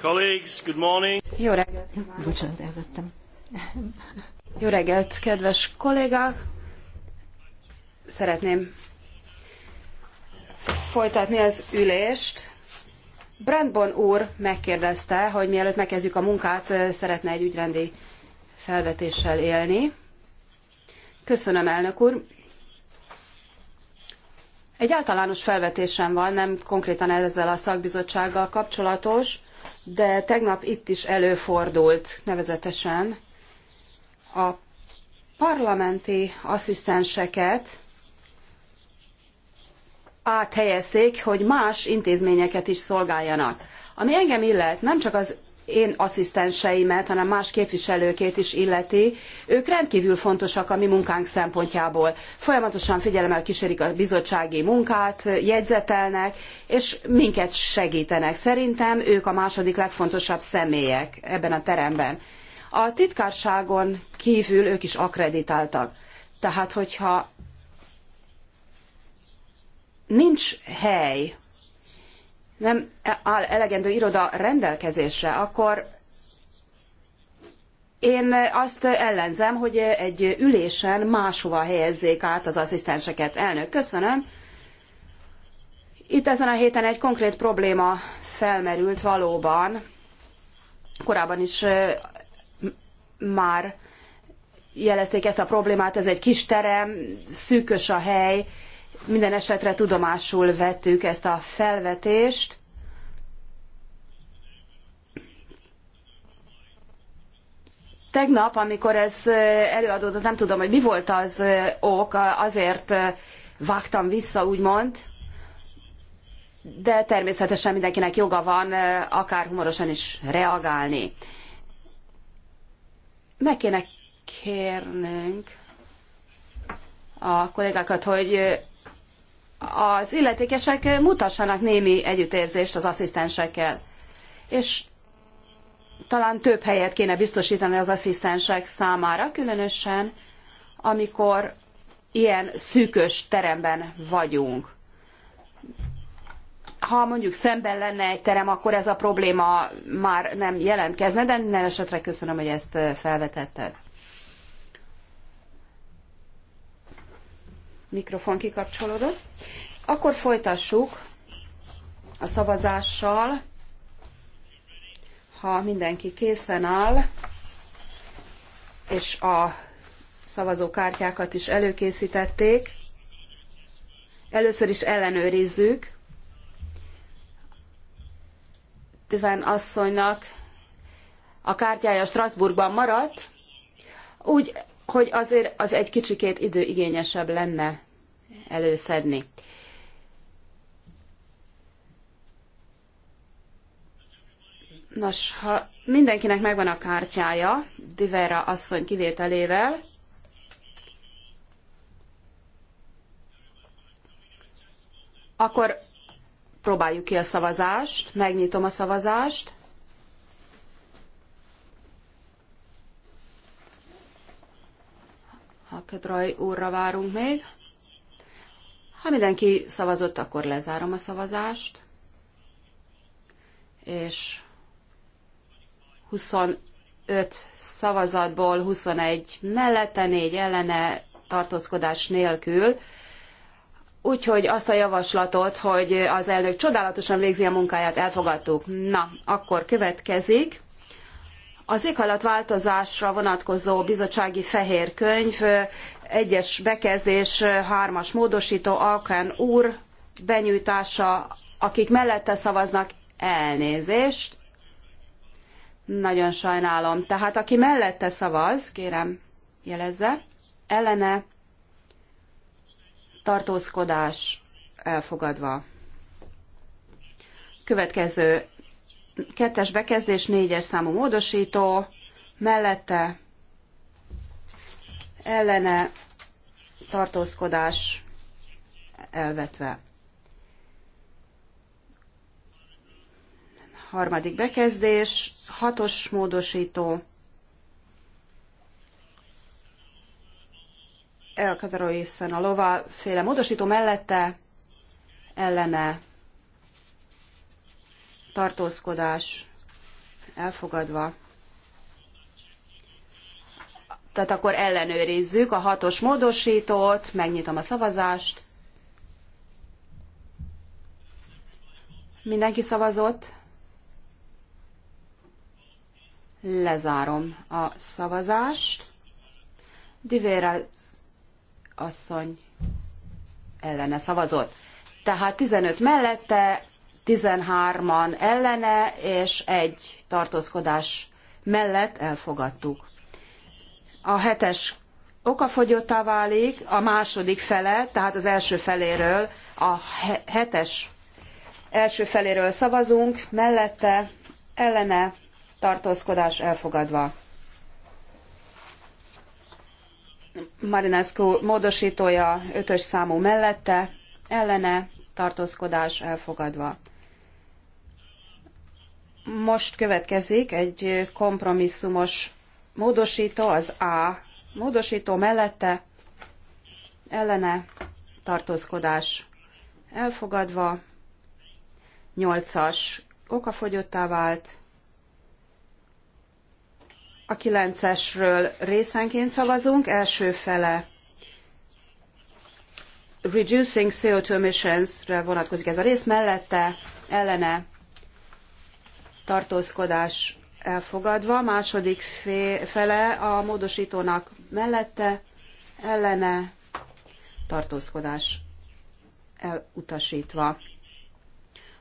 Colleagues, good morning. Jó reggelt! Bocsánat, elvettem. Jó reggelt, kedves kollégák! Szeretném folytatni az ülést. Brandbon úr megkérdezte, hogy mielőtt megkezdjük a munkát, szeretne egy ügyrendi felvetéssel élni. Köszönöm, elnök úr. Egy általános felvetésem van, nem konkrétan ezzel a szakbizottsággal kapcsolatos de tegnap itt is előfordult nevezetesen a parlamenti asszisztenseket áthelyezték, hogy más intézményeket is szolgáljanak. Ami engem illet, nem csak az én asszisztenseimet, hanem más képviselőkét is illeti, ők rendkívül fontosak a mi munkánk szempontjából. Folyamatosan figyelemmel kísérik a bizottsági munkát, jegyzetelnek, és minket segítenek. Szerintem ők a második legfontosabb személyek ebben a teremben. A titkárságon kívül ők is akreditáltak. Tehát, hogyha nincs hely nem áll elegendő iroda rendelkezésre, akkor én azt ellenzem, hogy egy ülésen máshova helyezzék át az asszisztenseket. Elnök, köszönöm. Itt ezen a héten egy konkrét probléma felmerült valóban. Korábban is már jelezték ezt a problémát, ez egy kis terem, szűkös a hely, minden esetre tudomásul vettük ezt a felvetést. Tegnap, amikor ez előadódott, nem tudom, hogy mi volt az ok, azért vágtam vissza, úgymond, de természetesen mindenkinek joga van akár humorosan is reagálni. Meg kéne kérnünk a kollégákat, hogy az illetékesek mutassanak némi együttérzést az asszisztensekkel. És talán több helyet kéne biztosítani az asszisztensek számára, különösen amikor ilyen szűkös teremben vagyunk. Ha mondjuk szemben lenne egy terem, akkor ez a probléma már nem jelentkezne, de minden esetre köszönöm, hogy ezt felvetetted. mikrofon kikapcsolódott. Akkor folytassuk a szavazással, ha mindenki készen áll, és a szavazókártyákat is előkészítették. Először is ellenőrizzük. Tüven asszonynak a kártyája Strasbourgban maradt, úgy hogy azért az egy kicsikét időigényesebb lenne előszedni. Nos, ha mindenkinek megvan a kártyája, Divera asszony kivételével, akkor próbáljuk ki a szavazást, megnyitom a szavazást. Hakadraj úrra várunk még. Ha mindenki szavazott, akkor lezárom a szavazást. És 25 szavazatból 21 mellette, 4 ellene tartózkodás nélkül. Úgyhogy azt a javaslatot, hogy az elnök csodálatosan végzi a munkáját, elfogadtuk. Na, akkor következik az éghajlatváltozásra vonatkozó bizottsági fehér könyv egyes bekezdés hármas módosító Alken úr benyújtása, akik mellette szavaznak, elnézést. Nagyon sajnálom. Tehát aki mellette szavaz, kérem jelezze, ellene tartózkodás elfogadva. Következő kettes bekezdés, négyes számú módosító, mellette ellene tartózkodás elvetve. Harmadik bekezdés, hatos módosító, Elkadarói lova féle módosító mellette ellene tartózkodás elfogadva. Tehát akkor ellenőrizzük a hatos módosítót, megnyitom a szavazást. Mindenki szavazott? Lezárom a szavazást. Divére asszony ellene szavazott. Tehát 15 mellette, 13-an ellene, és egy tartózkodás mellett elfogadtuk. A hetes okafogyottá válik a második fele, tehát az első feléről, a hetes első feléről szavazunk, mellette ellene tartózkodás elfogadva. Marinescu módosítója ötös számú mellette, ellene tartózkodás elfogadva. Most következik egy kompromisszumos módosító, az A módosító mellette ellene tartózkodás elfogadva, 8-as okafogyottá vált, a 9-esről részenként szavazunk, első fele Reducing CO2 emissions-re vonatkozik ez a rész, mellette ellene tartózkodás elfogadva, második fele a módosítónak mellette, ellene tartózkodás elutasítva.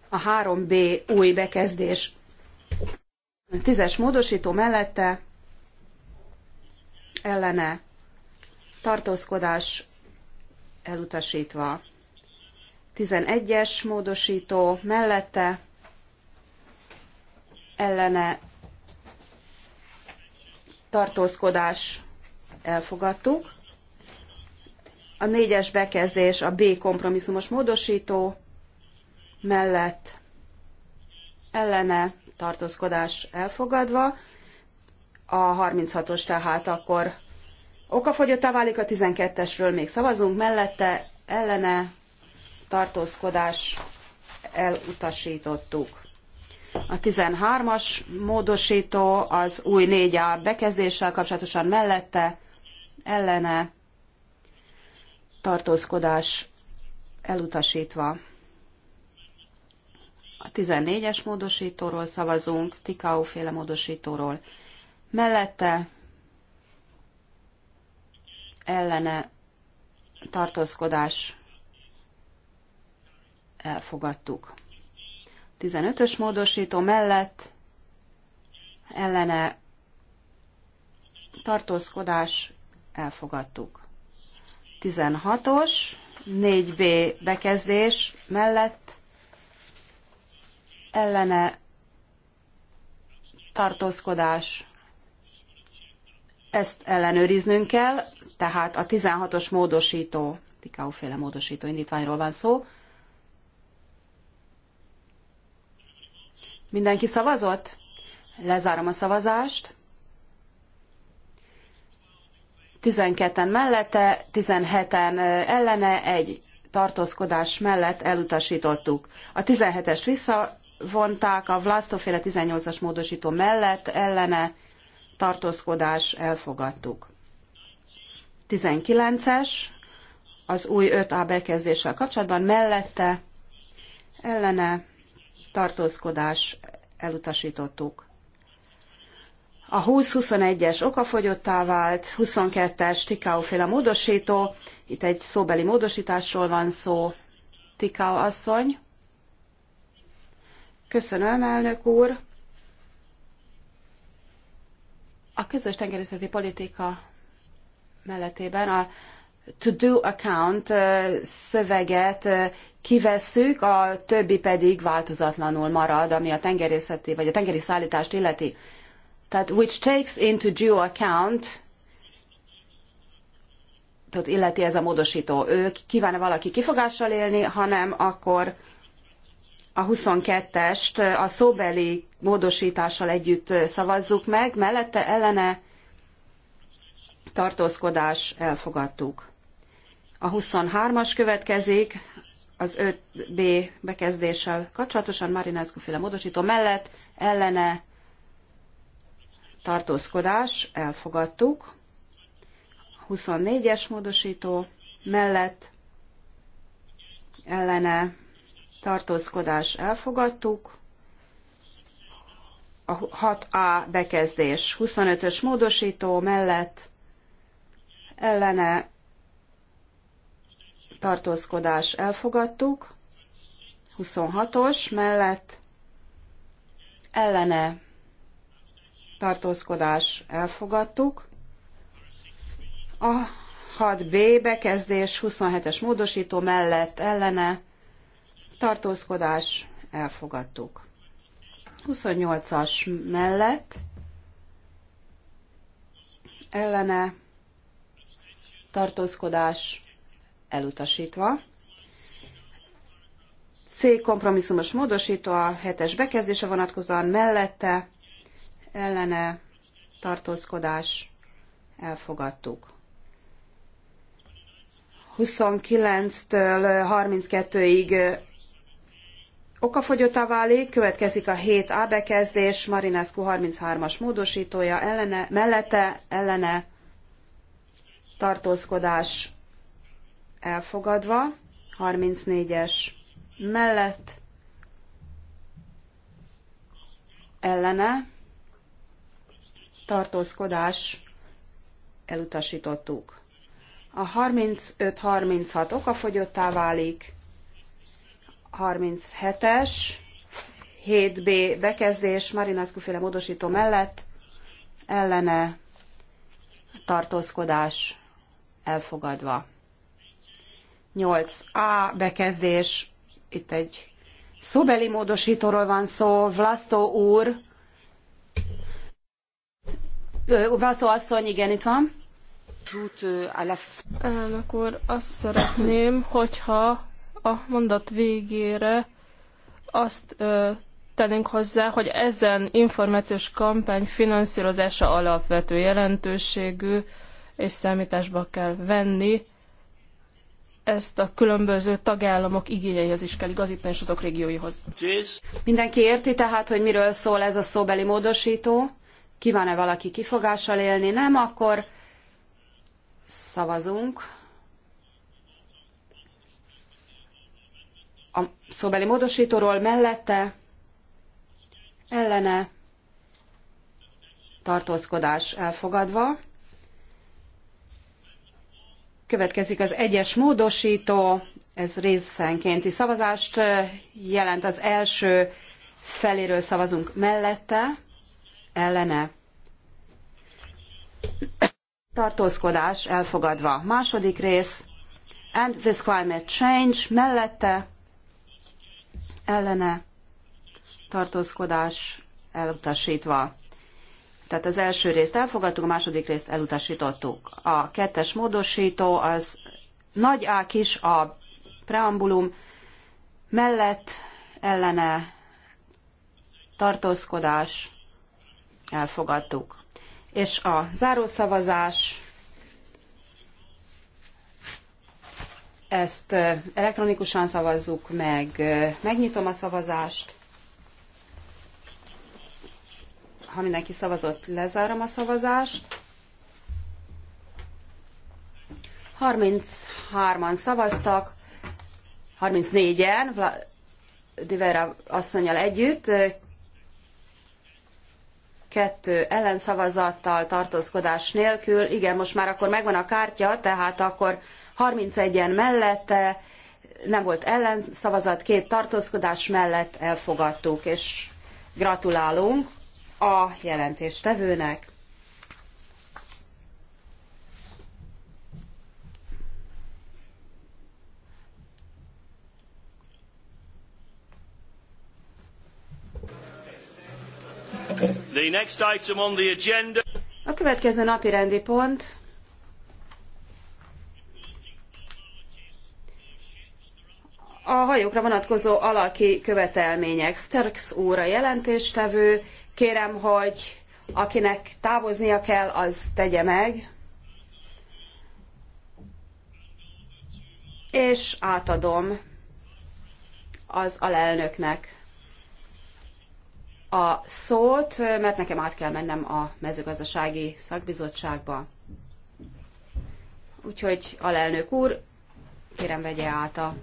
A 3B új bekezdés tízes módosító mellette ellene tartózkodás elutasítva. 11-es módosító mellette ellene tartózkodás elfogadtuk. A négyes bekezdés a B kompromisszumos módosító mellett ellene tartózkodás elfogadva. A 36-os tehát akkor okafogyottá válik, a 12-esről még szavazunk, mellette ellene tartózkodás elutasítottuk. A 13-as módosító az új 4A bekezdéssel kapcsolatosan mellette, ellene, tartózkodás elutasítva. A 14-es módosítóról szavazunk, Tikau féle módosítóról. Mellette ellene tartózkodás elfogadtuk. 15-ös módosító mellett ellene tartózkodás elfogadtuk. 16-os 4B bekezdés mellett ellene tartózkodás. Ezt ellenőriznünk kell, tehát a 16-os módosító, Tikáuféle módosító indítványról van szó, Mindenki szavazott? Lezárom a szavazást. 12-en mellette, 17-en ellene, egy tartózkodás mellett elutasítottuk. A 17-est visszavonták, a Vlasztóféle 18-as módosító mellett ellene tartózkodás elfogadtuk. 19-es az új 5A bekezdéssel kapcsolatban mellette ellene tartózkodás elutasítottuk. A 20-21-es okafogyottá vált, 22-es Tikau-féle módosító, itt egy szóbeli módosításról van szó, Tikau asszony. Köszönöm, elnök úr. A közös tengerészeti politika melletében a to-do account szöveget kivesszük, a többi pedig változatlanul marad, ami a tengerészeti vagy a tengeri szállítást illeti. Tehát which takes into due account tehát illeti ez a módosító. Ő kíván valaki kifogással élni, hanem akkor a 22-est a szóbeli módosítással együtt szavazzuk meg, mellette ellene tartózkodás elfogadtuk. A 23-as következik, az 5B bekezdéssel kapcsolatosan Marinescu féle módosító mellett ellene tartózkodás, elfogadtuk. 24-es módosító mellett ellene tartózkodás elfogadtuk. A 6A bekezdés 25-ös módosító mellett ellene tartózkodás elfogadtuk, 26-os mellett ellene tartózkodás elfogadtuk, a 6B bekezdés 27-es módosító mellett ellene tartózkodás elfogadtuk. 28-as mellett ellene tartózkodás elutasítva. C kompromisszumos módosító a hetes bekezdése vonatkozóan mellette ellene tartózkodás elfogadtuk. 29-től 32-ig okafogyottá válik, következik a 7A bekezdés, Marinescu 33-as módosítója ellene, mellette ellene tartózkodás elfogadva, 34-es mellett ellene tartózkodás elutasítottuk. A 35-36 okafogyottá válik, 37-es, 7B bekezdés Marinaszku féle módosító mellett ellene tartózkodás elfogadva. 8a bekezdés, itt egy szóbeli módosítóról van szó, Vlasztó úr, Vlasztó asszony, igen, itt van. Elnök úr, azt szeretném, hogyha a mondat végére azt ö, tennénk hozzá, hogy ezen információs kampány finanszírozása alapvető jelentőségű, és számításba kell venni, ezt a különböző tagállamok igényeihez is kell igazítani, és azok régióihoz. Mindenki érti tehát, hogy miről szól ez a szóbeli módosító? Kíván-e valaki kifogással élni? Nem, akkor szavazunk. A szóbeli módosítóról mellette, ellene, tartózkodás elfogadva. Következik az egyes módosító, ez részenkénti szavazást eh, jelent. Az első feléről szavazunk mellette, ellene. Tartózkodás elfogadva. Második rész, and this climate change mellette, ellene. Tartózkodás elutasítva. Tehát az első részt elfogadtuk, a második részt elutasítottuk. A kettes módosító az nagy A kis a preambulum mellett ellene tartózkodás elfogadtuk. És a zárószavazás ezt elektronikusan szavazzuk meg. Megnyitom a szavazást. Ha mindenki szavazott, lezárom a szavazást. 33-an szavaztak, 34-en, Divera asszonyjal együtt, kettő ellenszavazattal, tartózkodás nélkül. Igen, most már akkor megvan a kártya, tehát akkor 31-en mellette, nem volt ellenszavazat, két tartózkodás mellett elfogadtuk, és gratulálunk a jelentéstevőnek. The next item on the agenda. A következő napi rendi pont a hajókra vonatkozó alaki követelmények. Sterks úr a jelentéstevő, Kérem, hogy akinek távoznia kell, az tegye meg. És átadom az alelnöknek a szót, mert nekem át kell mennem a mezőgazdasági szakbizottságba. Úgyhogy alelnök úr, kérem vegye át a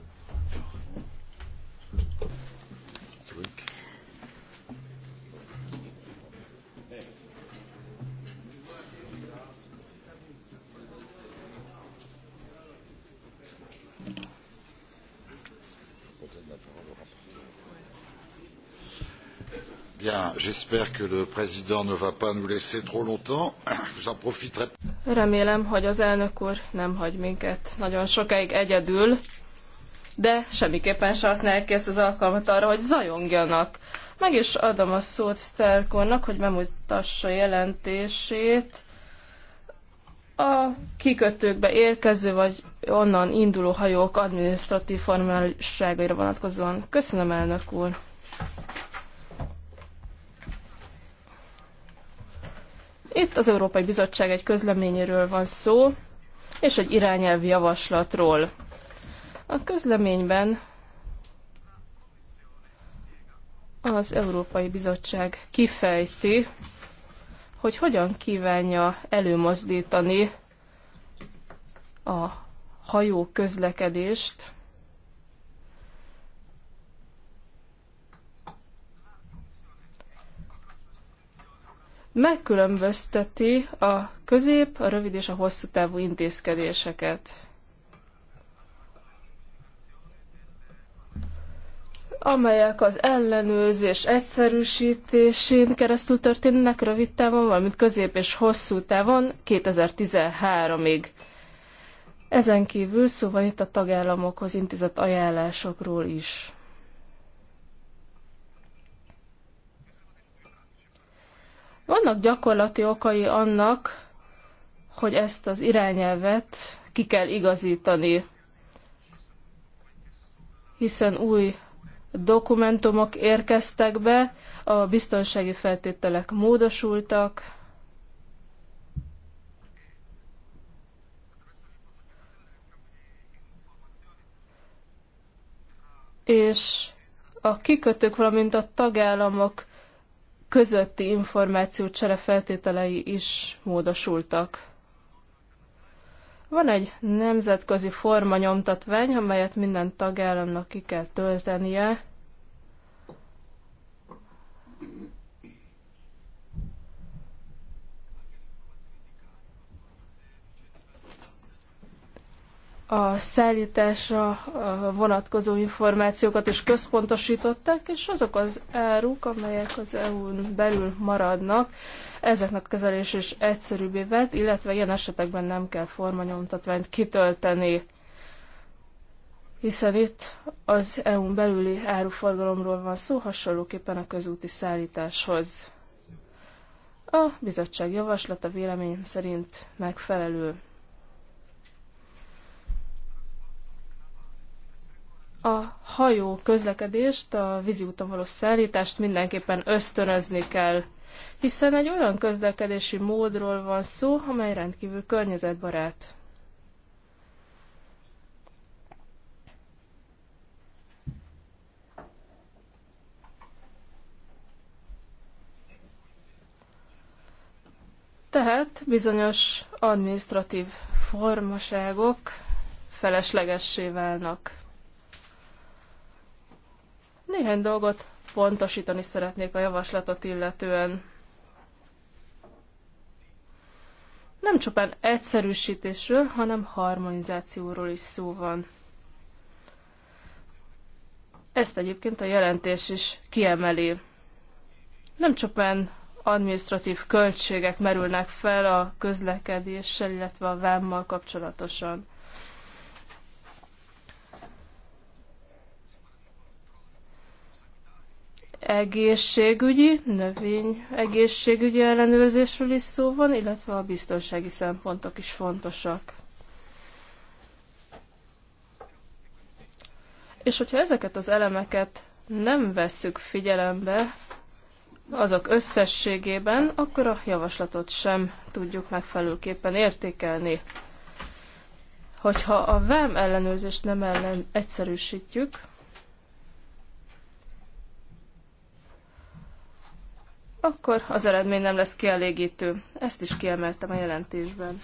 Remélem, hogy az elnök úr nem hagy minket nagyon sokáig egyedül, de semmiképpen se használják ki ezt az alkalmat arra, hogy zajongjanak. Meg is adom a szót Sterkornak, hogy bemutassa jelentését a kikötőkbe érkező vagy onnan induló hajók adminisztratív formáliságaira vonatkozóan. Köszönöm, elnök úr! Itt az Európai Bizottság egy közleményéről van szó, és egy irányelvi javaslatról. A közleményben az Európai Bizottság kifejti, hogy hogyan kívánja előmozdítani a hajó közlekedést megkülönbözteti a közép, a rövid és a hosszú távú intézkedéseket. amelyek az ellenőrzés egyszerűsítésén keresztül történnek rövid távon, valamint közép és hosszú távon 2013-ig. Ezen kívül szó van itt a tagállamokhoz intézett ajánlásokról is. Vannak gyakorlati okai annak, hogy ezt az irányelvet ki kell igazítani, hiszen új dokumentumok érkeztek be, a biztonsági feltételek módosultak, és a kikötők, valamint a tagállamok közötti információcsere feltételei is módosultak. Van egy nemzetközi formanyomtatvány, amelyet minden tagállamnak ki kell töltenie, a szállításra vonatkozó információkat is központosították, és azok az áruk, amelyek az EU-n belül maradnak, ezeknek a kezelés is egyszerűbbé vált, illetve ilyen esetekben nem kell formanyomtatványt kitölteni, hiszen itt az EU-n belüli áruforgalomról van szó, hasonlóképpen a közúti szállításhoz. A bizottság javaslata vélemény szerint megfelelő. A hajó közlekedést, a víziúton való szállítást mindenképpen ösztönözni kell, hiszen egy olyan közlekedési módról van szó, amely rendkívül környezetbarát. Tehát bizonyos administratív formaságok feleslegessé válnak. Néhány dolgot pontosítani szeretnék a javaslatot illetően. Nem csupán egyszerűsítésről, hanem harmonizációról is szó van. Ezt egyébként a jelentés is kiemeli. Nem csupán administratív költségek merülnek fel a közlekedéssel, illetve a vámmal kapcsolatosan. egészségügyi, növény egészségügyi ellenőrzésről is szó van, illetve a biztonsági szempontok is fontosak. És hogyha ezeket az elemeket nem vesszük figyelembe, azok összességében, akkor a javaslatot sem tudjuk megfelelőképpen értékelni. Hogyha a vám ellenőrzést nem ellen egyszerűsítjük, akkor az eredmény nem lesz kielégítő. Ezt is kiemeltem a jelentésben.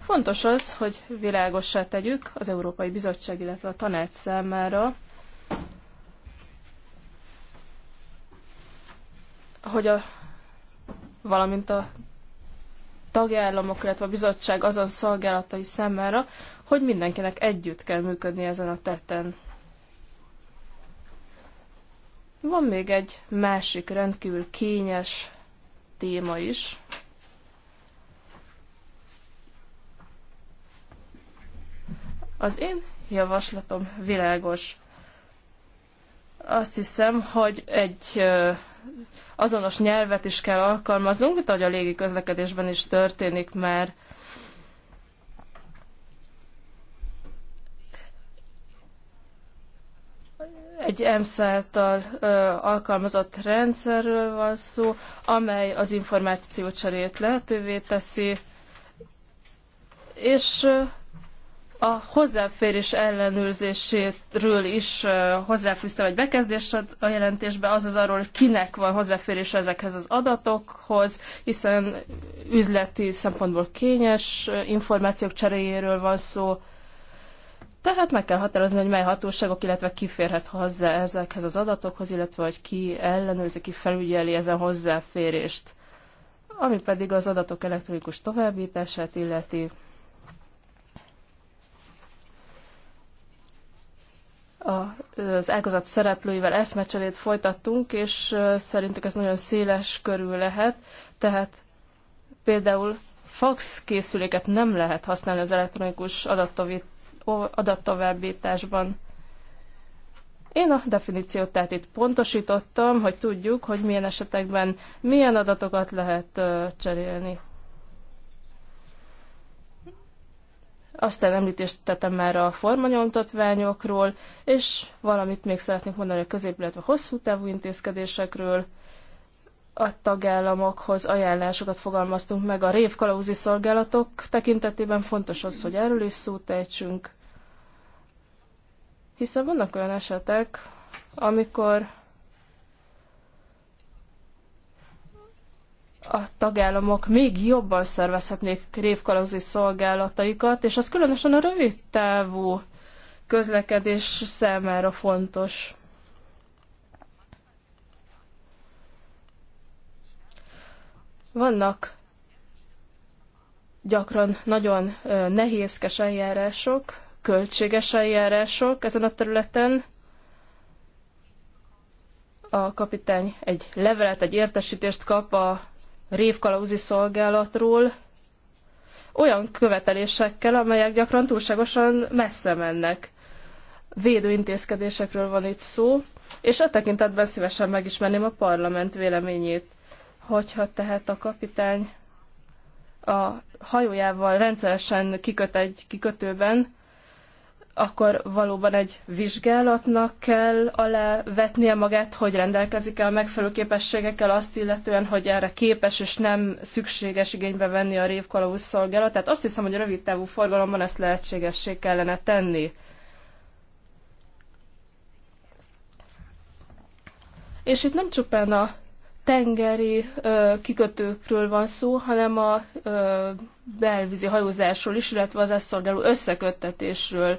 Fontos az, hogy világossá tegyük az Európai Bizottság, illetve a tanács számára, hogy a, valamint a tagállamok, illetve a bizottság azon szolgálatai számára, hogy mindenkinek együtt kell működni ezen a teten. Van még egy másik rendkívül kényes téma is. Az én javaslatom világos. Azt hiszem, hogy egy azonos nyelvet is kell alkalmaznunk, mint ahogy a légi közlekedésben is történik mert egy EMSZ által ö, alkalmazott rendszerről van szó, amely az információcserét lehetővé teszi, és a hozzáférés ellenőrzéséről is hozzáfűztem egy bekezdést a jelentésbe, azaz arról, hogy kinek van hozzáférés ezekhez az adatokhoz, hiszen üzleti szempontból kényes információk cseréjéről van szó, tehát meg kell határozni, hogy mely hatóságok, illetve ki férhet hozzá ezekhez az adatokhoz, illetve hogy ki ellenőrzi, ki felügyeli ezen hozzáférést. Ami pedig az adatok elektronikus továbbítását illeti, az ágazat szereplőivel eszmecserét folytattunk, és szerintük ez nagyon széles körül lehet, tehát például fax készüléket nem lehet használni az elektronikus adattovábbításban. Én a definíciót tehát itt pontosítottam, hogy tudjuk, hogy milyen esetekben milyen adatokat lehet cserélni. Aztán említést tettem már a formanyomtatványokról, és valamit még szeretnék mondani a közép, illetve hosszú távú intézkedésekről. A tagállamokhoz ajánlásokat fogalmaztunk meg a révkalauzi szolgálatok tekintetében. Fontos az, hogy erről is szót ejtsünk. Hiszen vannak olyan esetek, amikor a tagállamok még jobban szervezhetnék révkalauzi szolgálataikat, és az különösen a rövid távú közlekedés számára fontos. Vannak gyakran nagyon nehézkes eljárások, költséges eljárások ezen a területen. A kapitány egy levelet, egy értesítést kap a révkalauzi szolgálatról, olyan követelésekkel, amelyek gyakran túlságosan messze mennek. Védőintézkedésekről van itt szó, és e tekintetben szívesen megismerném a parlament véleményét, hogyha tehát a kapitány a hajójával rendszeresen kiköt egy kikötőben, akkor valóban egy vizsgálatnak kell alávetnie magát, hogy rendelkezik-e a megfelelő képességekkel azt illetően, hogy erre képes és nem szükséges igénybe venni a révkalauz szolgálatát. Azt hiszem, hogy a rövid távú forgalomban ezt lehetségessé kellene tenni. És itt nem csupán a tengeri ö, kikötőkről van szó, hanem a ö, belvízi hajózásról is, illetve az ezt szolgáló összeköttetésről.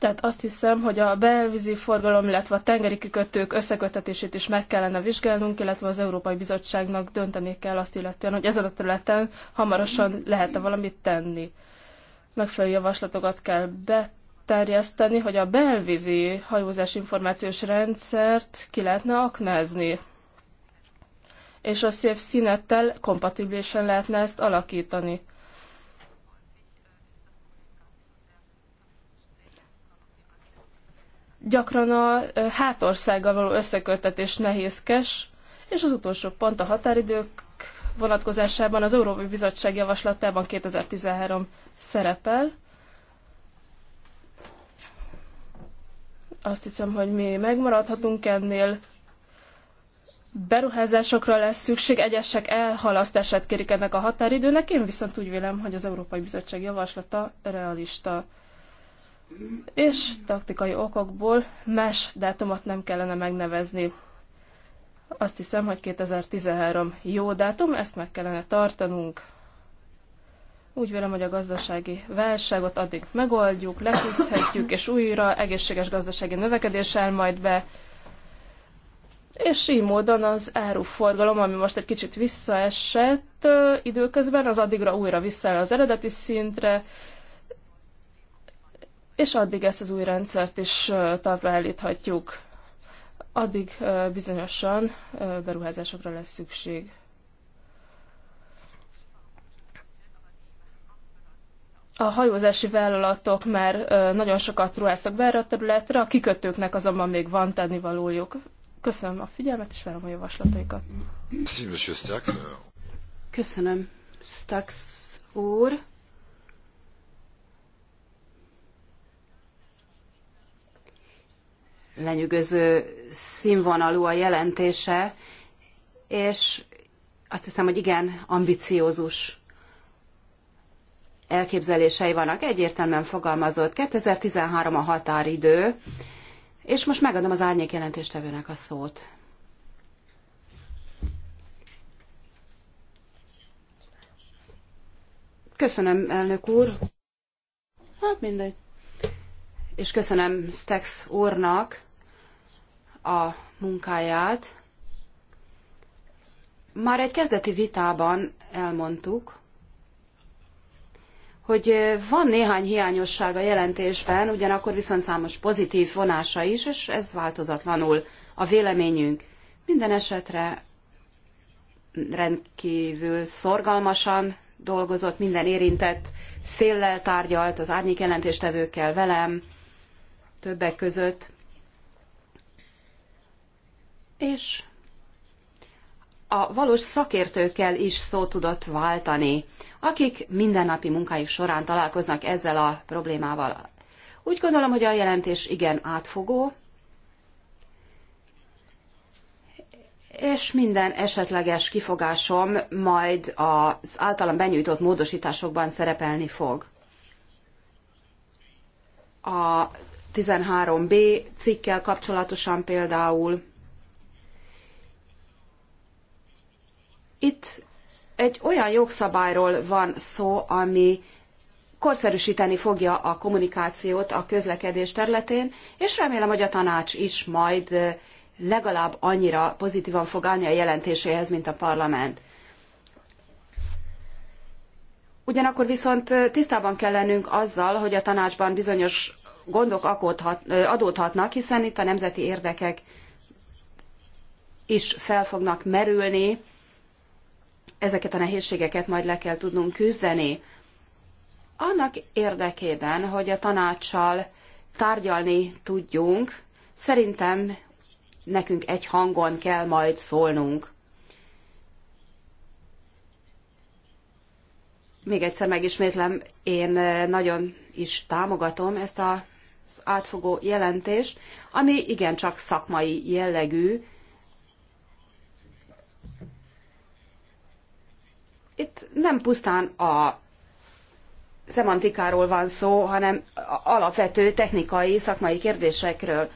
Tehát azt hiszem, hogy a belvízi forgalom, illetve a tengeri kikötők összekötetését is meg kellene vizsgálnunk, illetve az Európai Bizottságnak dönteni kell azt illetően, hogy ezen a területen hamarosan lehet-e valamit tenni. Megfelelő javaslatokat kell beterjeszteni, hogy a belvízi hajózás információs rendszert ki lehetne aknázni és a szép színettel kompatibilisen lehetne ezt alakítani. gyakran a hátországgal való összeköttetés nehézkes, és az utolsó pont a határidők vonatkozásában az Európai Bizottság javaslatában 2013 szerepel. Azt hiszem, hogy mi megmaradhatunk ennél. Beruházásokra lesz szükség, egyesek elhalasztását kérik ennek a határidőnek, én viszont úgy vélem, hogy az Európai Bizottság javaslata realista és taktikai okokból más dátumot nem kellene megnevezni. Azt hiszem, hogy 2013 jó dátum, ezt meg kellene tartanunk. Úgy vélem, hogy a gazdasági válságot addig megoldjuk, leküzdhetjük, és újra egészséges gazdasági növekedés áll majd be. És így módon az áruforgalom, ami most egy kicsit visszaesett időközben, az addigra újra visszaáll az eredeti szintre, és addig ezt az új rendszert is talpra állíthatjuk. Addig bizonyosan beruházásokra lesz szükség. A hajózási vállalatok már nagyon sokat ruháztak be erre a területre, a kikötőknek azonban még van tennivalójuk. Köszönöm a figyelmet, és várom a javaslataikat. Köszönöm, Stax úr. lenyűgöző színvonalú a jelentése, és azt hiszem, hogy igen, ambiciózus elképzelései vannak. Egyértelműen fogalmazott. 2013 a határidő, és most megadom az árnyék jelentéstevőnek a szót. Köszönöm, elnök úr. Hát mindegy. És köszönöm Stex úrnak a munkáját. Már egy kezdeti vitában elmondtuk, hogy van néhány hiányosság a jelentésben, ugyanakkor viszont számos pozitív vonása is, és ez változatlanul a véleményünk. Minden esetre rendkívül szorgalmasan dolgozott, minden érintett féllel tárgyalt, az árnyék jelentéstevőkkel velem, többek között és a valós szakértőkkel is szó tudott váltani, akik mindennapi munkájuk során találkoznak ezzel a problémával. Úgy gondolom, hogy a jelentés igen átfogó, és minden esetleges kifogásom majd az általam benyújtott módosításokban szerepelni fog. A 13b cikkel kapcsolatosan például Itt egy olyan jogszabályról van szó, ami korszerűsíteni fogja a kommunikációt a közlekedés területén, és remélem, hogy a tanács is majd legalább annyira pozitívan fog állni a jelentéséhez, mint a parlament. Ugyanakkor viszont tisztában kell lennünk azzal, hogy a tanácsban bizonyos gondok adódhatnak, hiszen itt a nemzeti érdekek is fel fognak merülni, ezeket a nehézségeket majd le kell tudnunk küzdeni. Annak érdekében, hogy a tanácssal tárgyalni tudjunk, szerintem nekünk egy hangon kell majd szólnunk. Még egyszer megismétlem, én nagyon is támogatom ezt az átfogó jelentést, ami igencsak szakmai jellegű, Itt nem pusztán a szemantikáról van szó, hanem alapvető technikai, szakmai kérdésekről.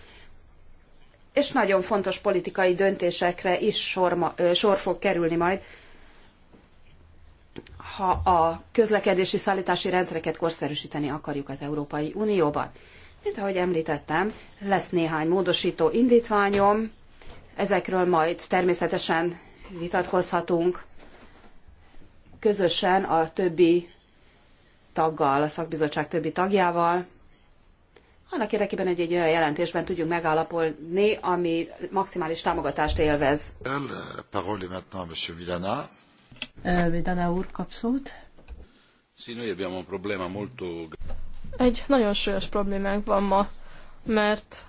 És nagyon fontos politikai döntésekre is sor, ma, sor fog kerülni majd, ha a közlekedési szállítási rendszereket korszerűsíteni akarjuk az Európai Unióban. Mint ahogy említettem, lesz néhány módosító indítványom, ezekről majd természetesen vitatkozhatunk közösen a többi taggal, a szakbizottság többi tagjával, annak érdekében, egy, egy olyan jelentésben tudjuk megállapolni, ami maximális támogatást élvez. Eh, Vidana úr kap szót. Egy nagyon súlyos problémánk van ma, mert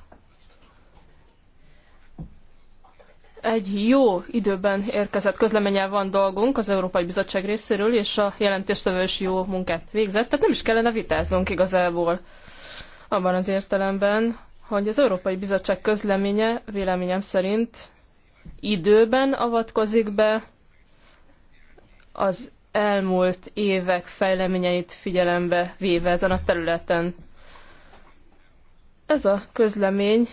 egy jó időben érkezett közleménnyel van dolgunk az Európai Bizottság részéről, és a jelentéstevő is jó munkát végzett, tehát nem is kellene vitáznunk igazából abban az értelemben, hogy az Európai Bizottság közleménye véleményem szerint időben avatkozik be az elmúlt évek fejleményeit figyelembe véve ezen a területen. Ez a közlemény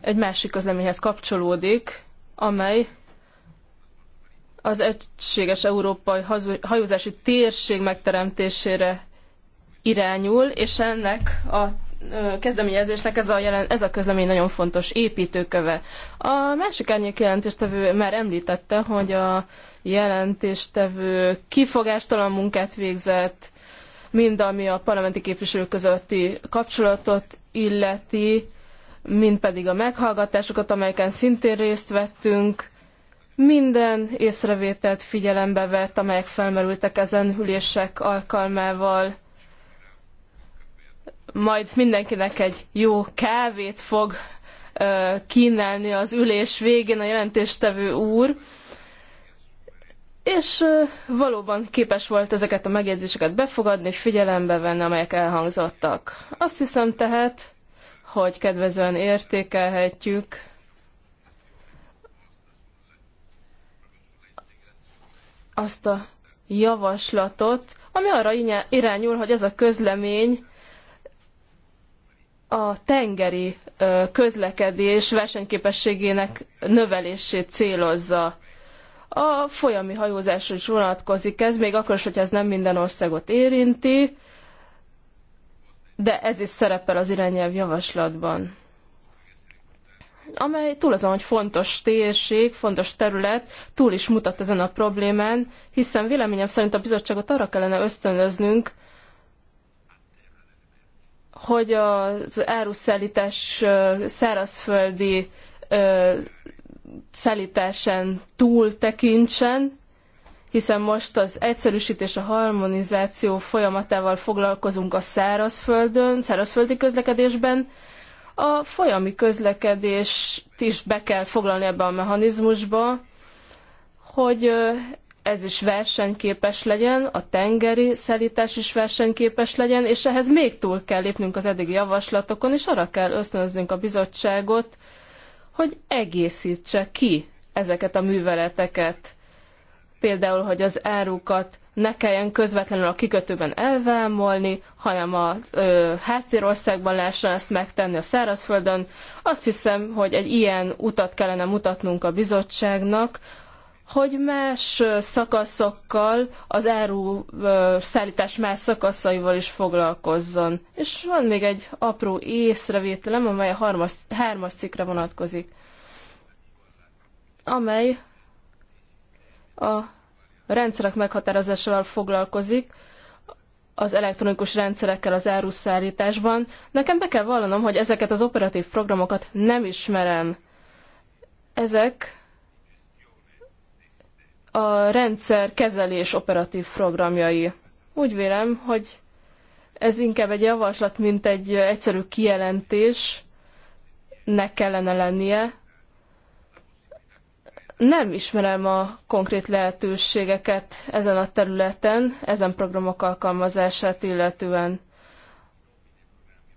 egy másik közleményhez kapcsolódik, amely az egységes európai hajózási térség megteremtésére irányul, és ennek a kezdeményezésnek ez a, jelen, ez a közlemény nagyon fontos építőköve. A másik árnyék jelentéstevő már említette, hogy a jelentéstevő kifogástalan munkát végzett, mind ami a parlamenti képviselők közötti kapcsolatot illeti, mint pedig a meghallgatásokat, amelyeken szintén részt vettünk. Minden észrevételt figyelembe vett, amelyek felmerültek ezen ülések alkalmával. Majd mindenkinek egy jó kávét fog kínálni az ülés végén a jelentéstevő úr. És valóban képes volt ezeket a megjegyzéseket befogadni és figyelembe venni, amelyek elhangzottak. Azt hiszem tehát, hogy kedvezően értékelhetjük azt a javaslatot, ami arra irányul, hogy ez a közlemény a tengeri közlekedés versenyképességének növelését célozza. A folyami hajózásra is vonatkozik ez, még akkor is, hogyha ez nem minden országot érinti, de ez is szerepel az irányelv javaslatban amely túl azon, hogy fontos térség, fontos terület, túl is mutat ezen a problémán, hiszen véleményem szerint a bizottságot arra kellene ösztönöznünk, hogy az áruszállítás szárazföldi szállításán túl tekintsen, hiszen most az egyszerűsítés, a harmonizáció folyamatával foglalkozunk a szárazföldön, szárazföldi közlekedésben, a folyami közlekedést is be kell foglalni ebbe a mechanizmusba, hogy ez is versenyképes legyen, a tengeri szállítás is versenyképes legyen, és ehhez még túl kell lépnünk az eddigi javaslatokon, és arra kell ösztönöznünk a bizottságot, hogy egészítse ki ezeket a műveleteket például, hogy az árukat ne kelljen közvetlenül a kikötőben elvámolni, hanem a ö, háttérországban lehessen ezt megtenni a szárazföldön. Azt hiszem, hogy egy ilyen utat kellene mutatnunk a bizottságnak, hogy más szakaszokkal, az áru ö, szállítás más szakaszaival is foglalkozzon. És van még egy apró észrevételem, amely a harmas, hármas cikkre vonatkozik, amely a rendszerek meghatározásával foglalkozik, az elektronikus rendszerekkel az áruszállításban. Nekem be kell vallanom, hogy ezeket az operatív programokat nem ismerem. Ezek a rendszer kezelés operatív programjai. Úgy vélem, hogy ez inkább egy javaslat, mint egy egyszerű kijelentés, ne kellene lennie, nem ismerem a konkrét lehetőségeket ezen a területen, ezen programok alkalmazását illetően.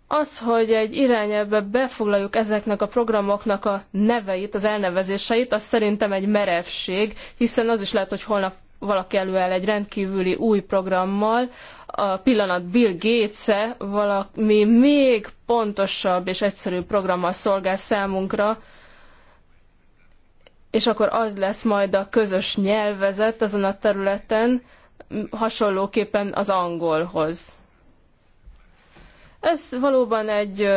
Az, hogy egy irányelbe befoglaljuk ezeknek a programoknak a neveit, az elnevezéseit, az szerintem egy merevség, hiszen az is lehet, hogy holnap valaki előáll egy rendkívüli új programmal, a pillanat Bill gates -e valami még pontosabb és egyszerűbb programmal szolgál számunkra, és akkor az lesz majd a közös nyelvezet azon a területen, hasonlóképpen az angolhoz. Ez valóban egy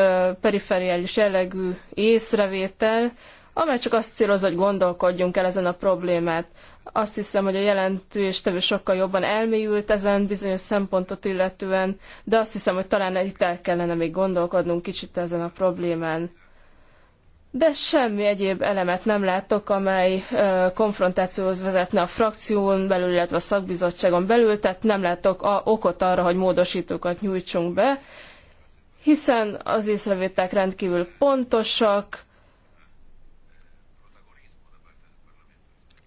perifériális jellegű észrevétel, amely csak azt célozza, hogy gondolkodjunk el ezen a problémát. Azt hiszem, hogy a tevő sokkal jobban elmélyült ezen bizonyos szempontot illetően, de azt hiszem, hogy talán itt el kellene még gondolkodnunk kicsit ezen a problémán de semmi egyéb elemet nem látok, amely konfrontációhoz vezetne a frakción belül, illetve a szakbizottságon belül, tehát nem látok a, okot arra, hogy módosítókat nyújtsunk be, hiszen az észrevételek rendkívül pontosak,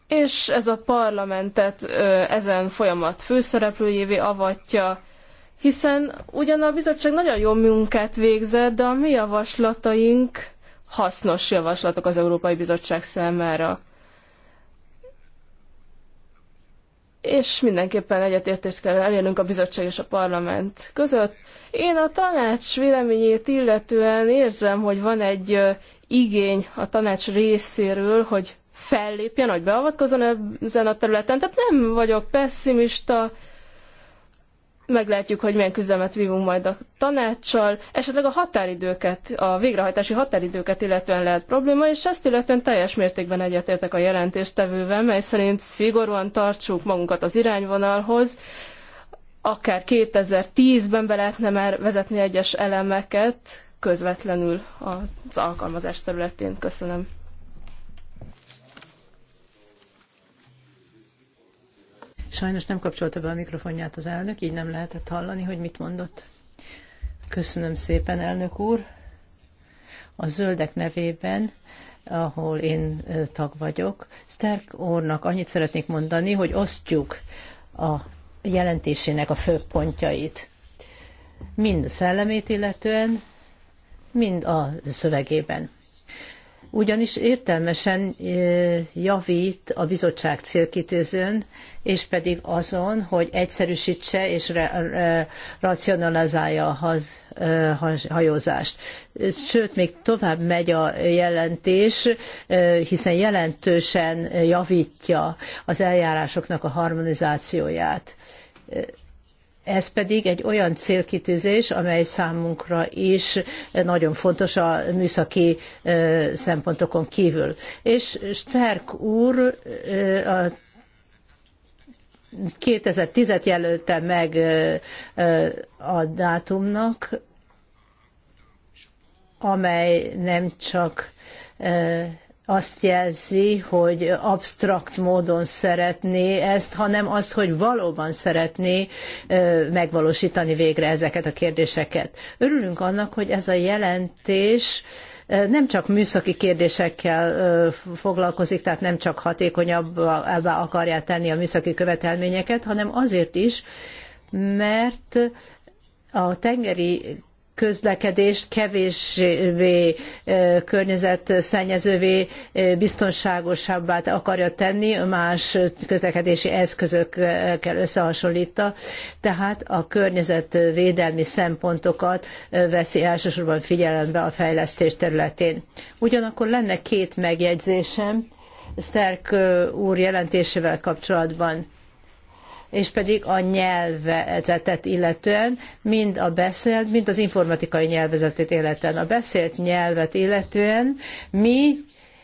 és ez a parlamentet ezen folyamat főszereplőjévé avatja, hiszen ugyan a bizottság nagyon jó munkát végzett, de a mi javaslataink hasznos javaslatok az Európai Bizottság számára. és mindenképpen egyetértést kell elérnünk a bizottság és a parlament között. Én a tanács véleményét illetően érzem, hogy van egy igény a tanács részéről, hogy fellépjen, hogy beavatkozzon ezen a területen. Tehát nem vagyok pessimista, meglátjuk, hogy milyen küzdelmet vívunk majd a tanácssal, esetleg a határidőket, a végrehajtási határidőket illetően lehet probléma, és ezt illetően teljes mértékben egyetértek a jelentéstevővel, mely szerint szigorúan tartsuk magunkat az irányvonalhoz, akár 2010-ben be lehetne már vezetni egyes elemeket közvetlenül az alkalmazás területén. Köszönöm. Sajnos nem kapcsolta be a mikrofonját az elnök, így nem lehetett hallani, hogy mit mondott. Köszönöm szépen, elnök úr. A zöldek nevében ahol én tag vagyok. Sterk úrnak annyit szeretnék mondani, hogy osztjuk a jelentésének a fő pontjait. Mind a szellemét illetően, mind a szövegében ugyanis értelmesen javít a bizottság célkitűzőn, és pedig azon, hogy egyszerűsítse és racionalizálja a hajózást. Sőt, még tovább megy a jelentés, hiszen jelentősen javítja az eljárásoknak a harmonizációját ez pedig egy olyan célkitűzés, amely számunkra is nagyon fontos a műszaki szempontokon kívül. És Sterk úr a 2010-et jelölte meg a dátumnak, amely nem csak azt jelzi, hogy absztrakt módon szeretné ezt, hanem azt, hogy valóban szeretné megvalósítani végre ezeket a kérdéseket. Örülünk annak, hogy ez a jelentés nem csak műszaki kérdésekkel foglalkozik, tehát nem csak hatékonyabbá akarja tenni a műszaki követelményeket, hanem azért is, mert a tengeri közlekedést kevésbé környezetszennyezővé, biztonságosabbá akarja tenni más közlekedési eszközökkel összehasonlítva, tehát a környezetvédelmi szempontokat veszi elsősorban figyelembe a fejlesztés területén. Ugyanakkor lenne két megjegyzésem Sterk úr jelentésével kapcsolatban és pedig a nyelvezetet illetően, mind a beszélt, mind az informatikai nyelvezetét illetően. A beszélt nyelvet illetően mi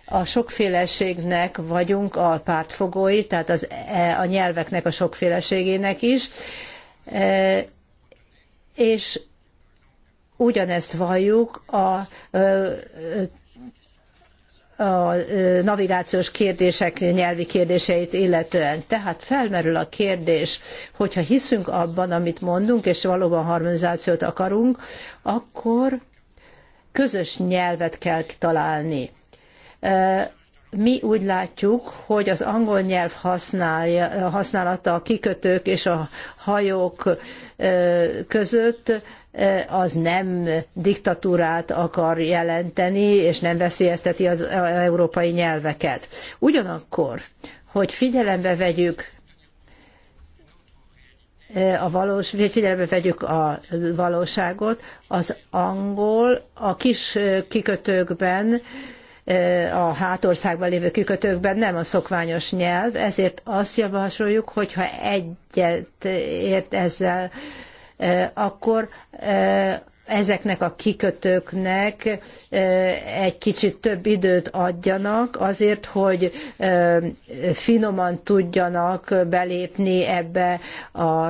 a sokféleségnek vagyunk a pártfogói, tehát az, e, a nyelveknek a sokféleségének is, e, és ugyanezt valljuk a a navigációs kérdések nyelvi kérdéseit illetően. Tehát felmerül a kérdés, hogyha hiszünk abban, amit mondunk, és valóban harmonizációt akarunk, akkor közös nyelvet kell találni. Mi úgy látjuk, hogy az angol nyelv használja, használata a kikötők és a hajók között Eh, az nem diktatúrát akar jelenteni, és nem veszélyezteti az európai nyelveket. Ugyanakkor, hogy figyelembe vegyük eh, a valós, figyelembe vegyük a valóságot, az angol a kis eh, kikötőkben a hátországban lévő kikötőkben nem a szokványos nyelv, ezért azt javasoljuk, hogyha egyet ért ezzel akkor ezeknek a kikötőknek egy kicsit több időt adjanak azért, hogy finoman tudjanak belépni ebbe a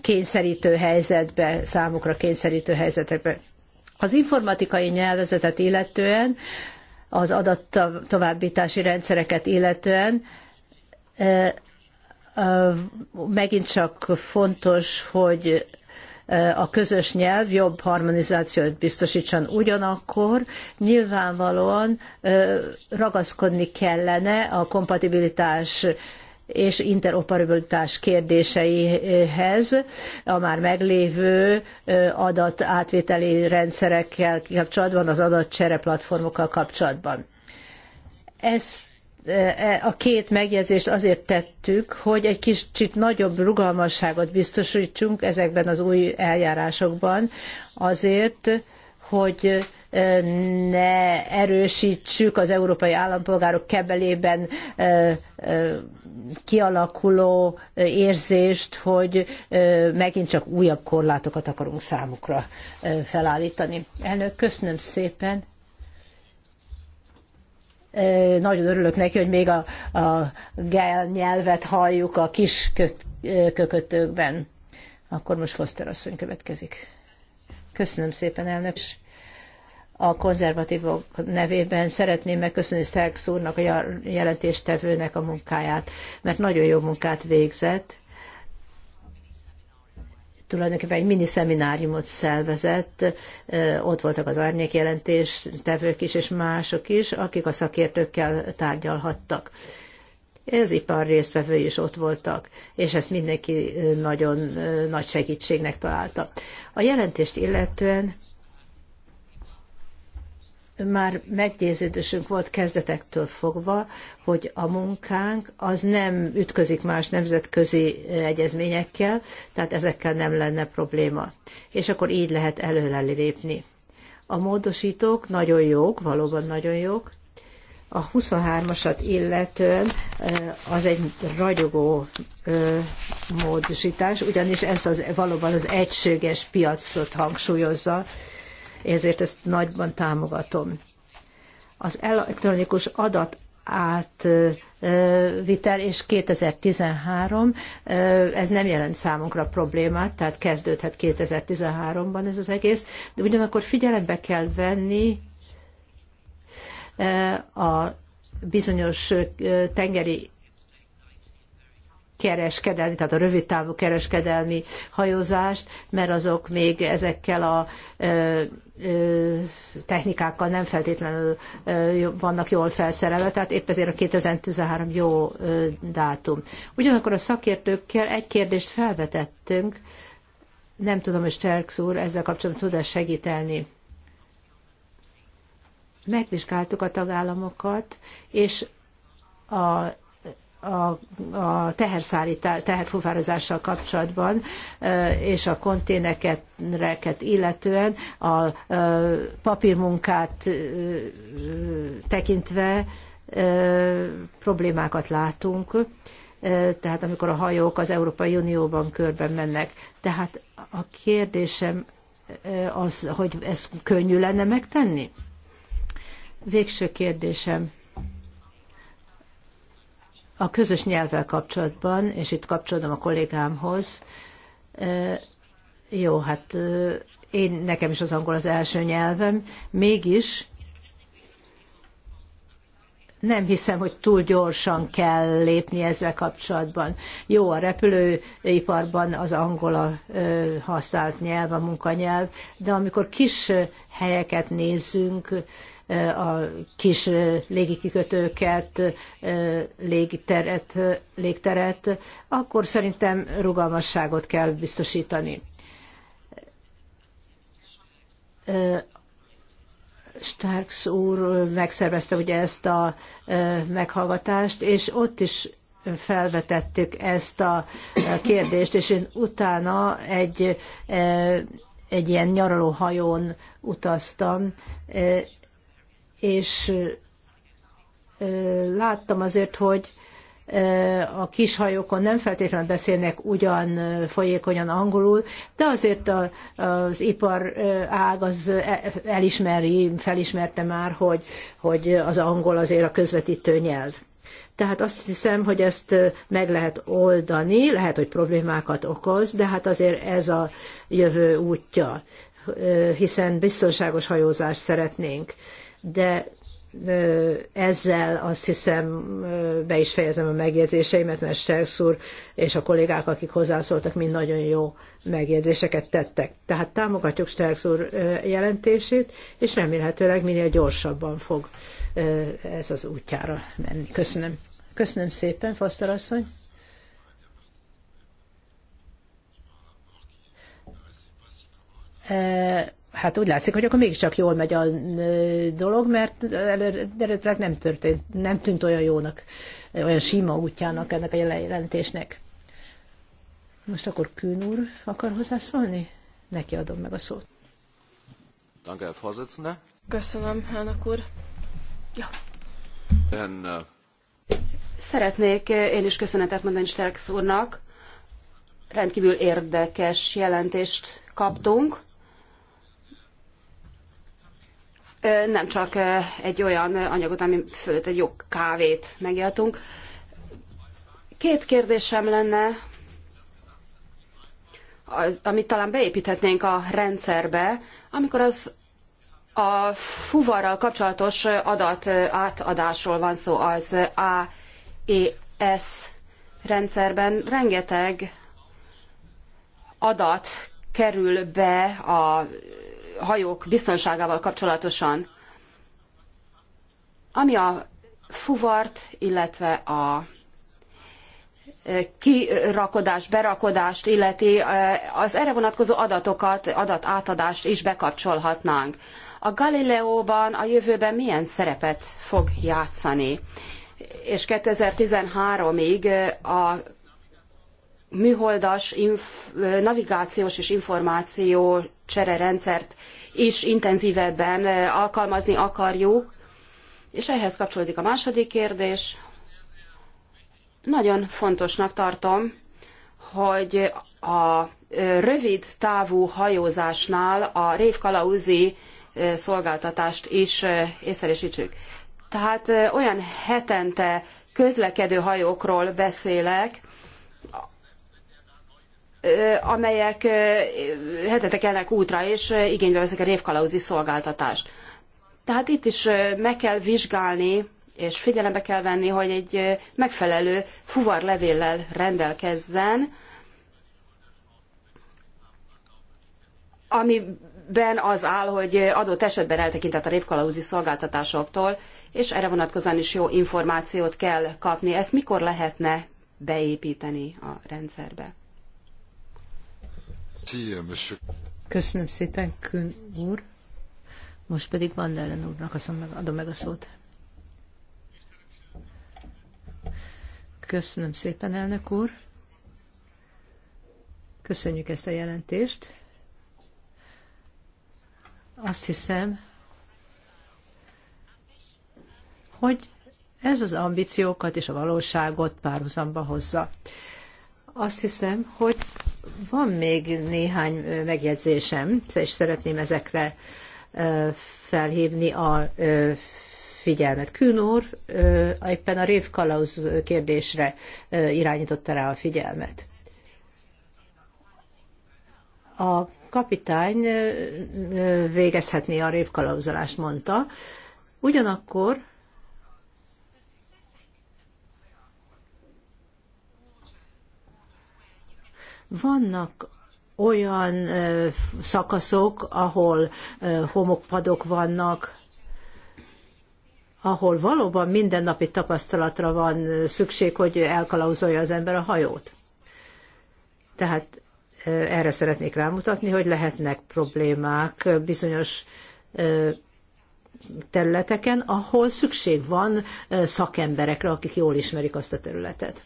kényszerítő helyzetbe, számukra kényszerítő helyzetbe. Az informatikai nyelvezetet illetően, az adattovábbítási rendszereket illetően megint csak fontos, hogy a közös nyelv jobb harmonizációt biztosítson. Ugyanakkor nyilvánvalóan ragaszkodni kellene a kompatibilitás és interoperabilitás kérdéseihez a már meglévő adatátvételi rendszerekkel kapcsolatban, az adatcsere platformokkal kapcsolatban. Ezt E, e, a két megjegyzést azért tettük, hogy egy kicsit nagyobb rugalmasságot biztosítsunk ezekben az új eljárásokban, azért, hogy e, ne erősítsük az európai állampolgárok kebelében kialakuló érzést, hogy megint csak újabb korlátokat akarunk számukra felállítani. Elnök, köszönöm szépen. Nagyon örülök neki, hogy még a, a gel nyelvet halljuk a kis kökötőkben. Akkor most Foster asszony következik. Köszönöm szépen, elnök a konzervatívok nevében szeretném megköszönni Sterks úrnak, a jelentéstevőnek a munkáját, mert nagyon jó munkát végzett, tulajdonképpen egy mini szemináriumot szervezett, ott voltak az árnyékjelentés tevők is, és mások is, akik a szakértőkkel tárgyalhattak. Az ipar résztvevői is ott voltak, és ezt mindenki nagyon nagy segítségnek találta. A jelentést illetően már meggyőződésünk volt kezdetektől fogva, hogy a munkánk az nem ütközik más nemzetközi egyezményekkel, tehát ezekkel nem lenne probléma. És akkor így lehet előrelépni. A módosítók nagyon jók, valóban nagyon jók. A 23-asat illetően eh, az egy ragyogó eh, módosítás, ugyanis ez az, valóban az egységes piacot hangsúlyozza, ezért ezt nagyban támogatom. Az elektronikus adat átvitel, és 2013, ez nem jelent számunkra problémát, tehát kezdődhet 2013-ban ez az egész, de ugyanakkor figyelembe kell venni eh, a bizonyos eh, tengeri kereskedelmi, tehát a rövid távú kereskedelmi hajózást, mert azok még ezekkel a eh, technikákkal nem feltétlenül vannak jól felszerelve, tehát épp ezért a 2013 jó dátum. Ugyanakkor a szakértőkkel egy kérdést felvetettünk, nem tudom, hogy Sterks úr ezzel kapcsolatban tud-e segíteni. Megvizsgáltuk a tagállamokat, és a a, a teherszállítás, teherfuvározással kapcsolatban és a konténereket illetően a papírmunkát tekintve problémákat látunk, tehát amikor a hajók az Európai Unióban körben mennek. Tehát a kérdésem az, hogy ez könnyű lenne megtenni? Végső kérdésem a közös nyelvvel kapcsolatban, és itt kapcsolódom a kollégámhoz, jó, hát én, nekem is az angol az első nyelvem, mégis nem hiszem, hogy túl gyorsan kell lépni ezzel kapcsolatban. Jó, a repülőiparban az angol a használt nyelv, a munkanyelv, de amikor kis helyeket nézzünk, a kis légikikötőket, légiteret, légteret, akkor szerintem rugalmasságot kell biztosítani Starks úr megszervezte ugye ezt a meghallgatást, és ott is felvetettük ezt a kérdést, és én utána egy, egy ilyen nyaralóhajón utaztam, és láttam azért, hogy a kishajókon nem feltétlenül beszélnek ugyan folyékonyan angolul, de azért a, az ipar ág az e, elismeri, felismerte már, hogy, hogy az angol azért a közvetítő nyelv. Tehát azt hiszem, hogy ezt meg lehet oldani, lehet, hogy problémákat okoz, de hát azért ez a jövő útja, hiszen biztonságos hajózást szeretnénk. De ezzel azt hiszem be is fejezem a megjegyzéseimet, mert Sterks úr és a kollégák, akik hozzászóltak, mind nagyon jó megjegyzéseket tettek. Tehát támogatjuk Sterks úr jelentését, és remélhetőleg minél gyorsabban fog ez az útjára menni. Köszönöm. Köszönöm szépen, Foster asszony. E hát úgy látszik, hogy akkor mégiscsak jól megy a dolog, mert előre nem történt, nem tűnt olyan jónak, olyan sima útjának ennek a jelentésnek. Most akkor Kühn úr akar hozzászólni? Neki adom meg a szót. Danke, Herr Köszönöm, elnök úr. Ja. En, uh... Szeretnék én is köszönetet mondani Sterks úrnak. Rendkívül érdekes jelentést kaptunk nem csak egy olyan anyagot, ami fölött egy jó kávét megjeltünk. Két kérdésem lenne, az, amit talán beépíthetnénk a rendszerbe, amikor az a fuvarral kapcsolatos adat átadásról van szó az AES rendszerben. Rengeteg adat kerül be a hajók biztonságával kapcsolatosan. Ami a fuvart, illetve a eh, kirakodás, berakodást illeti, eh, az erre vonatkozó adatokat, adatátadást is bekapcsolhatnánk. A Galileóban a jövőben milyen szerepet fog játszani? És 2013-ig eh, a műholdas navigációs és információ csererendszert is intenzívebben alkalmazni akarjuk. És ehhez kapcsolódik a második kérdés. Nagyon fontosnak tartom, hogy a rövid távú hajózásnál a révkalauzi szolgáltatást is észrevesítsük. Tehát olyan hetente közlekedő hajókról beszélek, amelyek hetete kelnek útra, és igénybe veszik a révkalauzi szolgáltatást. Tehát itt is meg kell vizsgálni, és figyelembe kell venni, hogy egy megfelelő fuvarlevéllel rendelkezzen, amiben az áll, hogy adott esetben eltekintett a révkalauzi szolgáltatásoktól, és erre vonatkozóan is jó információt kell kapni. Ezt mikor lehetne beépíteni a rendszerbe? Köszönöm szépen, Kün úr. Most pedig Van Dellen úrnak adom meg a szót. Köszönöm szépen, elnök úr. Köszönjük ezt a jelentést. Azt hiszem, hogy ez az ambíciókat és a valóságot párhuzamba hozza. Azt hiszem, hogy van még néhány megjegyzésem, és szeretném ezekre felhívni a figyelmet. Kühn úr éppen a révkalauz kérdésre irányította rá a figyelmet. A kapitány végezhetné a révkalauzolást, mondta. Ugyanakkor Vannak olyan szakaszok, ahol homokpadok vannak, ahol valóban mindennapi tapasztalatra van szükség, hogy elkalauzolja az ember a hajót. Tehát erre szeretnék rámutatni, hogy lehetnek problémák bizonyos területeken, ahol szükség van szakemberekre, akik jól ismerik azt a területet.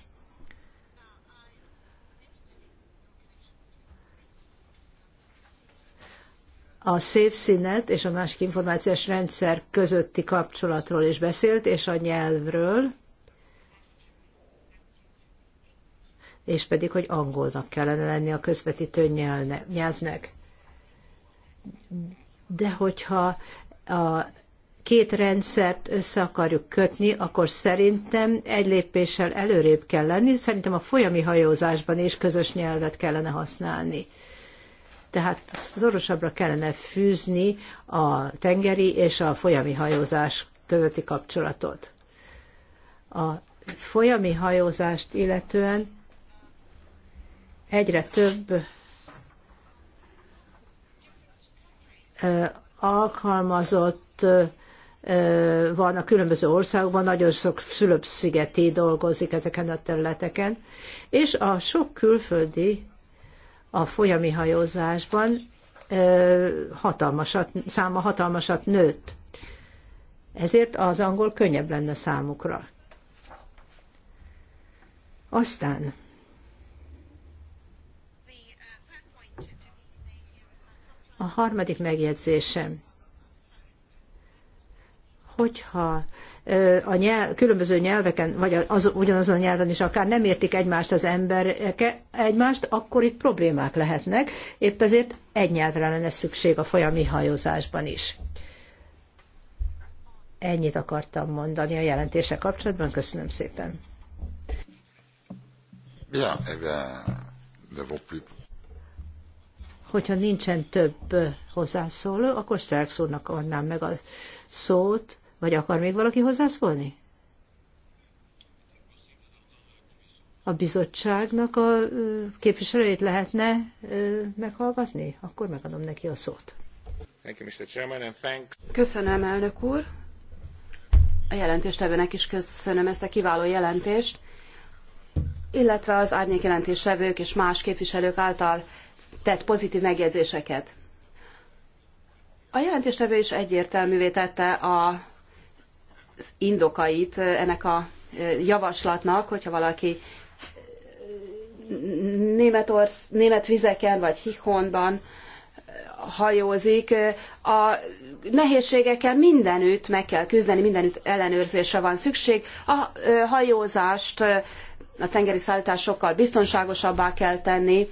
a színet és a másik információs rendszer közötti kapcsolatról is beszélt, és a nyelvről, és pedig, hogy angolnak kellene lenni a közvetítő nyelvnek. De hogyha a két rendszert össze akarjuk kötni, akkor szerintem egy lépéssel előrébb kell lenni, szerintem a folyami hajózásban is közös nyelvet kellene használni. Tehát szorosabbra kellene fűzni a tengeri és a folyami hajózás közötti kapcsolatot. A folyami hajózást illetően egyre több alkalmazott van a különböző országokban, nagyon sok szülöpszigeti dolgozik ezeken a területeken, és a sok külföldi a folyami hajózásban hatalmasat, száma hatalmasat nőtt. Ezért az angol könnyebb lenne számukra. Aztán a harmadik megjegyzésem, hogyha a nyelv, különböző nyelveken, vagy az, ugyanazon a nyelven is akár nem értik egymást az emberek, egymást, akkor itt problémák lehetnek. Épp ezért egy nyelvre lenne szükség a folyami hajózásban is. Ennyit akartam mondani a jelentése kapcsolatban. Köszönöm szépen. Bien, eh Hogyha nincsen több hozzászóló, akkor Sterks úrnak adnám meg a szót vagy akar még valaki hozzászólni? A bizottságnak a képviselőjét lehetne meghallgatni? Akkor megadom neki a szót. Köszönöm, elnök úr. A jelentéstevőnek is köszönöm ezt a kiváló jelentést, illetve az árnyék jelentéstevők és más képviselők által tett pozitív megjegyzéseket. A jelentéstevő is egyértelművé tette a indokait ennek a javaslatnak, hogyha valaki Németorsz, német vizeken vagy Hihonban hajózik. A nehézségekkel mindenütt meg kell küzdeni, mindenütt ellenőrzésre van szükség. A hajózást, a tengeri szállításokkal biztonságosabbá kell tenni.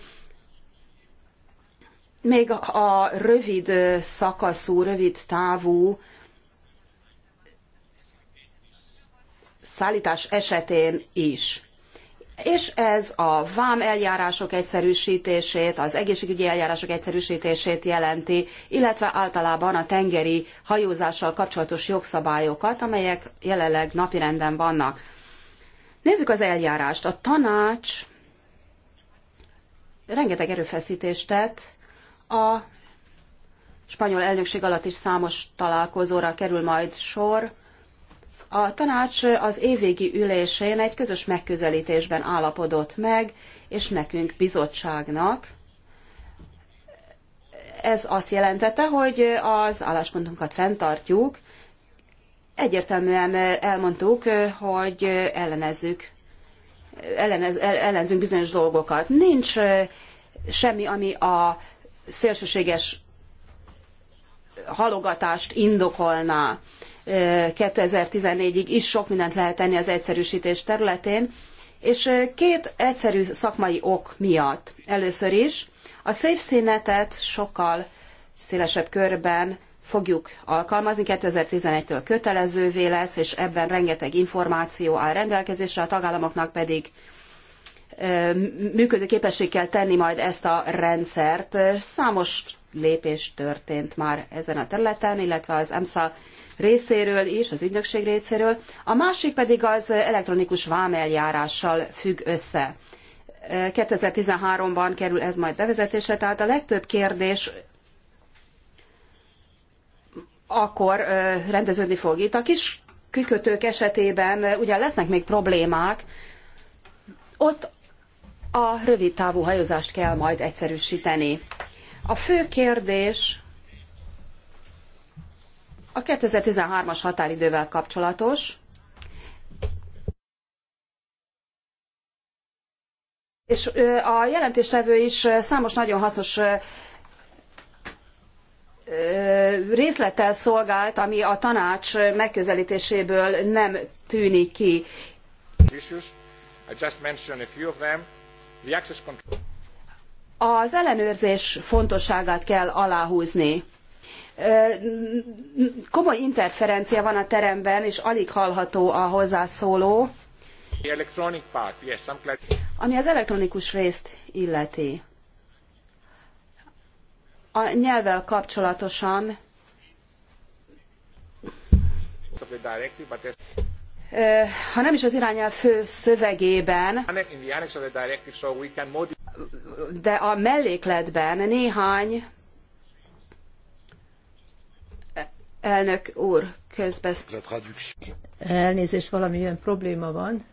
Még a rövid szakaszú, rövid távú szállítás esetén is. És ez a vám eljárások egyszerűsítését, az egészségügyi eljárások egyszerűsítését jelenti, illetve általában a tengeri hajózással kapcsolatos jogszabályokat, amelyek jelenleg napirenden vannak. Nézzük az eljárást. A tanács rengeteg erőfeszítést tett a spanyol elnökség alatt is számos találkozóra kerül majd sor, a tanács az évvégi ülésén egy közös megközelítésben állapodott meg, és nekünk bizottságnak ez azt jelentette, hogy az álláspontunkat fenntartjuk, egyértelműen elmondtuk, hogy ellenezzük, ellenez, ellenzünk bizonyos dolgokat. Nincs semmi, ami a szélsőséges halogatást indokolná. 2014-ig is sok mindent lehet tenni az egyszerűsítés területén, és két egyszerű szakmai ok miatt. Először is a szépszínetet sokkal szélesebb körben fogjuk alkalmazni, 2011-től kötelezővé lesz, és ebben rengeteg információ áll rendelkezésre, a tagállamoknak pedig működőképesség kell tenni majd ezt a rendszert. Számos lépés történt már ezen a területen, illetve az EMSA részéről is, az ügynökség részéről. A másik pedig az elektronikus vámeljárással függ össze. 2013-ban kerül ez majd bevezetésre, tehát a legtöbb kérdés akkor rendeződni fog. Itt a kis kikötők esetében ugye lesznek még problémák, ott a rövid távú hajózást kell majd egyszerűsíteni. A fő kérdés a 2013-as határidővel kapcsolatos, és a jelentéstevő is számos nagyon hasznos részlettel szolgált, ami a tanács megközelítéséből nem tűnik ki. Az ellenőrzés fontosságát kell aláhúzni. Komoly interferencia van a teremben, és alig hallható a hozzászóló. Ami az elektronikus részt illeti. A nyelvvel kapcsolatosan ha nem is az irányelv fő szövegében, de a mellékletben néhány elnök úr közbesz... Elnézést, valamilyen probléma van.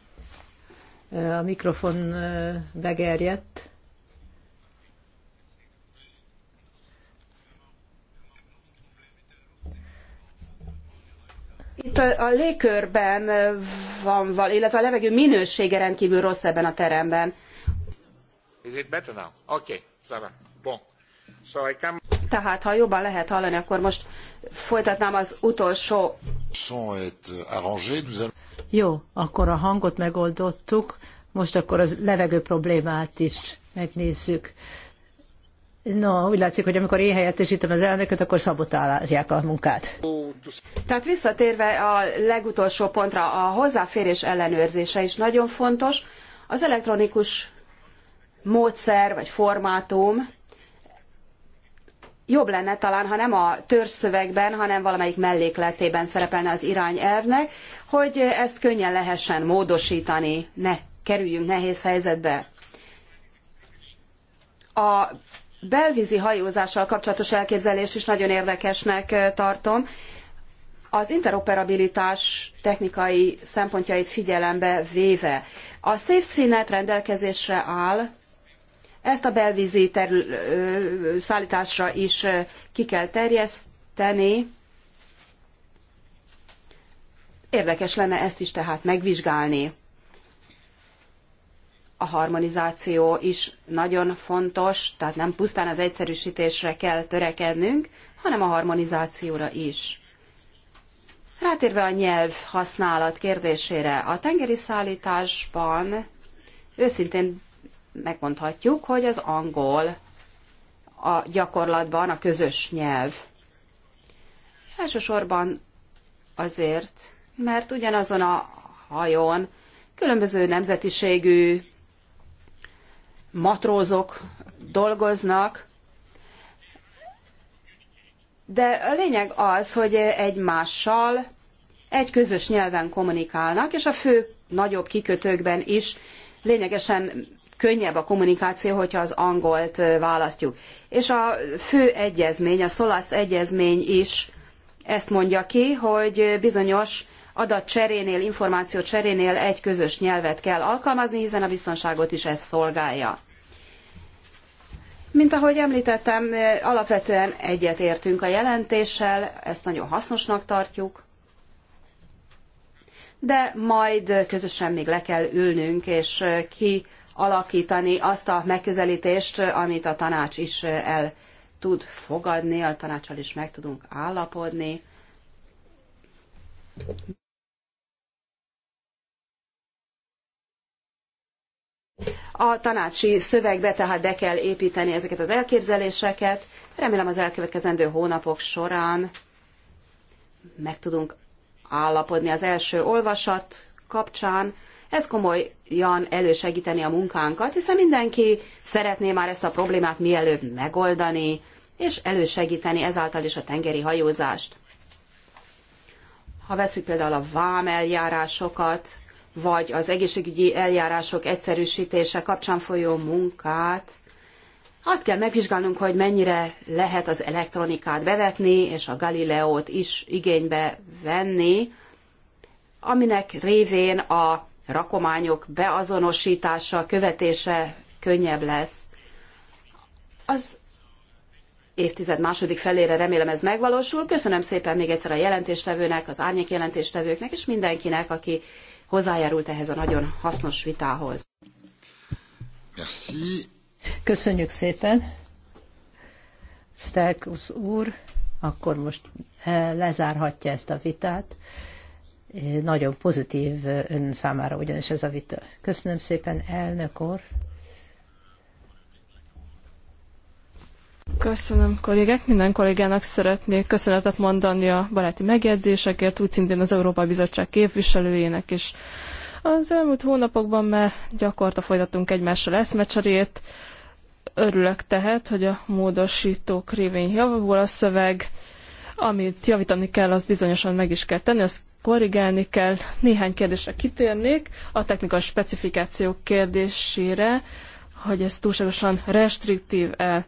A mikrofon begerjedt. Itt a, a légkörben van, illetve a levegő minősége rendkívül rossz ebben a teremben. Is it better now? Okay, ça va. Bon. So I come... Tehát, ha jobban lehet hallani, akkor most folytatnám az utolsó... Jó, akkor a hangot megoldottuk, most akkor az levegő problémát is megnézzük. No, úgy látszik, hogy amikor én helyettesítem az elnököt, akkor szabotálják a munkát. Tehát visszatérve a legutolsó pontra, a hozzáférés ellenőrzése is nagyon fontos. Az elektronikus módszer vagy formátum, jobb lenne talán, ha nem a törzszövegben, hanem valamelyik mellékletében szerepelne az irányelvnek, hogy ezt könnyen lehessen módosítani, ne kerüljünk nehéz helyzetbe. A belvízi hajózással kapcsolatos elképzelést is nagyon érdekesnek tartom. Az interoperabilitás technikai szempontjait figyelembe véve a safe rendelkezésre áll, ezt a belvízi terül, szállításra is ki kell terjeszteni. Érdekes lenne ezt is tehát megvizsgálni. A harmonizáció is nagyon fontos, tehát nem pusztán az egyszerűsítésre kell törekednünk, hanem a harmonizációra is. Rátérve a nyelv használat kérdésére, a tengeri szállításban őszintén megmondhatjuk, hogy az angol a gyakorlatban a közös nyelv. Elsősorban azért, mert ugyanazon a hajón különböző nemzetiségű matrózok dolgoznak, de a lényeg az, hogy egymással egy közös nyelven kommunikálnak, és a fő nagyobb kikötőkben is lényegesen könnyebb a kommunikáció, hogyha az angolt választjuk. És a fő egyezmény, a SOLAS egyezmény is ezt mondja ki, hogy bizonyos adatcserénél, információ cserénél egy közös nyelvet kell alkalmazni, hiszen a biztonságot is ez szolgálja. Mint ahogy említettem, alapvetően egyetértünk a jelentéssel, ezt nagyon hasznosnak tartjuk, de majd közösen még le kell ülnünk, és ki alakítani azt a megközelítést, amit a tanács is el tud fogadni, a tanácsal is meg tudunk állapodni. A tanácsi szövegbe tehát be kell építeni ezeket az elképzeléseket. Remélem az elkövetkezendő hónapok során meg tudunk állapodni az első olvasat kapcsán, ez komolyan elősegíteni a munkánkat, hiszen mindenki szeretné már ezt a problémát mielőbb megoldani, és elősegíteni ezáltal is a tengeri hajózást. Ha veszük például a vám eljárásokat, vagy az egészségügyi eljárások egyszerűsítése kapcsán folyó munkát, azt kell megvizsgálnunk, hogy mennyire lehet az elektronikát bevetni, és a Galileót is igénybe venni, aminek révén a rakományok beazonosítása, követése könnyebb lesz. Az évtized második felére remélem ez megvalósul. Köszönöm szépen még egyszer a jelentéstevőnek, az árnyék jelentéstevőknek és mindenkinek, aki hozzájárult ehhez a nagyon hasznos vitához. Merci. Köszönjük szépen. Stelkus úr, akkor most eh, lezárhatja ezt a vitát. Nagyon pozitív ön számára ugyanis ez a vita. Köszönöm szépen, elnök úr. Köszönöm kollégák, minden kollégának szeretnék köszönetet mondani a baráti megjegyzésekért, úgy szintén az Európai Bizottság képviselőjének is. Az elmúlt hónapokban már gyakorta folytattunk egymással eszmecserét. Örülök tehát, hogy a módosítók révén javul a szöveg. Amit javítani kell, az bizonyosan meg is kell tenni, az korrigálni kell. Néhány kérdésre kitérnék. A technikai specifikációk kérdésére, hogy ez túlságosan restriktív-e.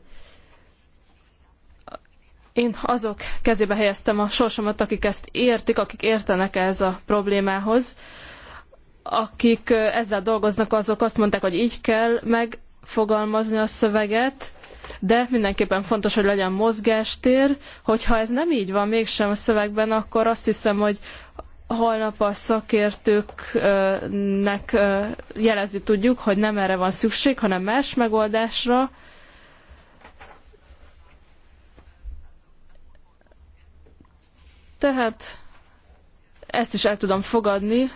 Én azok kezébe helyeztem a sorsomat, akik ezt értik, akik értenek ez a problémához. Akik ezzel dolgoznak, azok azt mondták, hogy így kell megfogalmazni a szöveget, de mindenképpen fontos, hogy legyen mozgástér. Hogyha ez nem így van mégsem a szövegben, akkor azt hiszem, hogy holnap a szakértőknek jelezni tudjuk, hogy nem erre van szükség, hanem más megoldásra. Tehát ezt is el tudom fogadni,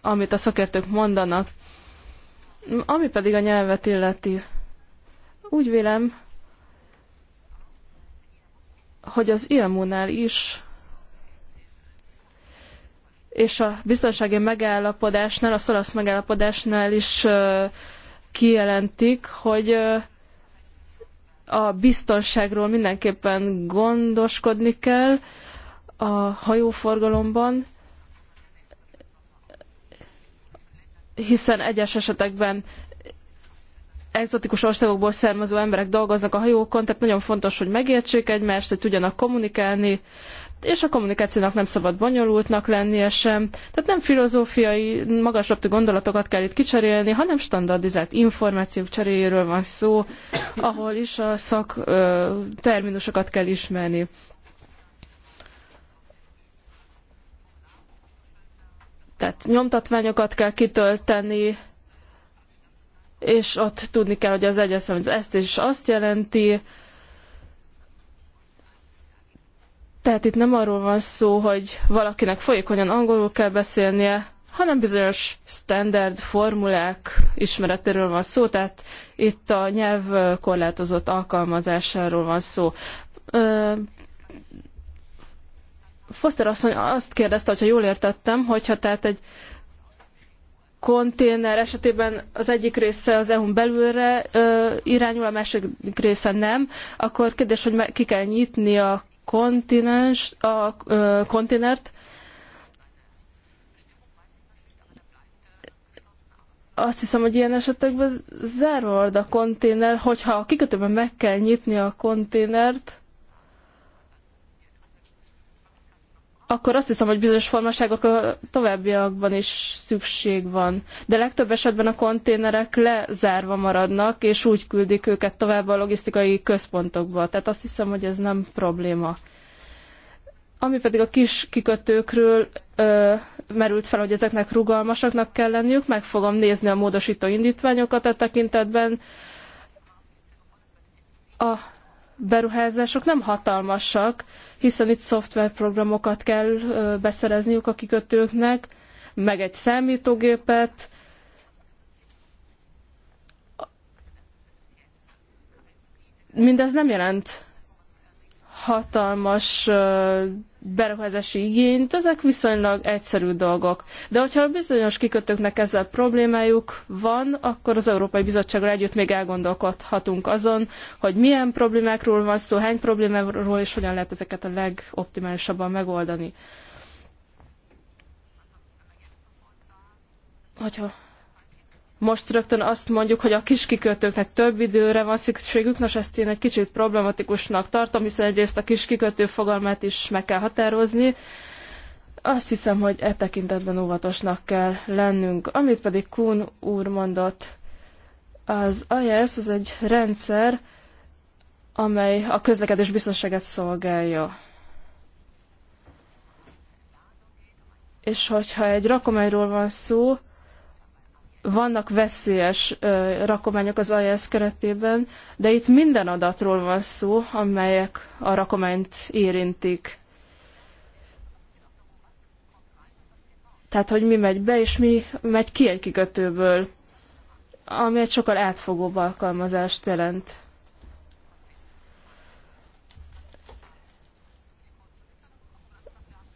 amit a szakértők mondanak. Ami pedig a nyelvet illeti, úgy vélem, hogy az IMU-nál is és a biztonsági megállapodásnál, a szolasz megállapodásnál is kijelentik, hogy a biztonságról mindenképpen gondoskodni kell a hajóforgalomban, hiszen egyes esetekben egzotikus országokból származó emberek dolgoznak a hajókon, tehát nagyon fontos, hogy megértsék egymást, hogy tudjanak kommunikálni és a kommunikációnak nem szabad bonyolultnak lennie sem. Tehát nem filozófiai, magasabb gondolatokat kell itt kicserélni, hanem standardizált információk cseréjéről van szó, ahol is a szak ö, terminusokat kell ismerni. Tehát nyomtatványokat kell kitölteni, és ott tudni kell, hogy az egyes, ez ezt és azt jelenti, Tehát itt nem arról van szó, hogy valakinek folyékonyan angolul kell beszélnie, hanem bizonyos standard formulák ismeretéről van szó, tehát itt a nyelv korlátozott alkalmazásáról van szó. Foster asszony azt kérdezte, hogyha jól értettem, hogyha tehát egy konténer esetében az egyik része az EU-n belülre ö, irányul, a másik része nem, akkor kérdés, hogy ki kell nyitni a kontinens, a ö, kontinert. Azt hiszem, hogy ilyen esetekben zárva a konténer, hogyha a kikötőben meg kell nyitni a konténert, akkor azt hiszem, hogy bizonyos a továbbiakban is szükség van. De legtöbb esetben a konténerek lezárva maradnak, és úgy küldik őket tovább a logisztikai központokba. Tehát azt hiszem, hogy ez nem probléma. Ami pedig a kis kikötőkről ö, merült fel, hogy ezeknek rugalmasaknak kell lenniük, meg fogom nézni a módosító indítványokat a e tekintetben. A beruházások nem hatalmasak, hiszen itt szoftverprogramokat kell beszerezniük a kikötőknek, meg egy számítógépet, mindez nem jelent hatalmas beruházási igényt, ezek viszonylag egyszerű dolgok. De hogyha a bizonyos kikötőknek ezzel problémájuk van, akkor az Európai Bizottsággal együtt még elgondolkodhatunk azon, hogy milyen problémákról van szó, hány problémáról, és hogyan lehet ezeket a legoptimálisabban megoldani. Hogyha most rögtön azt mondjuk, hogy a kiskikötőknek több időre van szükségük, nos ezt én egy kicsit problematikusnak tartom, hiszen egyrészt a kiskikötő fogalmát is meg kell határozni, azt hiszem, hogy e tekintetben óvatosnak kell lennünk. Amit pedig Kuhn úr mondott, az AES az egy rendszer, amely a közlekedés biztonságát szolgálja. És hogyha egy rakományról van szó, vannak veszélyes rakományok az AIS keretében, de itt minden adatról van szó, amelyek a rakományt érintik. Tehát, hogy mi megy be, és mi megy ki egy kikötőből, ami egy sokkal átfogóbb alkalmazást jelent.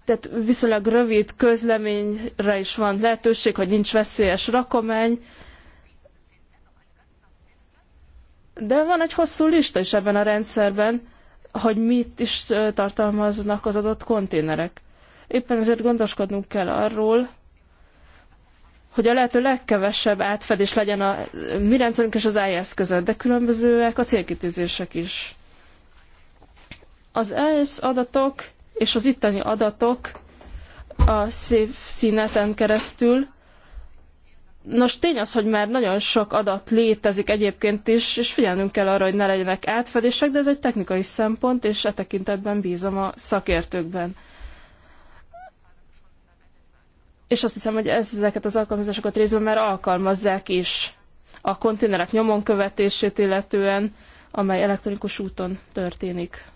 tehát viszonylag rövid közleményre is van lehetőség, hogy nincs veszélyes rakomány. De van egy hosszú lista is ebben a rendszerben, hogy mit is tartalmaznak az adott konténerek. Éppen ezért gondoskodnunk kell arról, hogy a lehető legkevesebb átfedés legyen a mi rendszerünk és az IS között, de különbözőek a célkitűzések is. Az IS adatok és az itteni adatok a színeten keresztül. Nos, tény az, hogy már nagyon sok adat létezik egyébként is, és figyelnünk kell arra, hogy ne legyenek átfedések, de ez egy technikai szempont, és e tekintetben bízom a szakértőkben. És azt hiszem, hogy ezeket az alkalmazásokat részben már alkalmazzák is a konténerek nyomon követését illetően, amely elektronikus úton történik.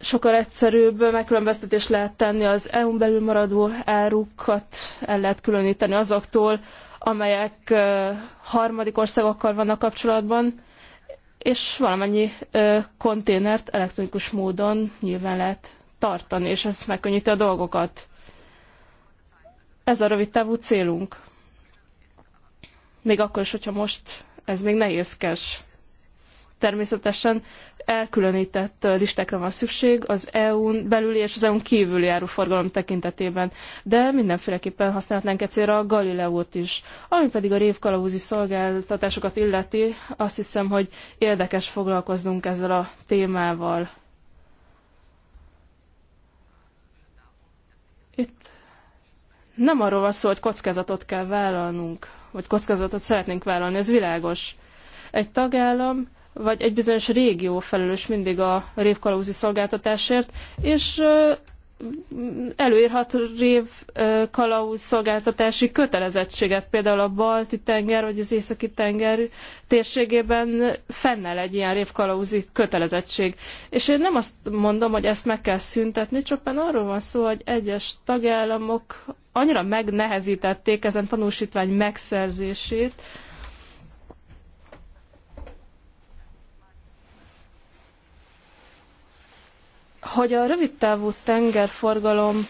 sokkal egyszerűbb megkülönböztetés lehet tenni az EU-n belül maradó árukat, el lehet különíteni azoktól, amelyek harmadik országokkal vannak kapcsolatban, és valamennyi konténert elektronikus módon nyilván lehet tartani, és ez megkönnyíti a dolgokat. Ez a rövid távú célunk. Még akkor is, hogyha most ez még nehézkes. Természetesen elkülönített listákra van szükség az EU-n belüli és az EU-n kívüli áruforgalom tekintetében, de mindenféleképpen használhatnánk egyszerre a Galileót is. Ami pedig a révkalauzi szolgáltatásokat illeti, azt hiszem, hogy érdekes foglalkoznunk ezzel a témával. Itt nem arról van szó, hogy kockázatot kell vállalnunk, vagy kockázatot szeretnénk vállalni, ez világos. Egy tagállam vagy egy bizonyos régió felelős mindig a révkalózi szolgáltatásért, és előírhat kalauz szolgáltatási kötelezettséget, például a balti tenger vagy az északi tenger térségében fennel egy ilyen révkalauzi kötelezettség. És én nem azt mondom, hogy ezt meg kell szüntetni, csak arról van szó, hogy egyes tagállamok annyira megnehezítették ezen tanúsítvány megszerzését, hogy a rövidtávú tengerforgalom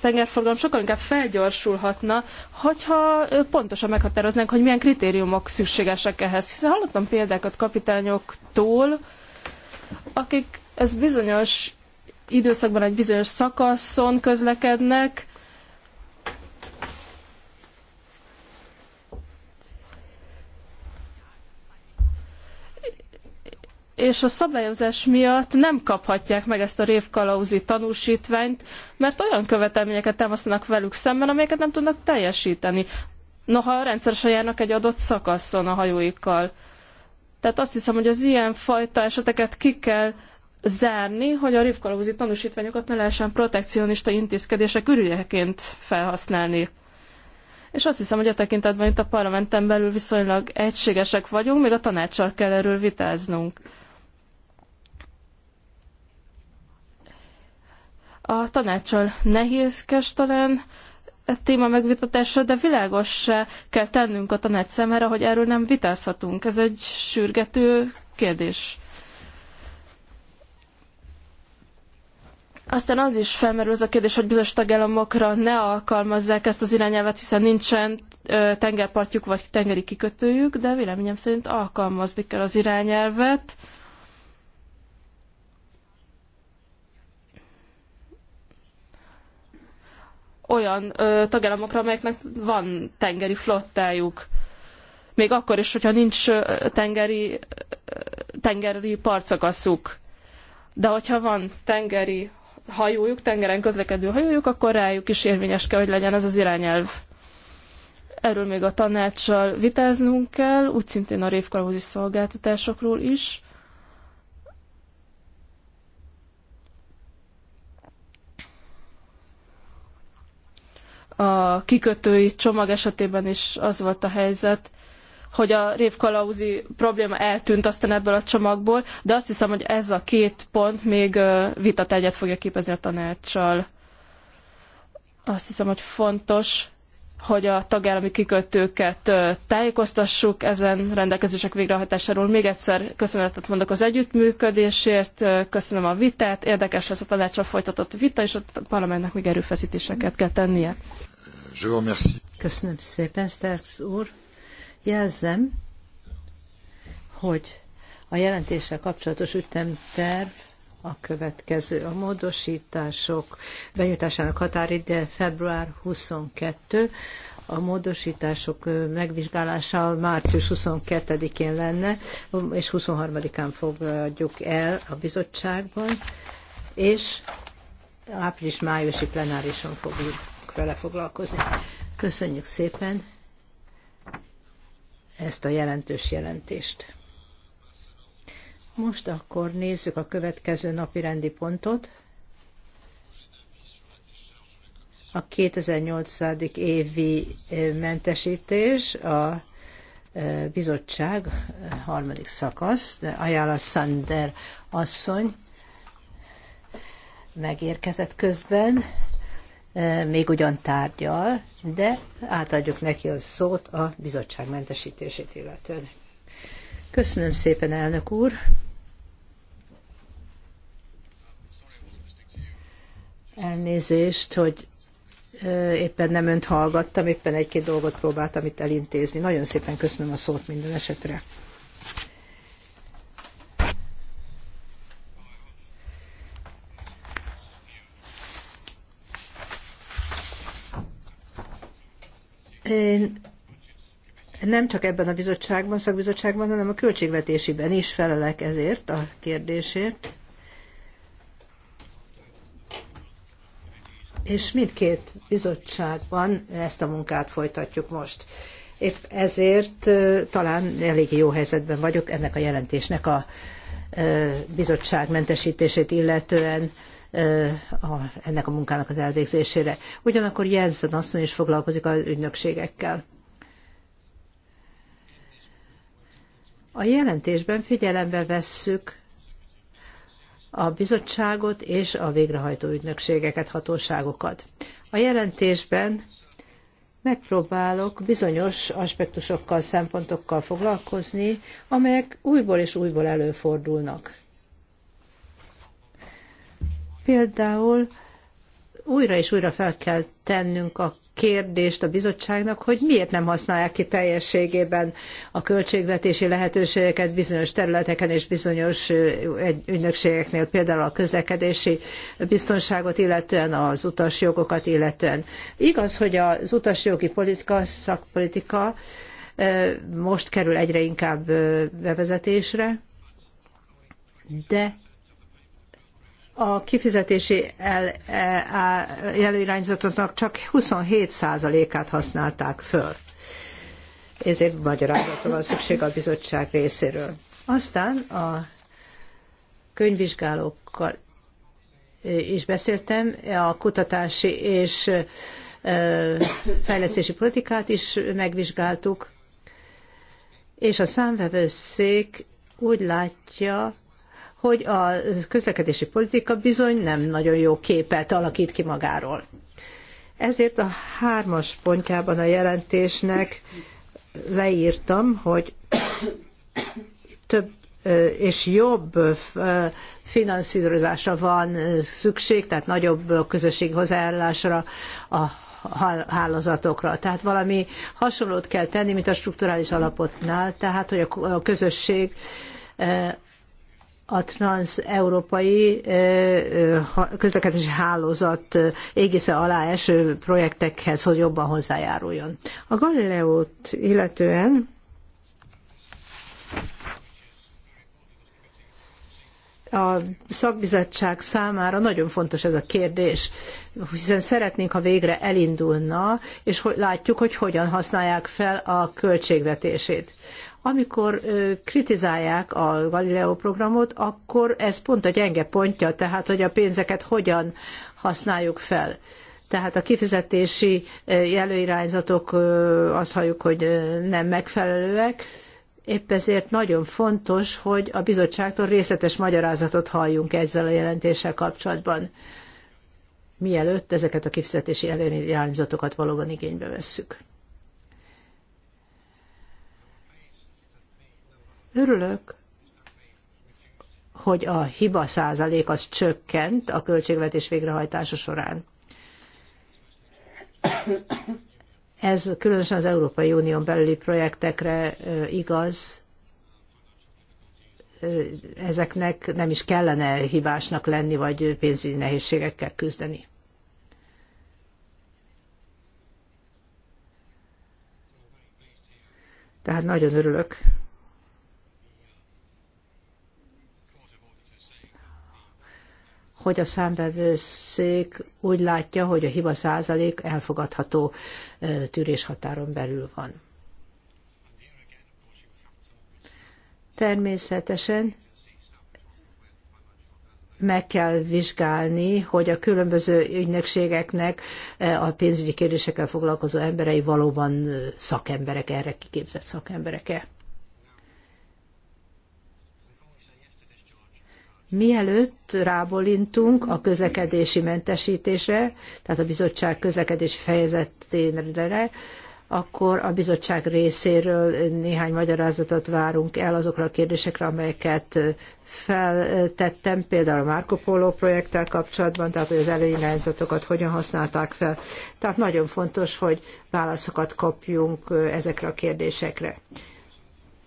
tengerforgalom sokkal inkább felgyorsulhatna, hogyha pontosan meghatároznánk, hogy milyen kritériumok szükségesek ehhez. Hiszen hallottam példákat kapitányoktól, akik ez bizonyos időszakban egy bizonyos szakaszon közlekednek, és a szabályozás miatt nem kaphatják meg ezt a révkalauzi tanúsítványt, mert olyan követelményeket támasztanak velük szemben, amelyeket nem tudnak teljesíteni. Noha rendszeresen járnak egy adott szakaszon a hajóikkal. Tehát azt hiszem, hogy az ilyen fajta eseteket ki kell zárni, hogy a révkalauzi tanúsítványokat ne lehessen protekcionista intézkedések ürügyeként felhasználni és azt hiszem, hogy a tekintetben itt a parlamenten belül viszonylag egységesek vagyunk, még a tanácssal kell erről vitáznunk. A tanácssal nehézkes talán a e téma megvitatása, de világos kell tennünk a tanács szemére, hogy erről nem vitázhatunk. Ez egy sürgető kérdés. Aztán az is felmerül az a kérdés, hogy bizonyos tagállamokra ne alkalmazzák ezt az irányelvet, hiszen nincsen tengerpartjuk vagy tengeri kikötőjük, de véleményem szerint alkalmazni kell az irányelvet. olyan ö, tagállamokra, amelyeknek van tengeri flottájuk. Még akkor is, hogyha nincs tengeri, tengeri partszakaszuk. De hogyha van tengeri hajójuk, tengeren közlekedő hajójuk, akkor rájuk is érvényes kell, hogy legyen ez az irányelv. Erről még a tanácssal vitáznunk kell, úgy szintén a révkalózi szolgáltatásokról is. A kikötői csomag esetében is az volt a helyzet, hogy a révkalauzi probléma eltűnt aztán ebből a csomagból, de azt hiszem, hogy ez a két pont még vitategyet fogja képezni a tanácssal. Azt hiszem, hogy fontos, hogy a tagállami kikötőket tájékoztassuk ezen rendelkezések végrehajtásáról. Még egyszer köszönetet mondok az együttműködésért, köszönöm a vitát, érdekes lesz a tanácsra folytatott vita, és a parlamentnek még erőfeszítéseket kell tennie. Je vous remercie. Köszönöm szépen, Starks úr. Jelzem, hogy a jelentéssel kapcsolatos ütemterv a következő. A módosítások benyújtásának határideje február 22, a módosítások megvizsgálása március 22-én lenne, és 23-án fogadjuk el a bizottságban, és április-májusi plenárison fogjuk vele foglalkozni. Köszönjük szépen ezt a jelentős jelentést. Most akkor nézzük a következő napi rendi pontot. A 2008. évi mentesítés, a bizottság harmadik szakasz, Ajala Sander asszony megérkezett közben. E, még ugyan tárgyal, de átadjuk neki a szót a bizottság mentesítését illetően. Köszönöm szépen, elnök úr! Elnézést, hogy e, éppen nem önt hallgattam, éppen egy-két dolgot próbáltam itt elintézni. Nagyon szépen köszönöm a szót minden esetre. Én nem csak ebben a bizottságban, szakbizottságban, hanem a költségvetésiben is felelek ezért a kérdésért. És mindkét bizottságban ezt a munkát folytatjuk most. Épp ezért talán elég jó helyzetben vagyok ennek a jelentésnek a bizottság mentesítését illetően ennek a munkának az elvégzésére. Ugyanakkor Jensen asszony is foglalkozik az ügynökségekkel. A jelentésben figyelembe vesszük a bizottságot és a végrehajtó ügynökségeket, hatóságokat. A jelentésben megpróbálok bizonyos aspektusokkal, szempontokkal foglalkozni, amelyek újból és újból előfordulnak. Például újra és újra fel kell tennünk a kérdést a bizottságnak, hogy miért nem használják ki teljességében a költségvetési lehetőségeket bizonyos területeken és bizonyos ügynökségeknél, például a közlekedési biztonságot illetően, az utasjogokat illetően. Igaz, hogy az utasjogi politika, szakpolitika most kerül egyre inkább bevezetésre, de a kifizetési el, e, előirányzatoknak csak 27%-át használták föl. Ezért magyarázatra van szükség a bizottság részéről. Aztán a könyvvizsgálókkal is beszéltem, a kutatási és e, fejlesztési politikát is megvizsgáltuk, és a számvevőszék úgy látja, hogy a közlekedési politika bizony nem nagyon jó képet alakít ki magáról. Ezért a hármas pontjában a jelentésnek leírtam, hogy több és jobb finanszírozásra van szükség, tehát nagyobb közösségi hozzájárulásra a hálózatokra. Tehát valami hasonlót kell tenni, mint a strukturális alapotnál, tehát hogy a közösség a trans-európai közlekedési hálózat égisze alá eső projektekhez, hogy jobban hozzájáruljon. A Galileót illetően a szakbizottság számára nagyon fontos ez a kérdés, hiszen szeretnénk, ha végre elindulna, és látjuk, hogy hogyan használják fel a költségvetését. Amikor kritizálják a Galileo programot, akkor ez pont a gyenge pontja, tehát hogy a pénzeket hogyan használjuk fel. Tehát a kifizetési jelőirányzatok azt halljuk, hogy nem megfelelőek, Épp ezért nagyon fontos, hogy a bizottságtól részletes magyarázatot halljunk ezzel a jelentéssel kapcsolatban, mielőtt ezeket a kifizetési előirányzatokat valóban igénybe vesszük. Örülök, hogy a hiba százalék az csökkent a költségvetés végrehajtása során. Ez különösen az Európai Unión belüli projektekre igaz. Ezeknek nem is kellene hibásnak lenni, vagy pénzügyi nehézségekkel küzdeni. Tehát nagyon örülök hogy a számbevőszék úgy látja, hogy a hiba százalék elfogadható tűréshatáron belül van. Természetesen meg kell vizsgálni, hogy a különböző ügynökségeknek a pénzügyi kérdésekkel foglalkozó emberei valóban szakemberek, erre kiképzett szakemberek-e. Mielőtt rábolintunk a közlekedési mentesítésre, tehát a bizottság közlekedési fejezetére, akkor a bizottság részéről néhány magyarázatot várunk el azokra a kérdésekre, amelyeket feltettem, például a Marco Polo projekttel kapcsolatban, tehát hogy az előirányzatokat hogyan használták fel. Tehát nagyon fontos, hogy válaszokat kapjunk ezekre a kérdésekre.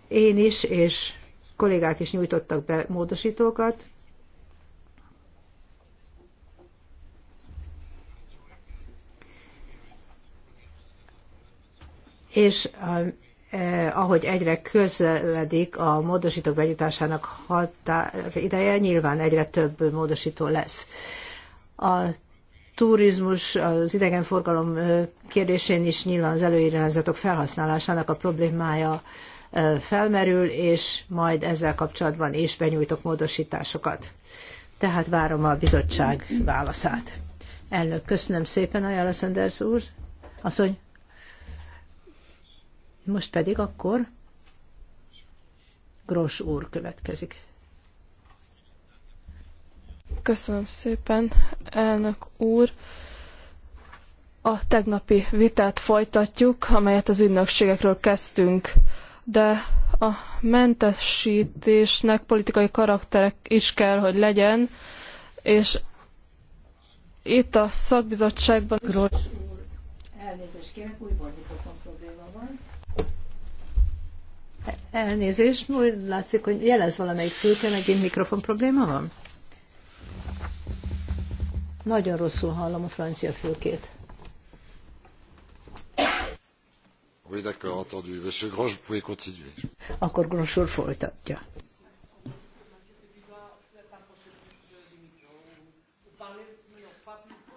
Én is, és kollégák is nyújtottak be módosítókat, és e, ahogy egyre közeledik a módosítók benyújtásának határideje, nyilván egyre több módosító lesz. A turizmus, az idegenforgalom e, kérdésén is nyilván az előirányzatok felhasználásának a problémája e, felmerül, és majd ezzel kapcsolatban is benyújtok módosításokat. Tehát várom a bizottság válaszát. Elnök, köszönöm szépen, Ajala Sanders úr. Asszony, most pedig akkor Gros úr következik. Köszönöm szépen, elnök úr. A tegnapi vitát folytatjuk, amelyet az ügynökségekről kezdtünk, de a mentesítésnek politikai karakterek is kell, hogy legyen, és itt a szakbizottságban... Gros úr, elnézést kérek, újból Elnézést, úgy látszik, hogy jelez valamelyik fülke, megint mikrofon probléma van? Nagyon rosszul hallom a francia fülkét. Oui, d'accord, entendu. Monsieur Grosch, vous pouvez continuer. Akkor Grosch úr folytatja.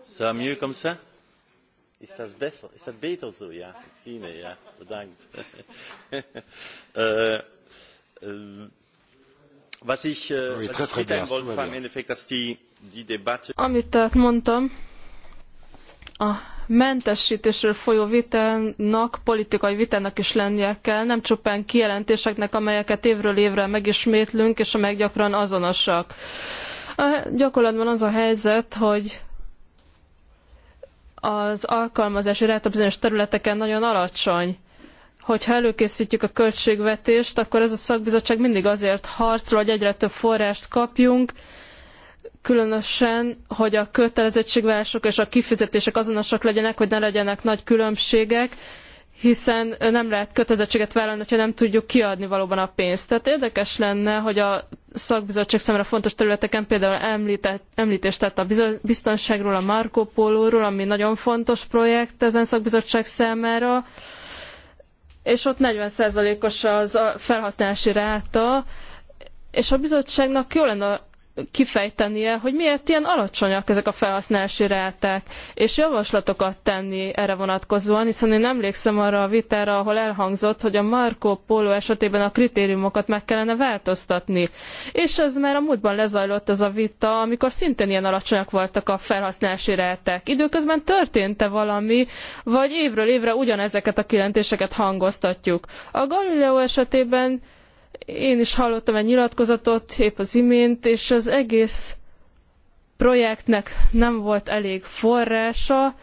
Ça mieux comme ça is dat, best, is dat beter zo? Ja, ik zie Ja. Bedankt. uh, uh, was ich, uh, was ich mitteilen wollte, war im Endeffekt, dass die, die Debatte... Amit tehát mondtam, a mentesítésről folyó vitának, politikai vitának is lennie kell, nem csupán kijelentéseknek, amelyeket évről évre megismétlünk, és amelyek gyakran azonosak. A gyakorlatban az a helyzet, hogy az alkalmazási ráta bizonyos területeken nagyon alacsony. Hogyha előkészítjük a költségvetést, akkor ez a szakbizottság mindig azért harcol, hogy egyre több forrást kapjunk, különösen, hogy a kötelezettségvállalások és a kifizetések azonosak legyenek, hogy ne legyenek nagy különbségek, hiszen nem lehet kötelezettséget vállalni, ha nem tudjuk kiadni valóban a pénzt. Tehát érdekes lenne, hogy a szakbizottság számára fontos területeken például említett, említést tett a biztonságról, a Marco Polo-ról, ami nagyon fontos projekt ezen szakbizottság számára, és ott 40%-os az a felhasználási ráta, és a bizottságnak jó lenne kifejtenie, hogy miért ilyen alacsonyak ezek a felhasználási ráták, és javaslatokat tenni erre vonatkozóan, hiszen én emlékszem arra a vitára, ahol elhangzott, hogy a Marco Polo esetében a kritériumokat meg kellene változtatni. És ez már a múltban lezajlott az a vita, amikor szintén ilyen alacsonyak voltak a felhasználási ráták. Időközben történt-e valami, vagy évről évre ugyanezeket a kilentéseket hangoztatjuk. A Galileo esetében én is hallottam egy nyilatkozatot épp az imént, és az egész projektnek nem volt elég forrása,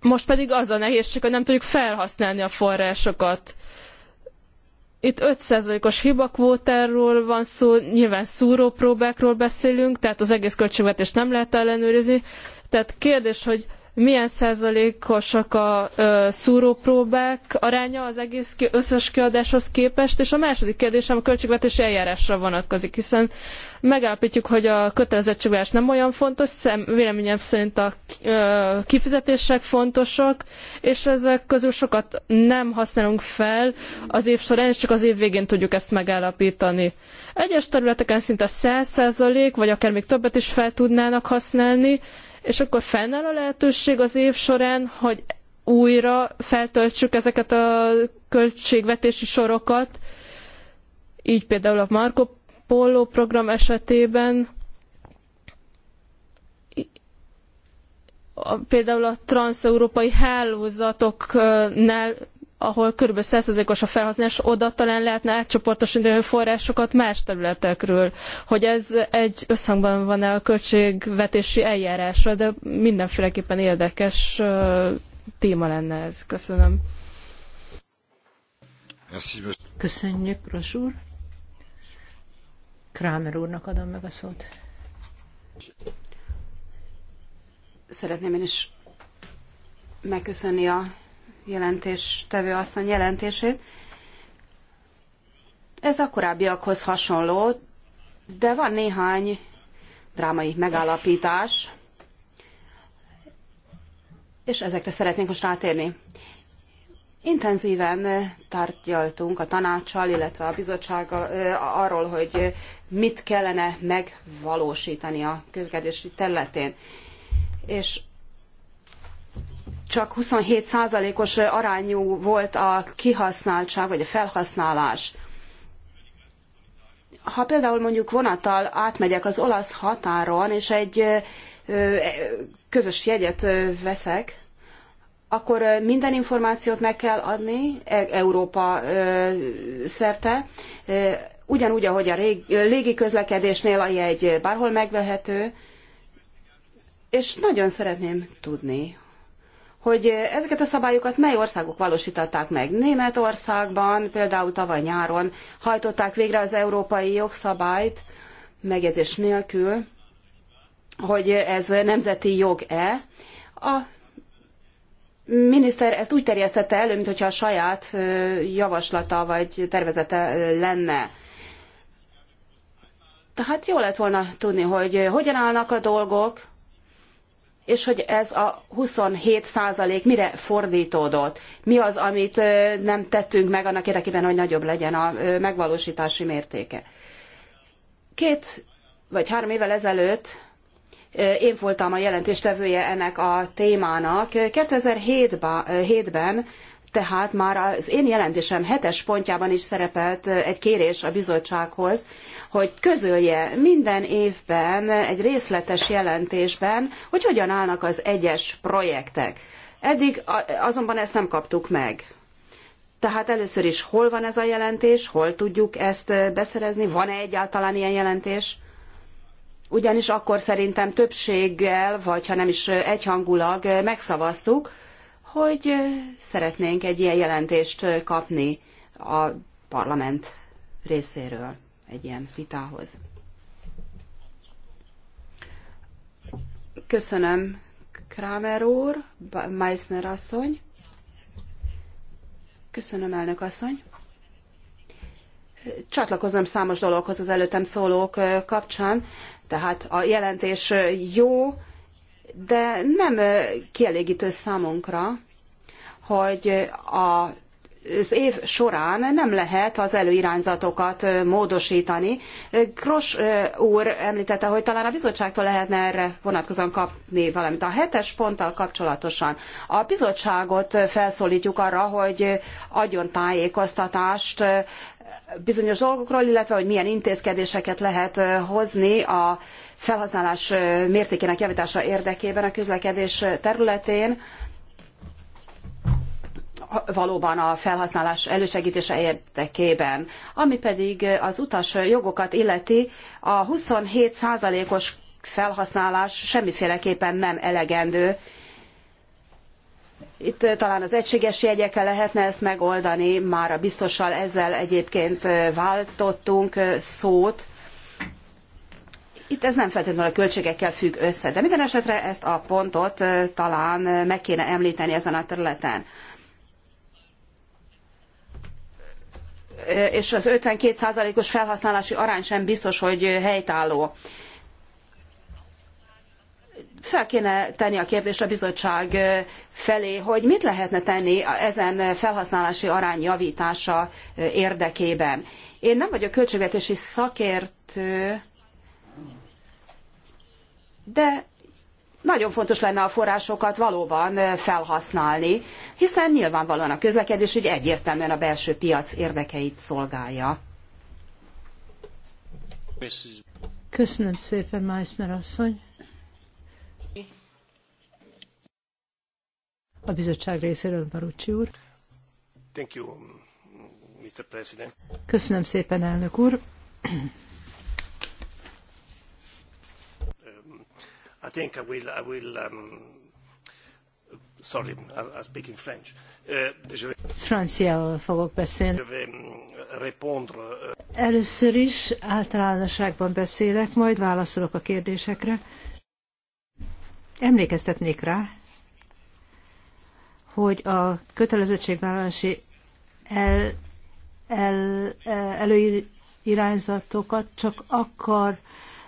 most pedig az a nehézség, hogy nem tudjuk felhasználni a forrásokat. Itt 5%-os hibakvótáról van szó, nyilván szúrópróbákról beszélünk, tehát az egész költségvetést nem lehet ellenőrizni. Tehát kérdés, hogy milyen százalékosak a ö, szúrópróbák aránya az egész ki, összes kiadáshoz képest, és a második kérdésem a költségvetési eljárásra vonatkozik, hiszen megállapítjuk, hogy a kötelezettségvárás nem olyan fontos, szem, véleményem szerint a ö, kifizetések fontosak, és ezek közül sokat nem használunk fel az év során, és csak az év végén tudjuk ezt megállapítani. Egyes területeken szinte 100 százalék, vagy akár még többet is fel tudnának használni, és akkor fennáll a lehetőség az év során, hogy újra feltöltsük ezeket a költségvetési sorokat, így például a Marco Polo program esetében, például a transeurópai hálózatoknál ahol kb. 100%-os a felhasználás, oda talán lehetne átcsoportosítani forrásokat más területekről, hogy ez egy összhangban van-e a költségvetési eljárásra, de mindenféleképpen érdekes téma lenne ez. Köszönöm. Köszönjük, Gros Krámer úrnak adom meg a szót. Szeretném én is megköszönni a jelentéstevő asszony jelentését. Ez a korábbiakhoz hasonló, de van néhány drámai megállapítás, és ezekre szeretnénk most rátérni. Intenzíven eh, tárgyaltunk a tanácssal, illetve a bizottsággal eh, arról, hogy mit kellene megvalósítani a közlekedés területén. És csak 27%-os arányú volt a kihasználtság, vagy a felhasználás. Ha például mondjuk vonattal átmegyek az olasz határon, és egy közös jegyet veszek, akkor minden információt meg kell adni e-, Európa szerte, ugyanúgy, ahogy a légi közlekedésnél a jegy bárhol megvehető, és nagyon szeretném tudni, hogy ezeket a szabályokat mely országok valósították meg. Németországban például tavaly nyáron hajtották végre az európai jogszabályt, megjegyzés nélkül, hogy ez nemzeti jog-e. A miniszter ezt úgy terjesztette elő, mintha a saját javaslata vagy tervezete lenne. Tehát jó lett volna tudni, hogy hogyan állnak a dolgok, és hogy ez a 27 százalék mire fordítódott? Mi az, amit nem tettünk meg annak érdekében, hogy nagyobb legyen a megvalósítási mértéke? Két vagy három évvel ezelőtt én voltam a jelentéstevője ennek a témának. 2007-ben tehát már az én jelentésem hetes pontjában is szerepelt egy kérés a bizottsághoz, hogy közölje minden évben egy részletes jelentésben, hogy hogyan állnak az egyes projektek. Eddig azonban ezt nem kaptuk meg. Tehát először is hol van ez a jelentés, hol tudjuk ezt beszerezni, van-e egyáltalán ilyen jelentés? Ugyanis akkor szerintem többséggel, vagy ha nem is egyhangulag megszavaztuk, hogy szeretnénk egy ilyen jelentést kapni a parlament részéről egy ilyen vitához. Köszönöm, Kramer úr, Meissner asszony. Köszönöm, elnök asszony. Csatlakozom számos dologhoz az előttem szólók kapcsán, tehát a jelentés jó, de nem kielégítő számunkra, hogy a az év során nem lehet az előirányzatokat módosítani. Gross úr említette, hogy talán a bizottságtól lehetne erre vonatkozóan kapni valamit. A hetes ponttal kapcsolatosan a bizottságot felszólítjuk arra, hogy adjon tájékoztatást bizonyos dolgokról, illetve hogy milyen intézkedéseket lehet hozni a felhasználás mértékének javítása érdekében a közlekedés területén. Valóban a felhasználás elősegítése érdekében. Ami pedig az utas jogokat illeti, a 27 százalékos felhasználás semmiféleképpen nem elegendő, itt eh, talán az egységes jegyekkel lehetne ezt megoldani, már a biztossal ezzel egyébként eh, váltottunk eh, szót. Itt ez nem feltétlenül a költségekkel függ össze, de minden esetre ezt a pontot talán meg kéne említeni ezen a területen. És az 52%-os felhasználási arány sem biztos, hogy helytálló fel kéne tenni a kérdést a bizottság felé, hogy mit lehetne tenni ezen felhasználási arány javítása érdekében. Én nem vagyok költségvetési szakértő, de nagyon fontos lenne a forrásokat valóban felhasználni, hiszen nyilvánvalóan a közlekedés ügy egyértelműen a belső piac érdekeit szolgálja. Köszönöm szépen, Meissner asszony. A bizottság részéről Barucsi úr. Thank you, Mr. President. Köszönöm szépen, elnök úr. Um, I think I will, I will um, sorry, I, speak in French. Uh, Franciául fogok beszélni. Um, uh, Először is általánosságban beszélek, majd válaszolok a kérdésekre. Emlékeztetnék rá, hogy a kötelezettségvállalási el, el, e, előirányzatokat csak akkor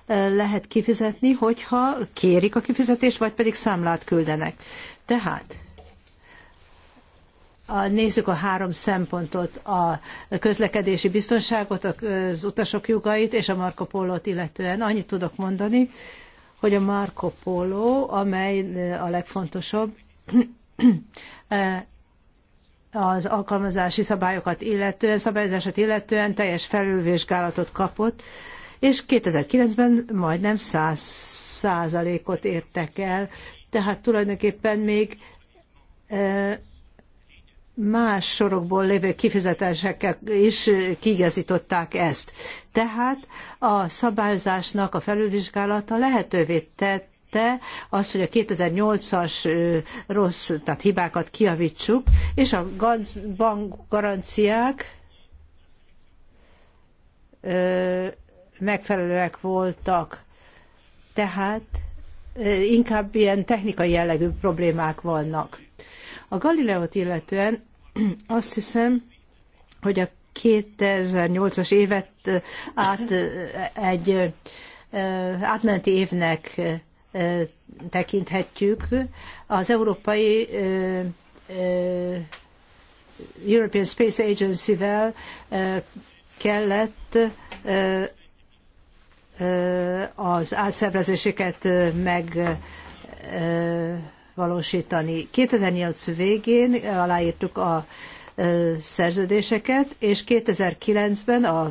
e, lehet kifizetni, hogyha kérik a kifizetést, vagy pedig számlát küldenek. Tehát a, nézzük a három szempontot, a közlekedési biztonságot, az utasok jogait és a Marco Polo-t illetően. Annyit tudok mondani, hogy a Marco Polo, amely e, a legfontosabb, az alkalmazási szabályokat illetően, szabályozását illetően teljes felülvizsgálatot kapott, és 2009-ben majdnem 100 ot értek el, tehát tulajdonképpen még más sorokból lévő kifizetésekkel is kigazították ezt. Tehát a szabályozásnak a felülvizsgálata lehetővé tett tette, az, hogy a 2008-as rossz, tehát hibákat kiavítsuk, és a bank garanciák megfelelőek voltak. Tehát inkább ilyen technikai jellegű problémák vannak. A Galileót illetően azt hiszem, hogy a 2008-as évet át, egy átmeneti évnek tekinthetjük. Az európai European Space Agency-vel kellett az átszervezéseket megvalósítani. 2008 végén aláírtuk a szerződéseket, és 2009-ben a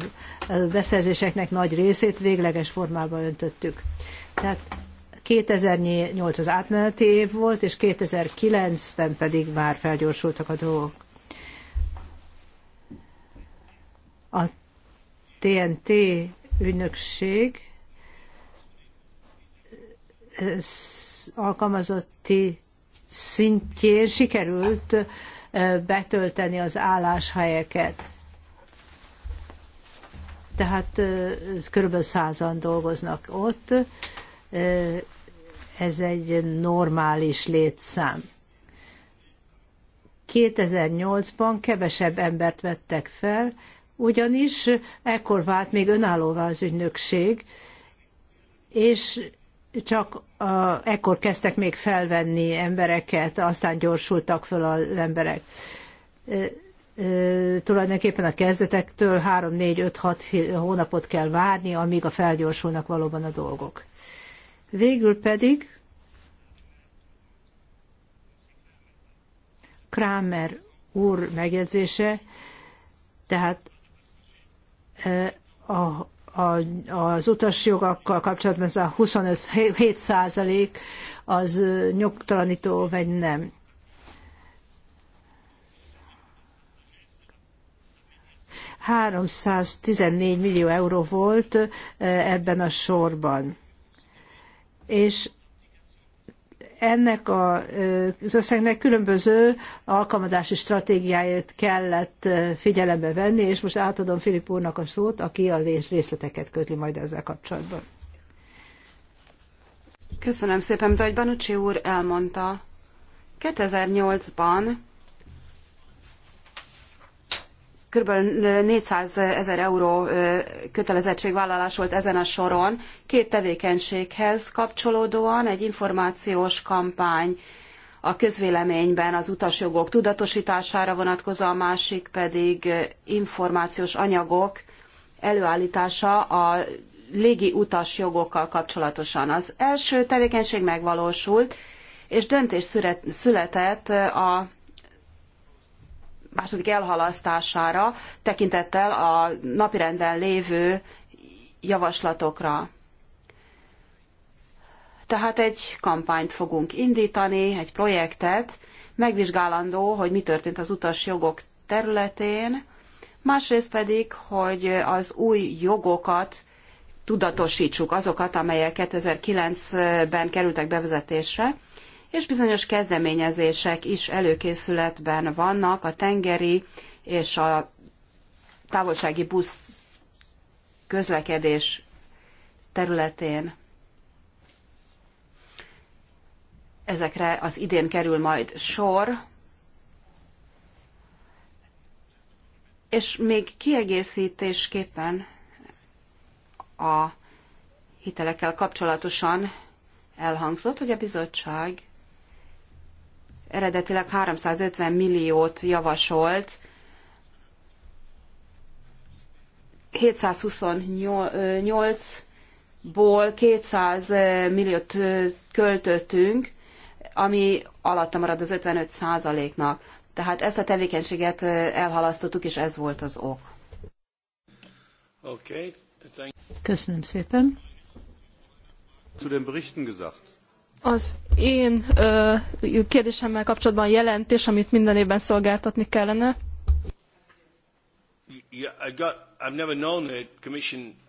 beszerzéseknek nagy részét végleges formába öntöttük. Tehát 2008 az átmeneti év volt, és 2009-ben pedig már felgyorsultak a dolgok. A TNT ügynökség alkalmazotti szintjén sikerült betölteni az álláshelyeket. Tehát körülbelül százan dolgoznak ott, ez egy normális létszám. 2008-ban kevesebb embert vettek fel, ugyanis ekkor vált még önállóvá az ügynökség, és csak uh, ekkor kezdtek még felvenni embereket, aztán gyorsultak föl az emberek. Uh, uh, tulajdonképpen a kezdetektől 3-4-5-6 hónapot kell várni, amíg a felgyorsulnak valóban a dolgok. Végül pedig Kramer úr megjegyzése, tehát a, a, az utasjogakkal kapcsolatban ez a 25 százalék az nyugtalanító, vagy nem. ...314 millió euró volt ebben a sorban és ennek a, az összegnek különböző alkalmazási stratégiáját kellett figyelembe venni, és most átadom Filip úrnak a szót, aki a részleteket közli majd ezzel kapcsolatban. Köszönöm szépen, mint ahogy Banucsi úr elmondta, 2008-ban kb. 400 ezer euró kötelezettségvállalás volt ezen a soron, két tevékenységhez kapcsolódóan egy információs kampány a közvéleményben az utasjogok tudatosítására vonatkozó, a másik pedig információs anyagok előállítása a légi utasjogokkal kapcsolatosan. Az első tevékenység megvalósult, és döntés született a második elhalasztására tekintettel a napirenden lévő javaslatokra. Tehát egy kampányt fogunk indítani, egy projektet, megvizsgálandó, hogy mi történt az utas jogok területén, másrészt pedig, hogy az új jogokat tudatosítsuk, azokat, amelyek 2009-ben kerültek bevezetésre, és bizonyos kezdeményezések is előkészületben vannak a tengeri és a távolsági busz közlekedés területén. Ezekre az idén kerül majd sor. És még kiegészítésképpen a hitelekkel kapcsolatosan elhangzott, hogy a bizottság eredetileg 350 milliót javasolt, 728-ból 200 milliót költöttünk, ami alatta marad az 55 százaléknak. Tehát ezt a tevékenységet elhalasztottuk, és ez volt az ok. Okay. Köszönöm szépen. Zu den Berichten gesagt. Az én ö, kérdésemmel kapcsolatban jelentés, amit minden évben szolgáltatni kellene. Yeah, I got, I've never known a commission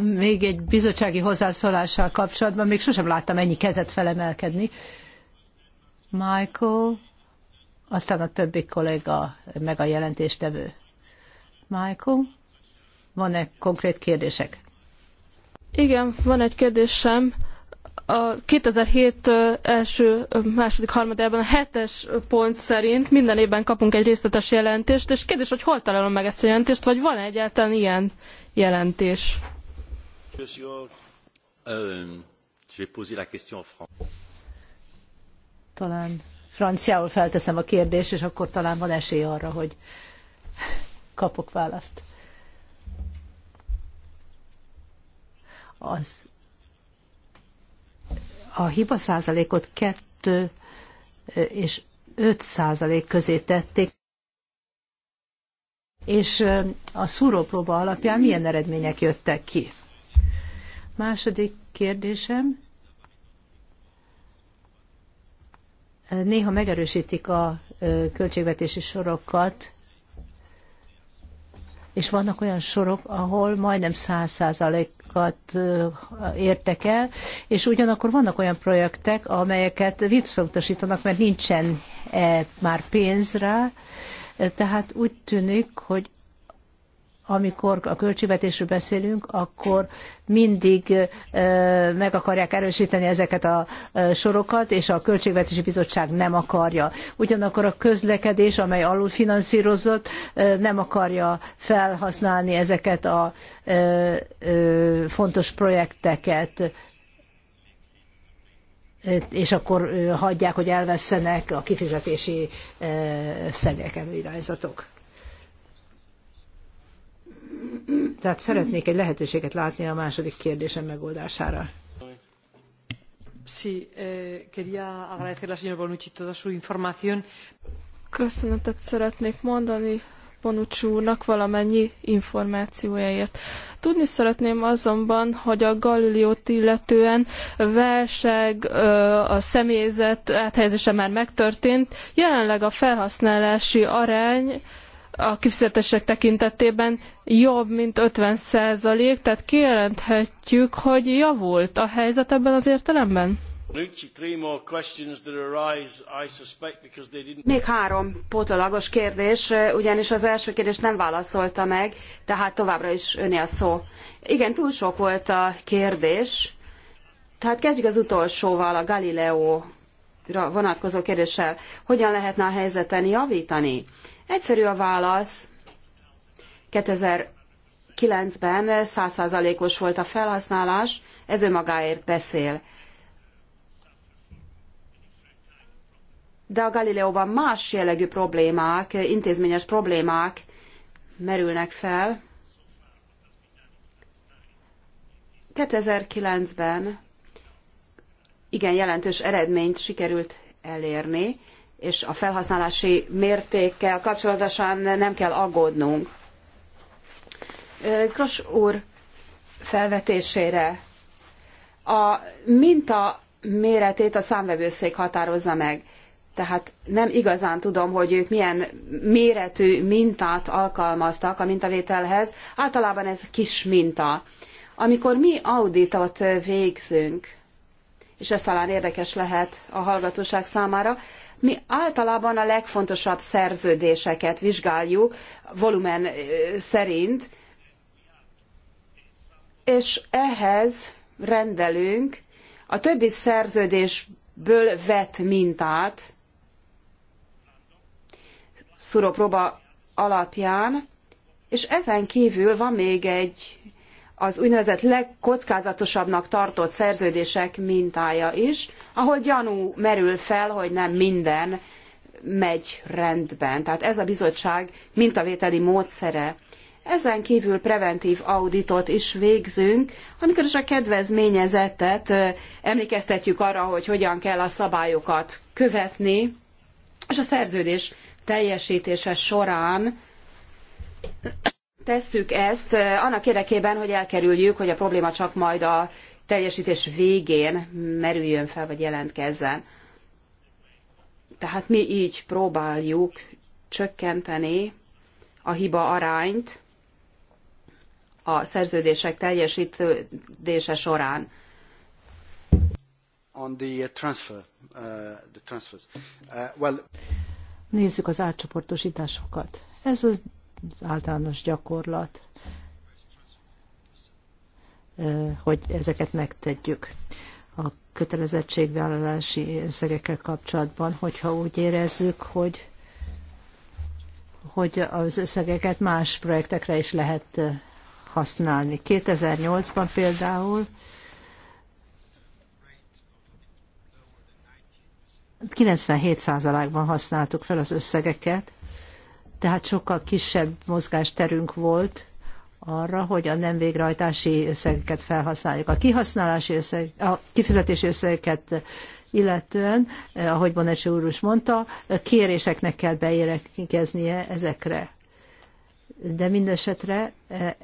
még egy bizottsági hozzászólással kapcsolatban még sosem láttam ennyi kezet felemelkedni. Michael, aztán a többi kolléga, meg a jelentéstevő. Michael, van-e konkrét kérdések? Igen, van egy kérdésem. A 2007 első, második harmadában a hetes pont szerint minden évben kapunk egy részletes jelentést, és kérdés, hogy hol találom meg ezt a jelentést, vagy van -e egyáltalán ilyen jelentés? Euh, talán franciául felteszem a kérdést, és akkor talán van esély arra, hogy kapok választ. az a hiba százalékot 2 és 5 százalék közé tették, és a szúrópróba alapján milyen eredmények jöttek ki? Második kérdésem. Néha megerősítik a költségvetési sorokat, és vannak olyan sorok, ahol majdnem száz százalék célokat értek el, és ugyanakkor vannak olyan projektek, amelyeket visszautasítanak, mert nincsen eh, már pénz rá, tehát úgy tűnik, hogy amikor a költségvetésről beszélünk, akkor mindig meg akarják erősíteni ezeket a sorokat, és a Költségvetési Bizottság nem akarja. Ugyanakkor a közlekedés, amely alulfinanszírozott, nem akarja felhasználni ezeket a fontos projekteket és akkor hagyják, hogy elvesszenek a kifizetési szegek előirányzatok. Tehát szeretnék egy lehetőséget látni a második kérdésem megoldására. Sí, eh, quería al señor Bonucci toda su información. Köszönetet szeretnék mondani Bonucci úrnak valamennyi információjáért. Tudni szeretném azonban, hogy a Galileót illetően válság, a személyzet áthelyezése már megtörtént. Jelenleg a felhasználási arány a kifizetések tekintetében jobb, mint 50 százalék, tehát kijelenthetjük, hogy javult a helyzet ebben az értelemben? Még három pótolagos kérdés, ugyanis az első kérdést nem válaszolta meg, tehát továbbra is öné a szó. Igen, túl sok volt a kérdés, tehát kezdjük az utolsóval, a Galileo vonatkozó kérdéssel. Hogyan lehetne a helyzeten javítani? Egyszerű a válasz. 2009-ben 100%-os volt a felhasználás, ez önmagáért beszél. De a Galileóban más jellegű problémák, intézményes problémák merülnek fel. 2009-ben igen jelentős eredményt sikerült elérni, és a felhasználási mértékkel kapcsolatosan nem kell aggódnunk. Kros úr felvetésére a minta méretét a számvevőszék határozza meg. Tehát nem igazán tudom, hogy ők milyen méretű mintát alkalmaztak a mintavételhez. Általában ez kis minta. Amikor mi auditot végzünk, és ez talán érdekes lehet a hallgatóság számára, mi általában a legfontosabb szerződéseket vizsgáljuk volumen szerint, és ehhez rendelünk a többi szerződésből vett mintát, szuropróba alapján, és ezen kívül van még egy az úgynevezett legkockázatosabbnak tartott szerződések mintája is, ahol gyanú merül fel, hogy nem minden megy rendben. Tehát ez a bizottság mintavételi módszere. Ezen kívül preventív auditot is végzünk, amikor is a kedvezményezettet emlékeztetjük arra, hogy hogyan kell a szabályokat követni, és a szerződés teljesítése során tesszük ezt eh, annak érdekében, hogy elkerüljük, hogy a probléma csak majd a teljesítés végén merüljön fel, vagy jelentkezzen. Tehát mi így próbáljuk csökkenteni a hiba arányt a szerződések teljesítése során. On the uh, transfer, uh, the transfers. Uh, well... Nézzük az átcsoportosításokat. Ez az általános gyakorlat, hogy ezeket megtegyük a kötelezettségvállalási összegekkel kapcsolatban, hogyha úgy érezzük, hogy hogy az összegeket más projektekre is lehet használni. 2008-ban például 97%-ban használtuk fel az összegeket, tehát sokkal kisebb mozgásterünk volt arra, hogy a nem végrehajtási összegeket felhasználjuk. A kihasználási összeg, a kifizetési összegeket illetően, eh, ahogy Bonecsi úr is mondta, kéréseknek kell beérekeznie ezekre. De mindesetre eh,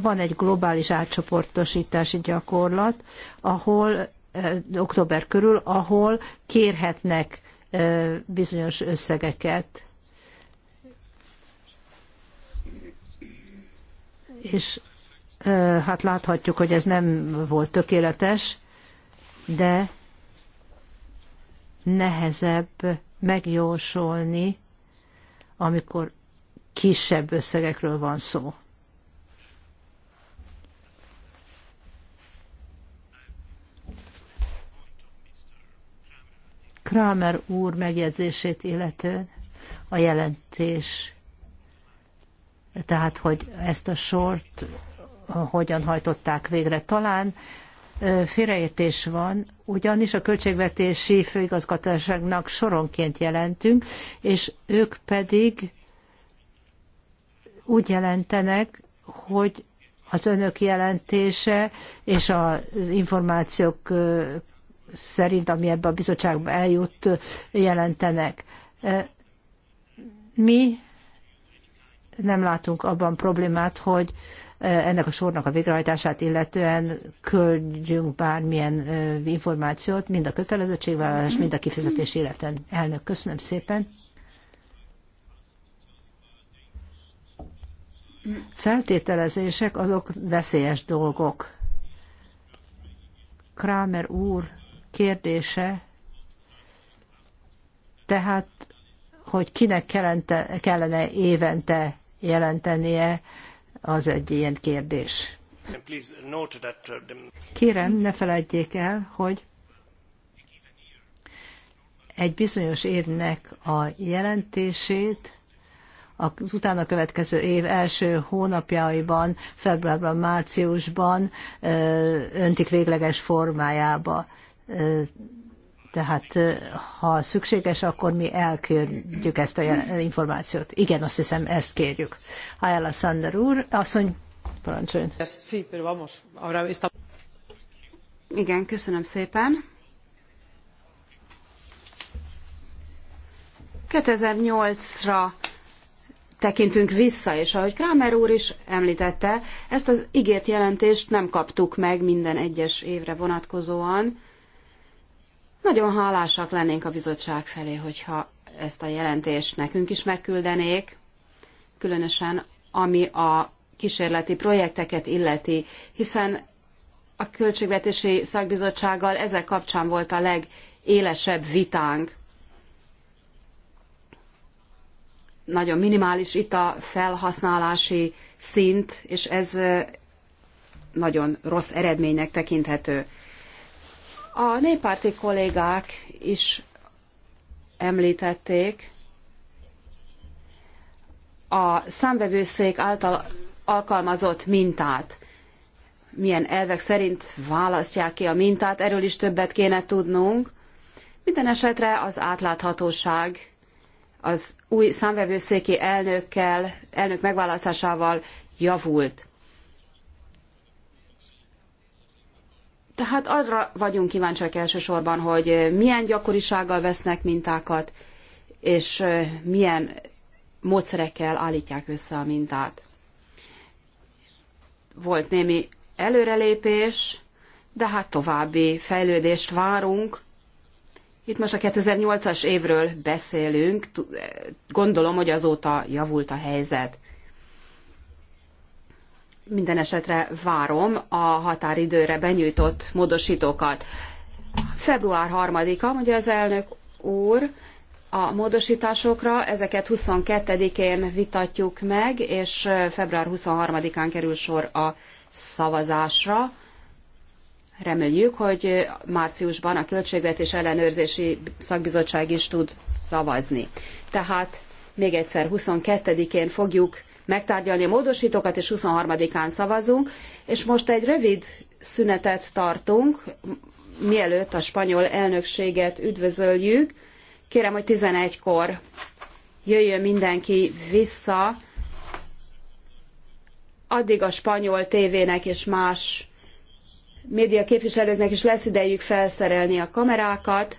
van egy globális átcsoportosítási gyakorlat, ahol eh, október körül, ahol kérhetnek bizonyos összegeket. És hát láthatjuk, hogy ez nem volt tökéletes, de nehezebb megjósolni, amikor kisebb összegekről van szó. Kramer úr megjegyzését illetően a jelentés, tehát hogy ezt a sort hogyan hajtották végre. Talán félreértés van, ugyanis a költségvetési főigazgatóságnak soronként jelentünk, és ők pedig úgy jelentenek, hogy az önök jelentése és az információk szerint, ami ebbe a bizottságba eljut, jelentenek. E, mi nem látunk abban problémát, hogy e, ennek a sornak a végrehajtását illetően küldjünk bármilyen e, információt, mind a kötelezettségvállalás, mind a kifizetés illetően. Elnök, köszönöm szépen. Feltételezések azok veszélyes dolgok. Kramer úr kérdése, tehát, hogy kinek kellente, kellene évente jelentenie, az egy ilyen kérdés. Uh, Kérem, ne felejtjék el, hogy egy bizonyos évnek a jelentését az utána következő év első hónapjaiban, februárban, márciusban öntik végleges formájába. Tehát ha szükséges, akkor mi elkérjük ezt a információt. Igen, azt hiszem, ezt kérjük. Ayala Sander úr, asszony, parancsoljon. Igen, köszönöm szépen. 2008-ra tekintünk vissza, és ahogy Kramer úr is említette, ezt az ígért jelentést nem kaptuk meg minden egyes évre vonatkozóan. Nagyon hálásak lennénk a bizottság felé, hogyha ezt a jelentést nekünk is megküldenék, különösen ami a kísérleti projekteket illeti, hiszen a Költségvetési Szakbizottsággal ezek kapcsán volt a legélesebb vitánk. Nagyon minimális itt a felhasználási szint, és ez nagyon rossz eredménynek tekinthető. A néppárti kollégák is említették a számvevőszék által alkalmazott mintát. Milyen elvek szerint választják ki a mintát, erről is többet kéne tudnunk. Minden esetre az átláthatóság az új számvevőszéki elnökkel, elnök megválasztásával javult. Tehát arra vagyunk kíváncsiak elsősorban, hogy milyen gyakorisággal vesznek mintákat, és milyen módszerekkel állítják össze a mintát. Volt némi előrelépés, de hát további fejlődést várunk. Itt most a 2008-as évről beszélünk, gondolom, hogy azóta javult a helyzet. Minden esetre várom a határidőre benyújtott módosítókat. Február 3-a, mondja az elnök úr, a módosításokra, ezeket 22-én vitatjuk meg, és február 23-án kerül sor a szavazásra. Reméljük, hogy márciusban a Költségvetés Ellenőrzési Szakbizottság is tud szavazni. Tehát még egyszer 22-én fogjuk megtárgyalni a módosítókat, és 23-án szavazunk, és most egy rövid szünetet tartunk, mielőtt a spanyol elnökséget üdvözöljük. Kérem, hogy 11-kor jöjjön mindenki vissza, addig a spanyol tévének és más média képviselőknek is lesz idejük felszerelni a kamerákat.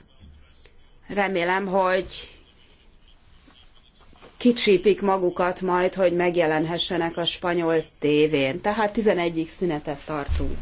Remélem, hogy kicsípik magukat majd, hogy megjelenhessenek a spanyol tévén. Tehát 11-ig szünetet tartunk.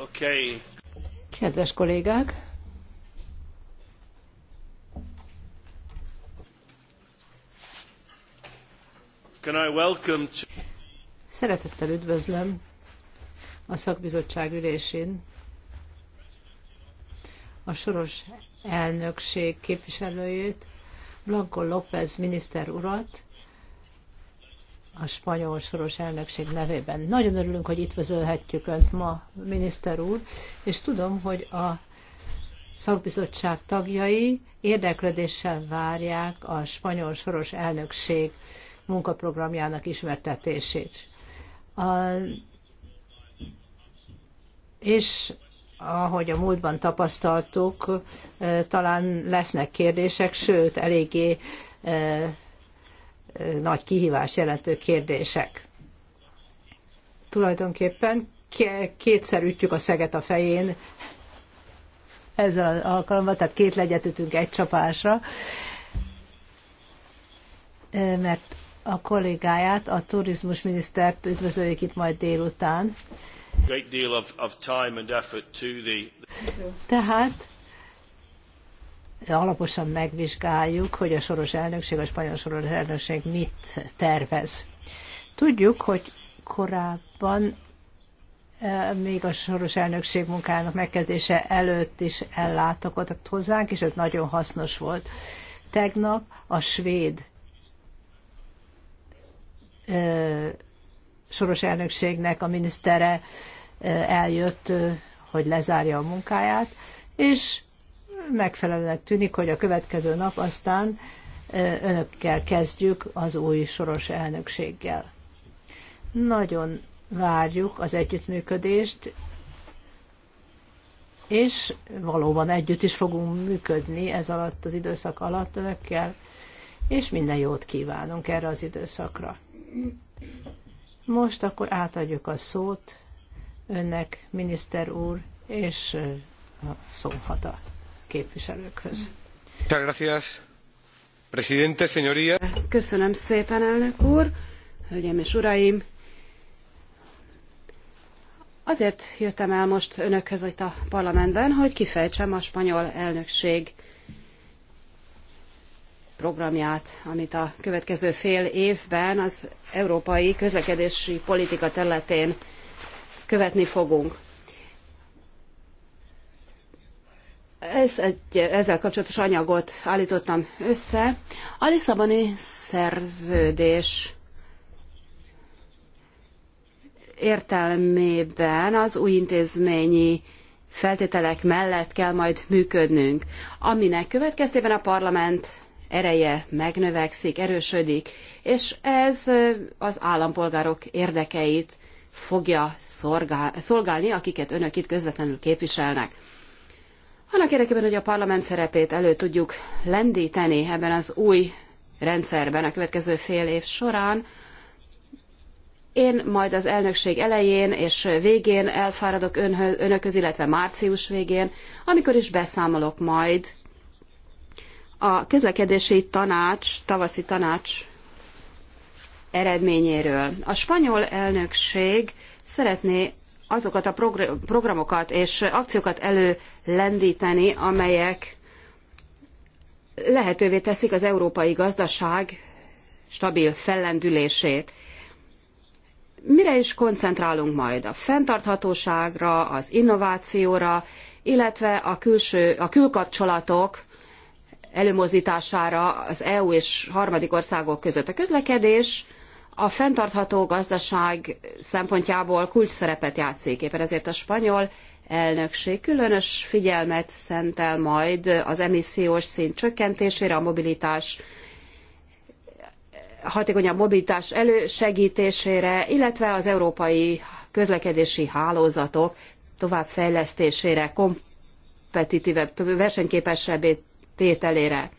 Okay. Kedves kollégák! Can I welcome to... Szeretettel üdvözlöm a szakbizottság ülésén a soros elnökség képviselőjét, Blanco López miniszter urat, a spanyol soros elnökség nevében. Nagyon örülünk, hogy itt vezölhetjük Önt ma, miniszter úr, és tudom, hogy a szakbizottság tagjai érdeklődéssel várják a spanyol soros elnökség munkaprogramjának ismertetését. A, és ahogy a múltban tapasztaltuk, talán lesznek kérdések, sőt, eléggé nagy kihívás jelentő kérdések. Tulajdonképpen kétszer ütjük a szeget a fején ezzel az alkalommal, tehát két legyet ütünk egy csapásra, e, mert a kollégáját, a turizmus minisztert üdvözöljük itt majd délután. Tehát alaposan megvizsgáljuk, hogy a soros elnökség, a spanyol soros elnökség mit tervez. Tudjuk, hogy korábban e, még a soros elnökség munkának megkezdése előtt is ellátogatott hozzánk, és ez nagyon hasznos volt. Tegnap a svéd e, soros elnökségnek a minisztere e, eljött, hogy lezárja a munkáját, és megfelelőnek tűnik, hogy a következő nap aztán önökkel kezdjük az új soros elnökséggel. Nagyon várjuk az együttműködést, és valóban együtt is fogunk működni ez alatt az időszak alatt önökkel, és minden jót kívánunk erre az időszakra. Most akkor átadjuk a szót önnek, miniszter úr, és szóhatat képviselőkhöz. Köszönöm szépen, elnök úr, hölgyeim és uraim! Azért jöttem el most önökhöz itt a parlamentben, hogy kifejtsem a spanyol elnökség programját, amit a következő fél évben az európai közlekedési politika területén követni fogunk. Ez egy, ezzel kapcsolatos anyagot állítottam össze. A Lisszaboni szerződés értelmében az új intézményi feltételek mellett kell majd működnünk, aminek következtében a parlament ereje megnövekszik, erősödik, és ez az állampolgárok érdekeit fogja szolgálni, akiket önök itt közvetlenül képviselnek. Annak érdekében, hogy a parlament szerepét elő tudjuk lendíteni ebben az új rendszerben a következő fél év során, én majd az elnökség elején és végén elfáradok önhöz, önököz, illetve március végén, amikor is beszámolok majd a közlekedési tanács, tavaszi tanács eredményéről. A spanyol elnökség szeretné azokat a programokat és akciókat lendíteni, amelyek lehetővé teszik az európai gazdaság stabil fellendülését. Mire is koncentrálunk majd? A fenntarthatóságra, az innovációra, illetve a, külső, a külkapcsolatok előmozdítására az EU és harmadik országok között. A közlekedés a fenntartható gazdaság szempontjából kulcs szerepet játszik. Éppen ezért a spanyol elnökség különös figyelmet szentel majd az emissziós szint csökkentésére, a mobilitás hatékonyabb mobilitás elősegítésére, illetve az európai közlekedési hálózatok továbbfejlesztésére, kompetitívebb, versenyképesebbé tételére.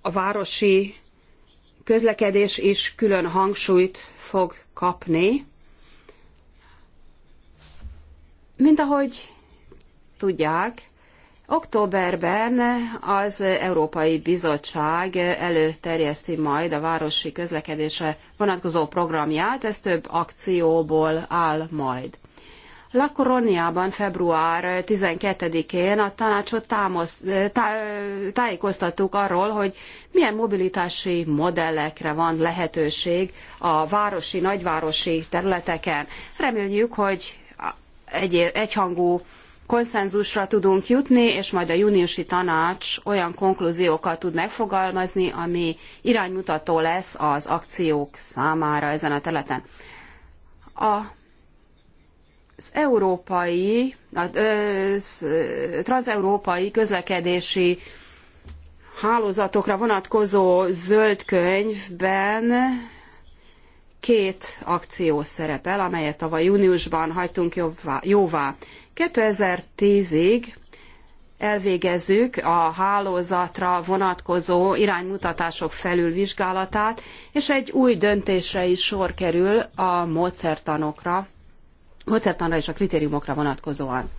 A városi közlekedés is külön hangsúlyt fog kapni. Mint ahogy tudják, októberben az Európai Bizottság előterjeszti majd a városi közlekedésre vonatkozó programját, ez több akcióból áll majd. La Coruñában február 12-én a tanácsot támasz, tá, tájékoztattuk arról, hogy milyen mobilitási modellekre van lehetőség a városi, nagyvárosi területeken. Reméljük, hogy egy, egyhangú konszenzusra tudunk jutni, és majd a júniusi tanács olyan konklúziókat tud megfogalmazni, ami iránymutató lesz az akciók számára ezen a területen. A az európai, a transeurópai közlekedési hálózatokra vonatkozó zöld könyvben két akció szerepel, amelyet tavaly júniusban hagytunk jóvá. 2010-ig elvégezzük a hálózatra vonatkozó iránymutatások felülvizsgálatát, és egy új döntésre is sor kerül a módszertanokra módszertanra és a kritériumokra vonatkozóan.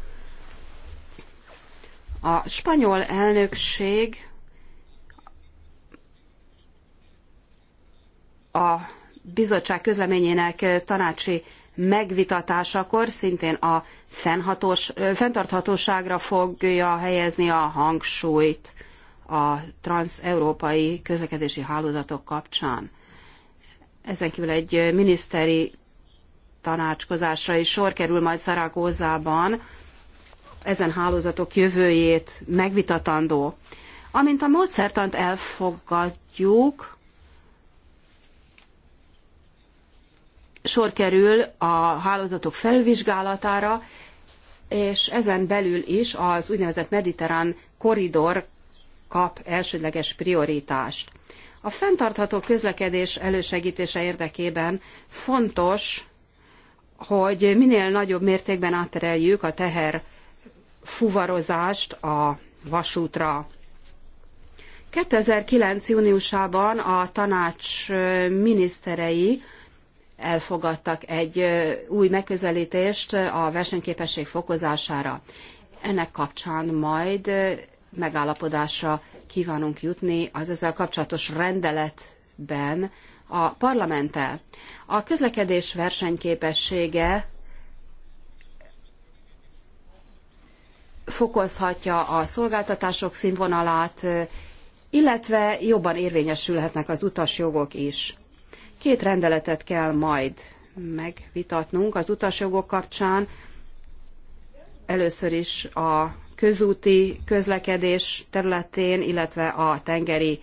A spanyol elnökség a bizottság közleményének tanácsi megvitatásakor szintén a fenntarthatóságra fogja helyezni a hangsúlyt a transeurópai közlekedési hálózatok kapcsán. Ezen kívül egy miniszteri tanácskozásra is sor kerül majd Szaragózában, ezen hálózatok jövőjét megvitatandó. Amint a módszertant elfogadjuk, sor kerül a hálózatok felvizsgálatára, és ezen belül is az úgynevezett mediterrán koridor kap elsődleges prioritást. A fenntartható közlekedés elősegítése érdekében fontos hogy minél nagyobb mértékben átereljük a teher fuvarozást a vasútra. 2009. júniusában a tanács miniszterei elfogadtak egy új megközelítést a versenyképesség fokozására. Ennek kapcsán majd megállapodásra kívánunk jutni az ezzel kapcsolatos rendeletben a parlamenttel. A közlekedés versenyképessége fokozhatja a szolgáltatások színvonalát, illetve jobban érvényesülhetnek az utasjogok is. Két rendeletet kell majd megvitatnunk az utasjogok kapcsán. Először is a közúti közlekedés területén, illetve a tengeri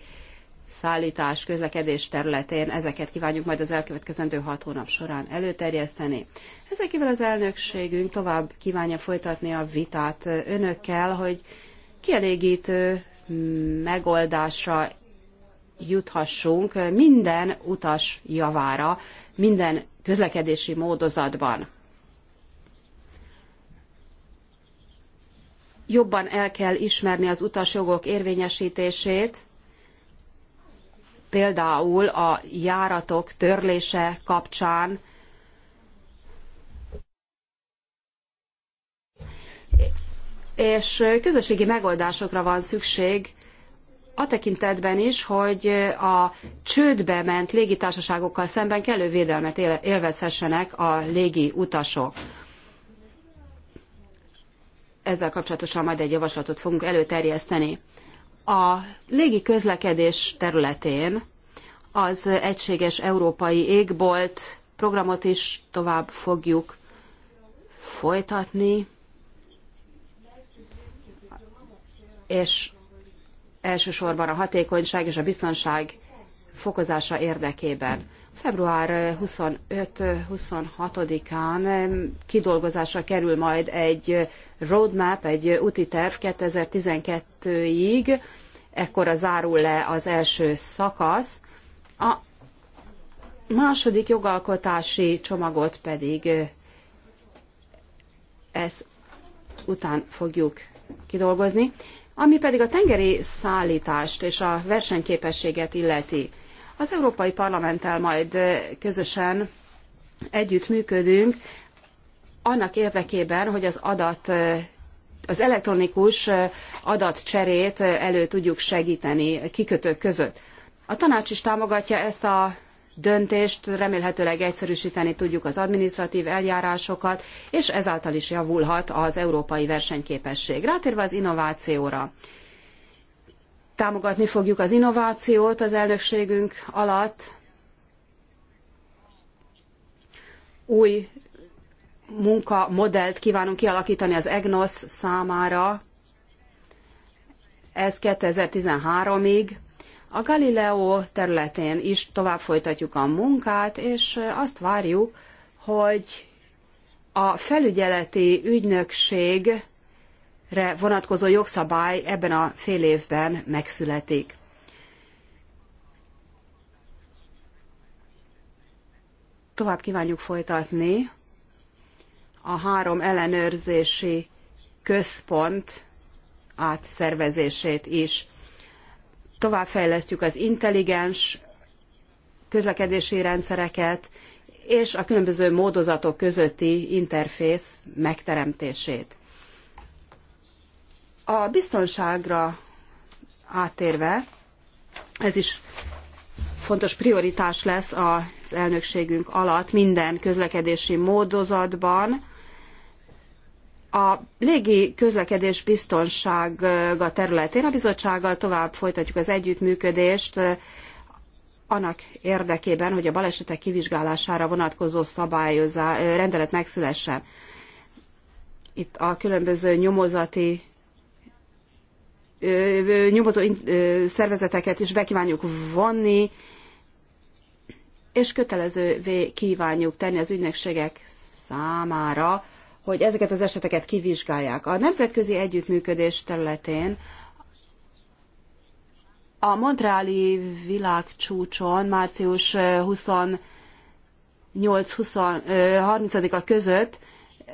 szállítás, közlekedés területén. Ezeket kívánjuk majd az elkövetkezendő hat hónap során előterjeszteni. Ezekivel az elnökségünk tovább kívánja folytatni a vitát önökkel, hogy kielégítő megoldásra juthassunk minden utas javára, minden közlekedési módozatban. Jobban el kell ismerni az utasjogok érvényesítését, például a járatok törlése kapcsán, és közösségi megoldásokra van szükség a tekintetben is, hogy a csődbe ment légitársaságokkal szemben kellő védelmet élvezhessenek a légi utasok. Ezzel kapcsolatosan majd egy javaslatot fogunk előterjeszteni. A légi közlekedés területén az egységes európai égbolt programot is tovább fogjuk folytatni, és elsősorban a hatékonyság és a biztonság fokozása érdekében. Február 25-26-án kidolgozásra kerül majd egy roadmap, egy úti terv 2012-ig, ekkor zárul le az első szakasz. A második jogalkotási csomagot pedig ez után fogjuk kidolgozni, ami pedig a tengeri szállítást és a versenyképességet illeti. Az Európai Parlamenttel majd közösen együttműködünk annak érdekében, hogy az adat az elektronikus adatcserét elő tudjuk segíteni kikötők között. A tanács is támogatja ezt a döntést, remélhetőleg egyszerűsíteni tudjuk az administratív eljárásokat, és ezáltal is javulhat az európai versenyképesség. Rátérve az innovációra támogatni fogjuk az innovációt az elnökségünk alatt. Új munkamodellt kívánunk kialakítani az EGNOS számára, ez 2013-ig. A Galileo területén is tovább folytatjuk a munkát, és azt várjuk, hogy a felügyeleti ügynökség re vonatkozó jogszabály ebben a fél évben megszületik. Tovább kívánjuk folytatni a három ellenőrzési központ átszervezését is. Továbbfejlesztjük az intelligens közlekedési rendszereket és a különböző módozatok közötti interfész megteremtését. A biztonságra átérve, ez is fontos prioritás lesz az elnökségünk alatt minden közlekedési módozatban. A légi közlekedés biztonsága területén a bizottsággal tovább folytatjuk az együttműködést eh, annak érdekében, hogy a balesetek kivizsgálására vonatkozó szabályozás eh, rendelet megszülessen. Itt a különböző nyomozati nyomozó szervezeteket is bekívánjuk vonni, és kötelezővé kívánjuk tenni az ügynökségek számára, hogy ezeket az eseteket kivizsgálják. A nemzetközi együttműködés területén a Montreali világcsúcson március 28-30-a között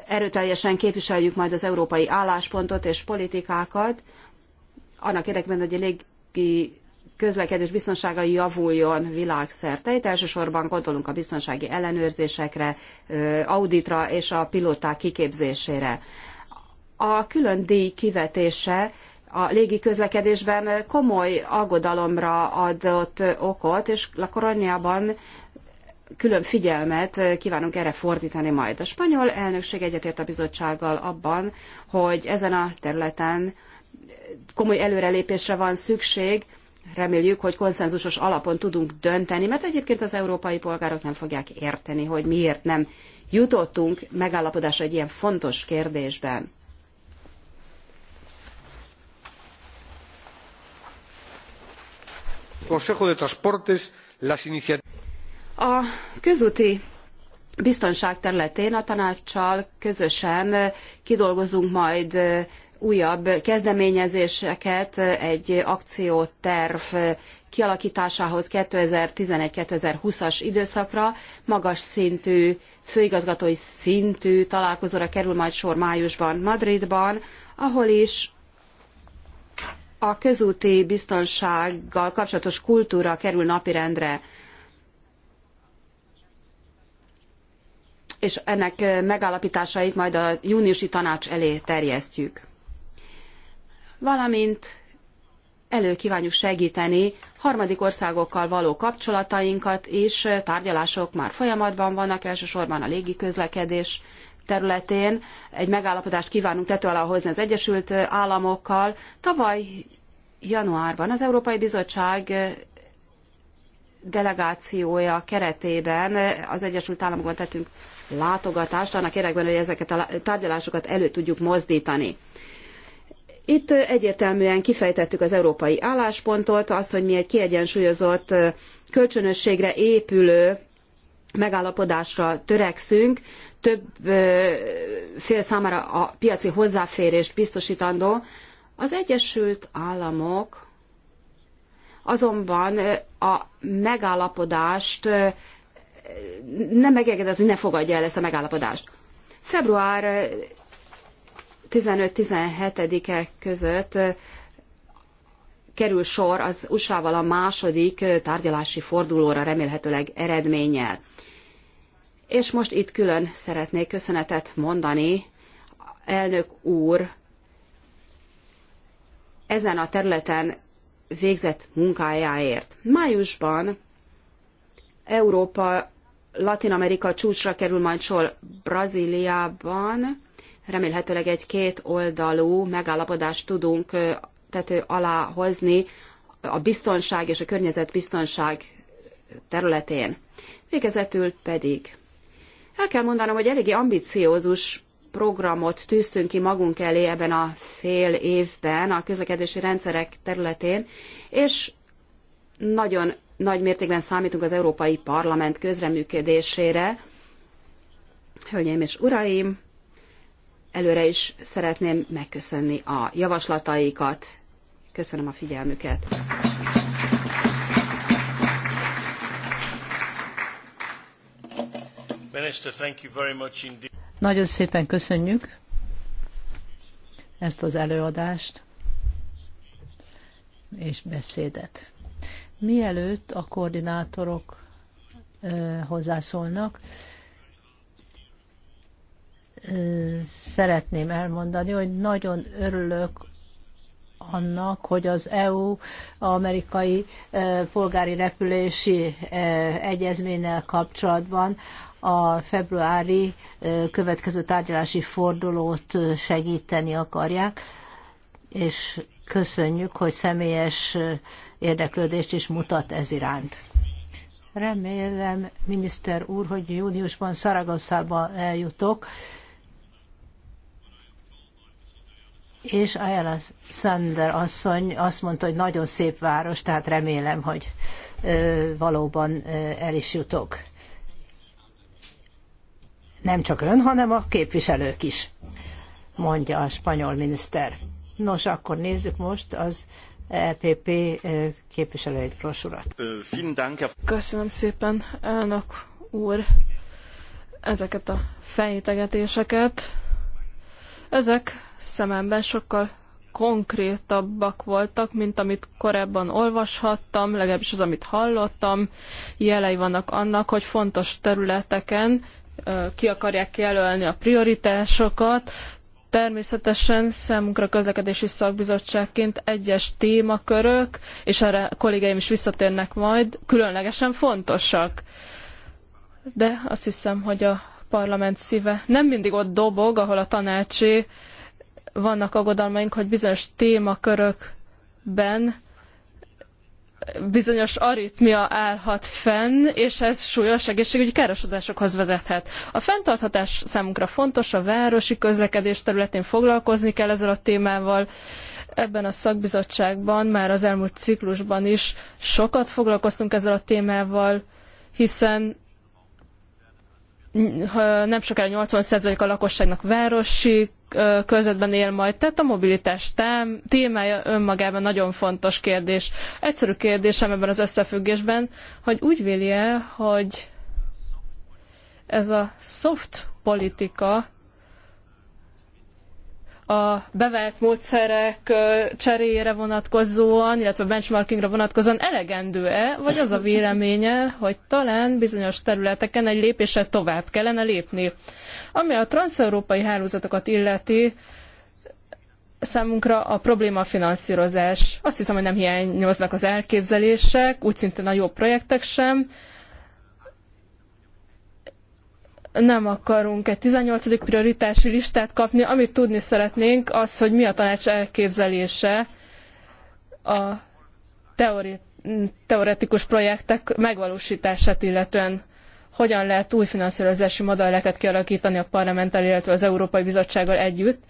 erőteljesen képviseljük majd az európai álláspontot és politikákat, annak érdekében, hogy a légi közlekedés biztonsága javuljon világszerte. Itt elsősorban gondolunk a biztonsági ellenőrzésekre, auditra és a pilóták kiképzésére. A külön díj kivetése a légi közlekedésben komoly aggodalomra adott okot, és a koronában külön figyelmet kívánunk erre fordítani majd. A spanyol elnökség egyetért a bizottsággal abban, hogy ezen a területen komoly előrelépésre van szükség, reméljük, hogy konszenzusos alapon tudunk dönteni, mert egyébként az európai polgárok nem fogják érteni, hogy miért nem jutottunk megállapodásra egy ilyen fontos kérdésben. A közúti biztonság területén a tanácssal közösen kidolgozunk majd újabb kezdeményezéseket egy akcióterv kialakításához 2011-2020-as időszakra magas szintű, főigazgatói szintű találkozóra kerül majd sor májusban Madridban, ahol is a közúti biztonsággal kapcsolatos kultúra kerül napirendre. és ennek megállapításait majd a júniusi tanács elé terjesztjük valamint előkívánjuk segíteni harmadik országokkal való kapcsolatainkat is, tárgyalások már folyamatban vannak, elsősorban a légiközlekedés területén. Egy megállapodást kívánunk tető alá hozni az Egyesült Államokkal. Tavaly januárban az Európai Bizottság delegációja keretében az Egyesült Államokban tettünk látogatást, annak érdekben, hogy ezeket a tárgyalásokat elő tudjuk mozdítani. Itt egyértelműen kifejtettük az európai álláspontot, azt, hogy mi egy kiegyensúlyozott kölcsönösségre épülő megállapodásra törekszünk, több fél számára a piaci hozzáférést biztosítandó. Az Egyesült Államok azonban a megállapodást nem megengedett, hogy ne fogadja el ezt a megállapodást. Február 15-17-e között kerül sor az USA-val a második tárgyalási fordulóra remélhetőleg eredménnyel. És most itt külön szeretnék köszönetet mondani, elnök úr, ezen a területen végzett munkájáért. Májusban Európa Latin Amerika csúcsra kerül majd sor Brazíliában, remélhetőleg egy két oldalú megállapodást tudunk tető alá hozni a biztonság és a környezetbiztonság területén. Végezetül pedig el kell mondanom, hogy eléggé ambiciózus programot tűztünk ki magunk elé ebben a fél évben a közlekedési rendszerek területén, és nagyon nagy mértékben számítunk az Európai Parlament közreműködésére. Hölgyeim és uraim, Előre is szeretném megköszönni a javaslataikat. Köszönöm a figyelmüket. Nagyon szépen köszönjük ezt az előadást és beszédet. Mielőtt a koordinátorok hozzászólnak, szeretném elmondani, hogy nagyon örülök annak, hogy az EU-amerikai e, polgári repülési e, egyezménnyel kapcsolatban a februári e, következő tárgyalási fordulót segíteni akarják, és köszönjük, hogy személyes érdeklődést is mutat ez iránt. Remélem, miniszter úr, hogy júniusban Szaragosszában eljutok, és Ayala Sander asszony azt mondta, hogy nagyon szép város, tehát remélem, hogy valóban el is jutok. Nem csak ön, hanem a képviselők is, mondja a spanyol miniszter. Nos, akkor nézzük most az EPP képviselőit, brosurat. Köszönöm szépen, elnök úr, ezeket a fejtegetéseket. Ezek szememben sokkal konkrétabbak voltak, mint amit korábban olvashattam, legalábbis az, amit hallottam. Jelei vannak annak, hogy fontos területeken ki akarják jelölni a prioritásokat. Természetesen számunkra közlekedési szakbizottságként egyes témakörök, és erre kollégáim is visszatérnek majd, különlegesen fontosak. De azt hiszem, hogy a parlament szíve nem mindig ott dobog, ahol a tanácsi, vannak aggodalmaink, hogy bizonyos témakörökben bizonyos aritmia állhat fenn, és ez súlyos egészségügyi károsodásokhoz vezethet. A fenntarthatás számunkra fontos, a városi közlekedés területén foglalkozni kell ezzel a témával. Ebben a szakbizottságban már az elmúlt ciklusban is sokat foglalkoztunk ezzel a témával, hiszen nem sokára 80% a lakosságnak városi körzetben él majd. Tehát a mobilitás témája önmagában nagyon fontos kérdés. Egyszerű kérdésem ebben az összefüggésben, hogy úgy véli -e, hogy ez a soft politika a bevált módszerek cseréjére vonatkozóan, illetve benchmarkingra vonatkozóan elegendő-e, vagy az a véleménye, hogy talán bizonyos területeken egy lépéssel tovább kellene lépni. Ami a transeurópai hálózatokat illeti, számunkra a probléma a finanszírozás. Azt hiszem, hogy nem hiányoznak az elképzelések, úgy szintén a jó projektek sem. Nem akarunk egy 18. prioritási listát kapni, amit tudni szeretnénk, az, hogy mi a tanács elképzelése a teori- teoretikus projektek megvalósítását illetően hogyan lehet új finanszírozási modelleket kialakítani a parlamenttel, illetve az Európai Bizottsággal együtt.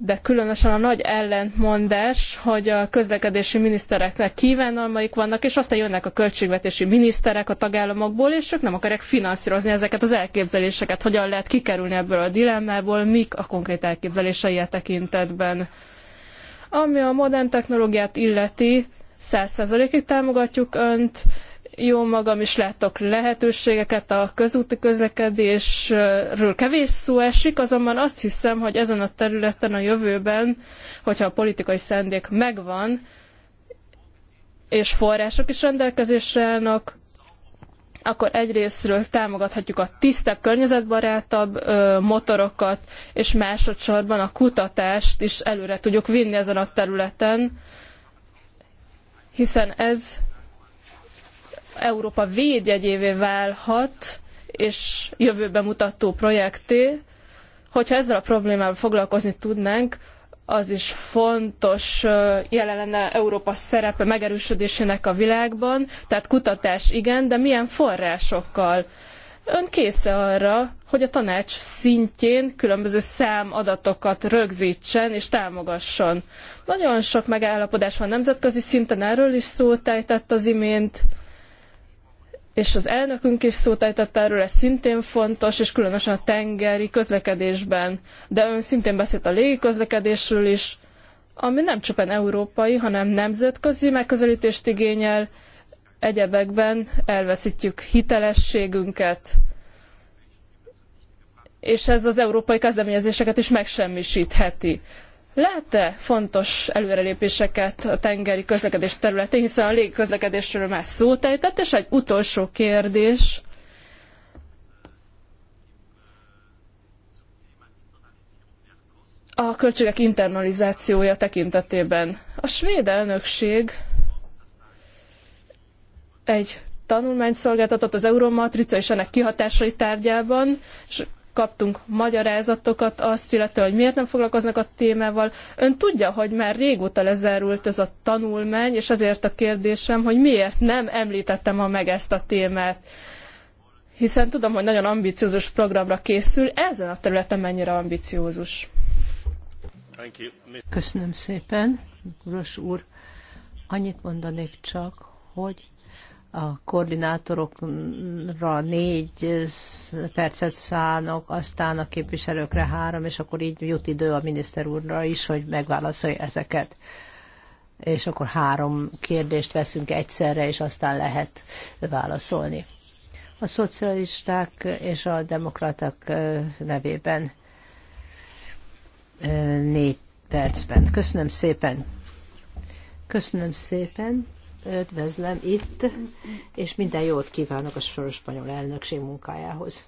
De különösen a nagy ellentmondás, hogy a közlekedési minisztereknek kívánalmaik vannak, és aztán jönnek a költségvetési miniszterek a tagállamokból, és ők nem akarják finanszírozni ezeket az elképzeléseket. Hogyan lehet kikerülni ebből a dilemmából, mik a konkrét elképzelései a e tekintetben. Ami a modern technológiát illeti, 100%-ig támogatjuk Önt, jó magam is látok lehetőségeket, a közúti közlekedésről kevés szó esik, azonban azt hiszem, hogy ezen a területen a jövőben, hogyha a politikai szándék megvan, és források is rendelkezésre állnak, akkor egyrésztről támogathatjuk a tisztább, környezetbarátabb motorokat, és másodszorban a kutatást is előre tudjuk vinni ezen a területen, hiszen ez Európa védjegyévé válhat, és jövőben mutató projekté, hogyha ezzel a problémával foglalkozni tudnánk, az is fontos jelen lenne Európa szerepe megerősödésének a világban, tehát kutatás igen, de milyen forrásokkal? Ön késze arra, hogy a tanács szintjén különböző számadatokat rögzítsen és támogasson. Nagyon sok megállapodás van nemzetközi szinten, erről is szót ejtett az imént és az elnökünk is szót ejtett erről, ez szintén fontos, és különösen a tengeri közlekedésben. De ön szintén beszélt a légi közlekedésről is, ami nem csupán európai, hanem nemzetközi megközelítést igényel, egyebekben elveszítjük hitelességünket, és ez az európai kezdeményezéseket is megsemmisítheti. Lehet-e fontos előrelépéseket a tengeri közlekedés területén, hiszen a légiközlekedésről már szót ejtett, és egy utolsó kérdés. A költségek internalizációja tekintetében. A svéd elnökség egy tanulmányt szolgáltatott az Euromatrica és ennek kihatásai tárgyában, és kaptunk magyarázatokat azt, illetve, hogy miért nem foglalkoznak a témával. Ön tudja, hogy már régóta lezárult ez a tanulmány, és azért a kérdésem, hogy miért nem említettem ma meg ezt a témát hiszen tudom, hogy nagyon ambiciózus programra készül. Ezen a területen mennyire ambiciózus? Köszönöm szépen, Uros úr. Annyit mondanék csak, hogy a koordinátorokra négy percet szánok, aztán a képviselőkre három, és akkor így jut idő a miniszter úrra is, hogy megválaszolja ezeket. És akkor három kérdést veszünk egyszerre, és aztán lehet válaszolni. A szocialisták és a demokraták nevében négy percben. Köszönöm szépen. Köszönöm szépen. Ödvözlöm itt, és minden jót kívánok a soros spanyol elnökség munkájához.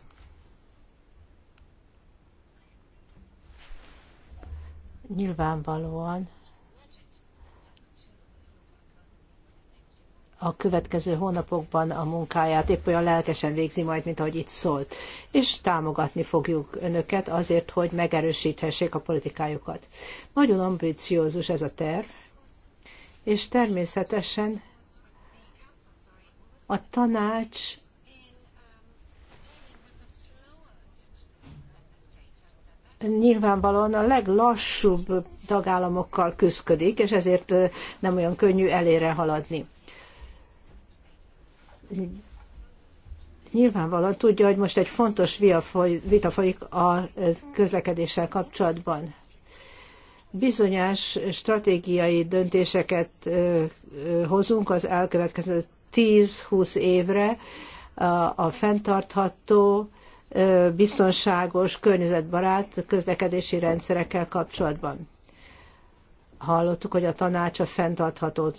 Nyilvánvalóan a következő hónapokban a munkáját épp olyan lelkesen végzi majd, mint ahogy itt szólt. És támogatni fogjuk önöket azért, hogy megerősíthessék a politikájukat. Nagyon ambiciózus ez a terv, és természetesen a tanács nyilvánvalóan a leglassúbb tagállamokkal küzdik, és ezért nem olyan könnyű elére haladni. Nyilvánvalóan tudja, hogy most egy fontos vita folyik a közlekedéssel kapcsolatban. Bizonyos stratégiai döntéseket hozunk az elkövetkező 10-20 évre a fenntartható, biztonságos, környezetbarát közlekedési rendszerekkel kapcsolatban hallottuk, hogy a tanács a fenntartható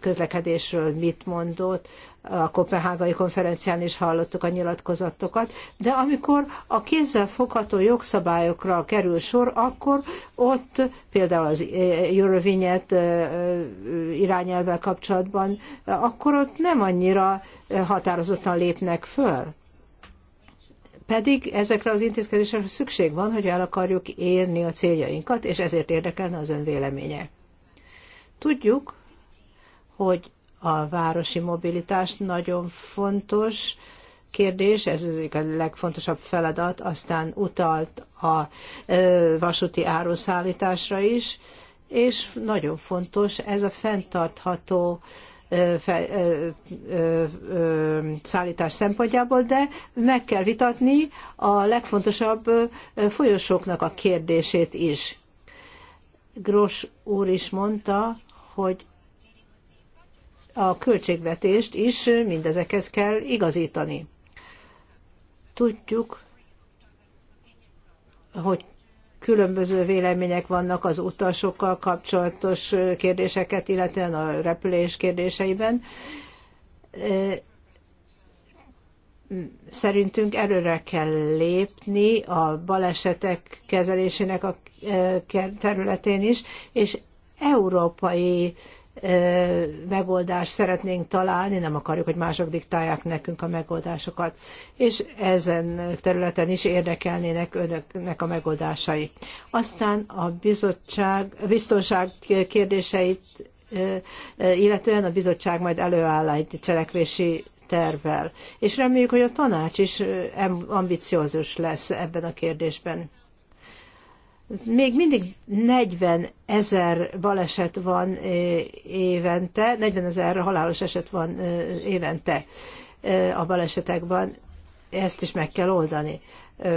közlekedésről mit mondott, a Kopenhágai konferencián is hallottuk a nyilatkozatokat, de amikor a kézzel fogható jogszabályokra kerül sor, akkor ott például az Eurovinyet irányelvvel kapcsolatban, akkor ott nem annyira határozottan lépnek föl. Pedig ezekre az intézkedésekre szükség van, hogy el akarjuk érni a céljainkat, és ezért érdekelne az ön véleménye. Tudjuk, hogy a városi mobilitás nagyon fontos kérdés, ez az egyik a legfontosabb feladat, aztán utalt a vasúti áruszállításra is, és nagyon fontos ez a fenntartható szállítás szempontjából, de meg kell vitatni a legfontosabb folyosóknak a kérdését is. Gross úr is mondta, hogy a költségvetést is mindezekhez kell igazítani. Tudjuk, hogy különböző vélemények vannak az utasokkal kapcsolatos kérdéseket, illetően a repülés kérdéseiben. Szerintünk előre kell lépni a balesetek kezelésének a területén is, és európai megoldást szeretnénk találni, nem akarjuk, hogy mások diktálják nekünk a megoldásokat, és ezen területen is érdekelnének önöknek a megoldásai. Aztán a bizottság, a biztonság kérdéseit illetően a bizottság majd előáll egy cselekvési tervvel. És reméljük, hogy a tanács is ambiciózus lesz ebben a kérdésben. Még mindig 40 ezer baleset van évente, 40 ezer halálos eset van évente a balesetekben. Ezt is meg kell oldani.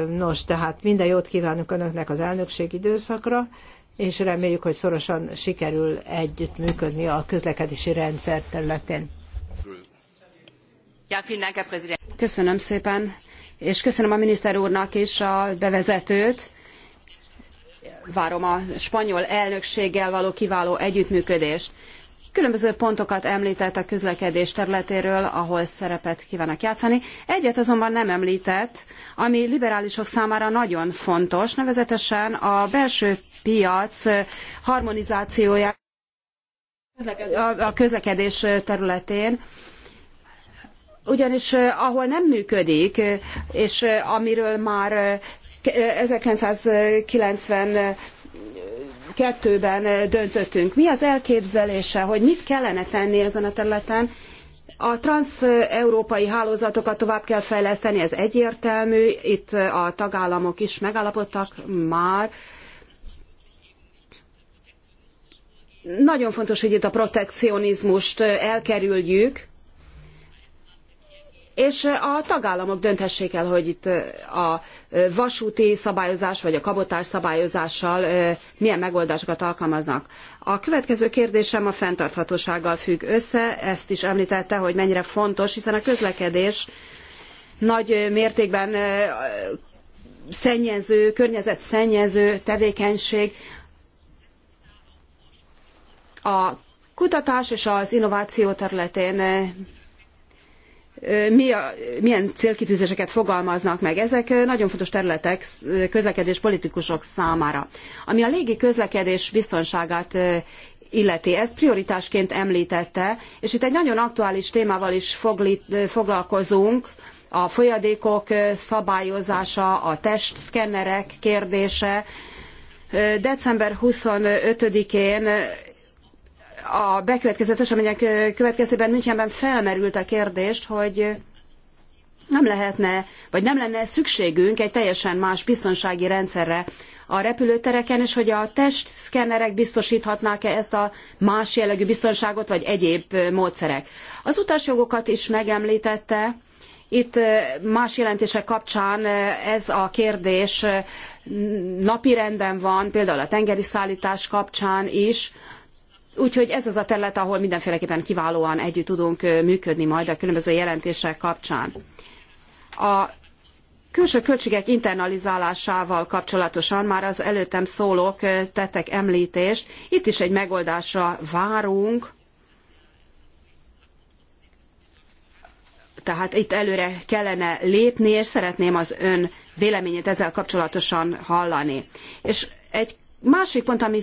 Nos, tehát minden jót kívánunk Önöknek az elnökség időszakra, és reméljük, hogy szorosan sikerül együttműködni a közlekedési rendszer területén. Köszönöm szépen, és köszönöm a miniszter úrnak is a bevezetőt várom a spanyol elnökséggel való kiváló együttműködést. Különböző pontokat említett a közlekedés területéről, ahol szerepet kívánnak játszani. Egyet azonban nem említett, ami liberálisok számára nagyon fontos, nevezetesen a belső piac harmonizációja a közlekedés területén ugyanis eh, ahol nem működik, eh, és eh, amiről már 1990 kettőben döntöttünk. Mi az elképzelése, hogy mit kellene tenni ezen a területen? A transeurópai hálózatokat tovább kell fejleszteni, ez egyértelmű, itt a tagállamok is megállapodtak már. Nagyon fontos, hogy itt a protekcionizmust elkerüljük, és a tagállamok dönthessék el, hogy itt a vasúti szabályozás vagy a kabotás szabályozással milyen megoldásokat alkalmaznak. A következő kérdésem a fenntarthatósággal függ össze, ezt is említette, hogy mennyire fontos, hiszen a közlekedés nagy mértékben szennyező, környezetszennyező tevékenység. A kutatás és az innováció területén mi a, milyen célkitűzéseket fogalmaznak meg. Ezek nagyon fontos területek közlekedés politikusok számára. Ami a légi közlekedés biztonságát illeti. Ezt prioritásként említette, és itt egy nagyon aktuális témával is foglalkozunk, a folyadékok szabályozása, a testszkennerek kérdése. December 25-én a bekövetkezett események következtében Münchenben felmerült a kérdés, hogy nem lehetne, vagy nem lenne szükségünk egy teljesen más biztonsági rendszerre a repülőtereken, és hogy a testszkennerek biztosíthatnák-e ezt a más jellegű biztonságot, vagy egyéb módszerek. Az utasjogokat is megemlítette, itt más jelentések kapcsán ez a kérdés napirenden van, például a tengeri szállítás kapcsán is, Úgyhogy ez az a terület, ahol mindenféleképpen kiválóan együtt tudunk működni majd a különböző jelentések kapcsán. A külső költségek internalizálásával kapcsolatosan már az előttem szólók tettek említést. Itt is egy megoldásra várunk. Tehát itt előre kellene lépni, és szeretném az ön véleményét ezzel kapcsolatosan hallani. És egy másik pont, ami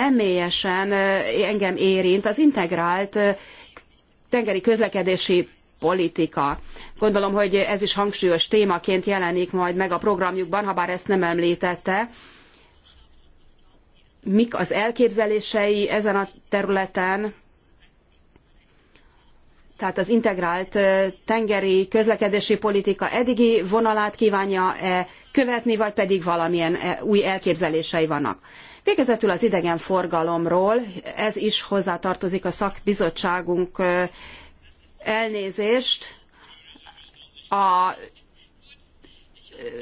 személyesen eh, engem érint az integrált eh, tengeri közlekedési politika. Gondolom, hogy ez is hangsúlyos témaként jelenik majd meg a programjukban, ha bár ezt nem említette. Mik az elképzelései ezen a területen? Tehát az integrált eh, tengeri közlekedési politika eddigi vonalát kívánja -e követni, vagy pedig valamilyen új elképzelései vannak. Végezetül az idegenforgalomról, ez is hozzátartozik a szakbizottságunk elnézést. A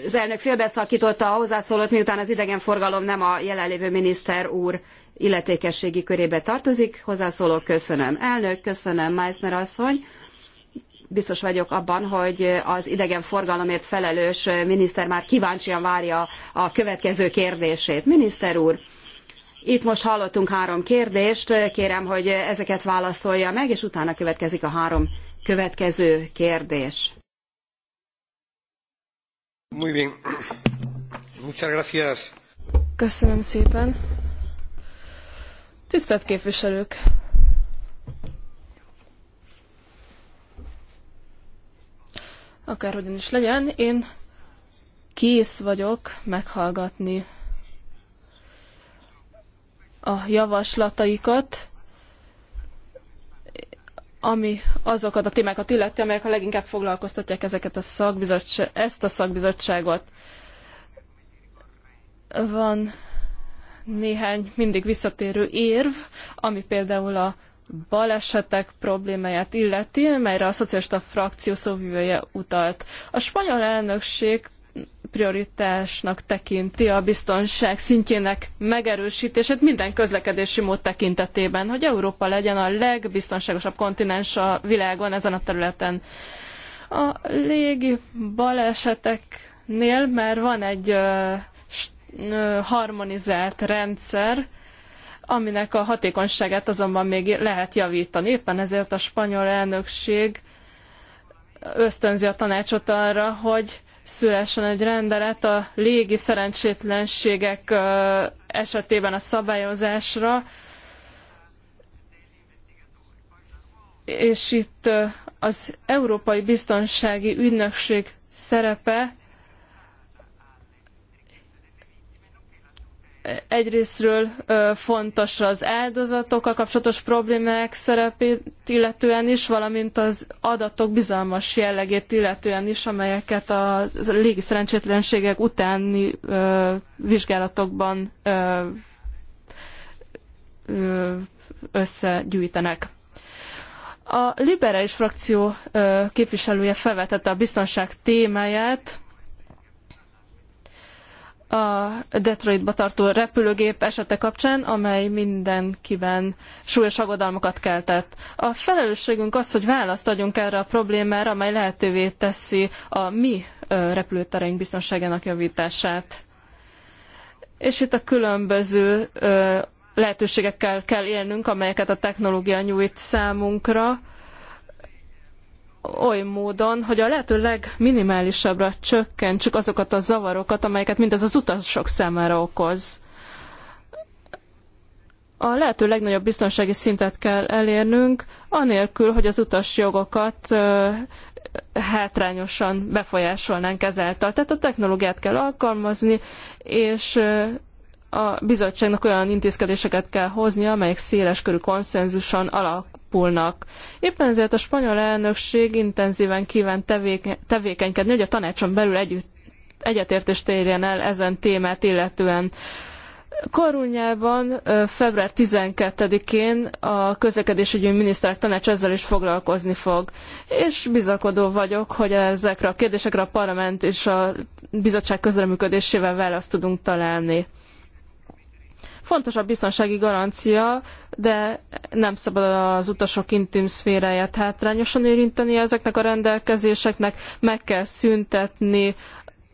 az elnök félbeszakította a hozzászólót, miután az idegenforgalom nem a jelenlévő miniszter úr illetékességi körébe tartozik. Hozzászóló köszönöm. Elnök, köszönöm, Meissner asszony. Biztos vagyok abban, hogy az idegenforgalomért felelős miniszter már kíváncsian várja a következő kérdését. Miniszter úr, itt most hallottunk három kérdést, kérem, hogy ezeket válaszolja meg, és utána következik a három következő kérdés. Muy bien. Muchas gracias. Köszönöm szépen. Tisztelt képviselők! Akárhogyan is legyen, én kész vagyok meghallgatni a javaslataikat, ami azokat a témákat illeti, amelyek a leginkább foglalkoztatják ezeket a szakbizottság, ezt a szakbizottságot. Van néhány mindig visszatérő érv, ami például a balesetek problémáját illeti, melyre a szocialista frakció szóvivője utalt. A spanyol elnökség prioritásnak tekinti a biztonság szintjének megerősítését minden közlekedési mód tekintetében, hogy Európa legyen a legbiztonságosabb kontinens a világon ezen a területen. A légi baleseteknél már van egy ö, ö, harmonizált rendszer, aminek a hatékonyságát azonban még lehet javítani. Éppen ezért a spanyol elnökség ösztönzi a tanácsot arra, hogy szülessen egy rendelet a légi szerencsétlenségek esetében a szabályozásra, és itt az Európai Biztonsági Ügynökség szerepe egyrésztről fontos az áldozatokkal kapcsolatos problémák szerepét illetően is, valamint az adatok bizalmas jellegét illetően is, amelyeket a légi szerencsétlenségek utáni ö, vizsgálatokban ö, ö, összegyűjtenek. A liberális frakció képviselője felvetette a biztonság témáját, a Detroitba tartó repülőgép esete kapcsán, amely mindenkiben súlyos aggodalmakat keltett. A felelősségünk az, hogy választ adjunk erre a problémára, amely lehetővé teszi a mi repülőtereink biztonságának javítását. És itt a különböző lehetőségekkel kell élnünk, amelyeket a technológia nyújt számunkra oly módon, hogy a lehető legminimálisabbra csökkentsük azokat a zavarokat, amelyeket mindez az utasok számára okoz. A lehető legnagyobb biztonsági szintet kell elérnünk, anélkül, hogy az utasjogokat hátrányosan befolyásolnánk ezáltal. Tehát a technológiát kell alkalmazni, és a bizottságnak olyan intézkedéseket kell hoznia, amelyek széles körű konszenzuson alapulnak alakulnak. Éppen ezért a spanyol elnökség intenzíven kíván tevéke, tevékenykedni, hogy a tanácson belül együtt egyetértést érjen el ezen témát illetően. Korunyában február 12-én a közlekedésügyi miniszterek tanács ezzel is foglalkozni fog, és bizakodó vagyok, hogy ezekre a kérdésekre a parlament és a bizottság közreműködésével választ tudunk találni. Fontos a biztonsági garancia, de nem szabad az utasok intim szféráját hátrányosan érinteni ezeknek a rendelkezéseknek, meg kell szüntetni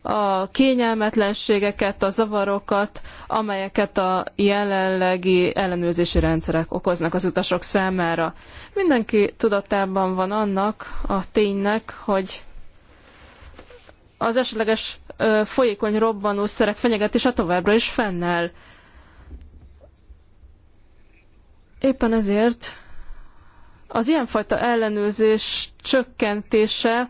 a kényelmetlenségeket, a zavarokat, amelyeket a jelenlegi ellenőrzési rendszerek okoznak az utasok számára. Mindenki tudatában van annak a ténynek, hogy az esetleges folyékony robbanószerek fenyegetése továbbra is fennáll. Éppen ezért az ilyenfajta ellenőrzés csökkentése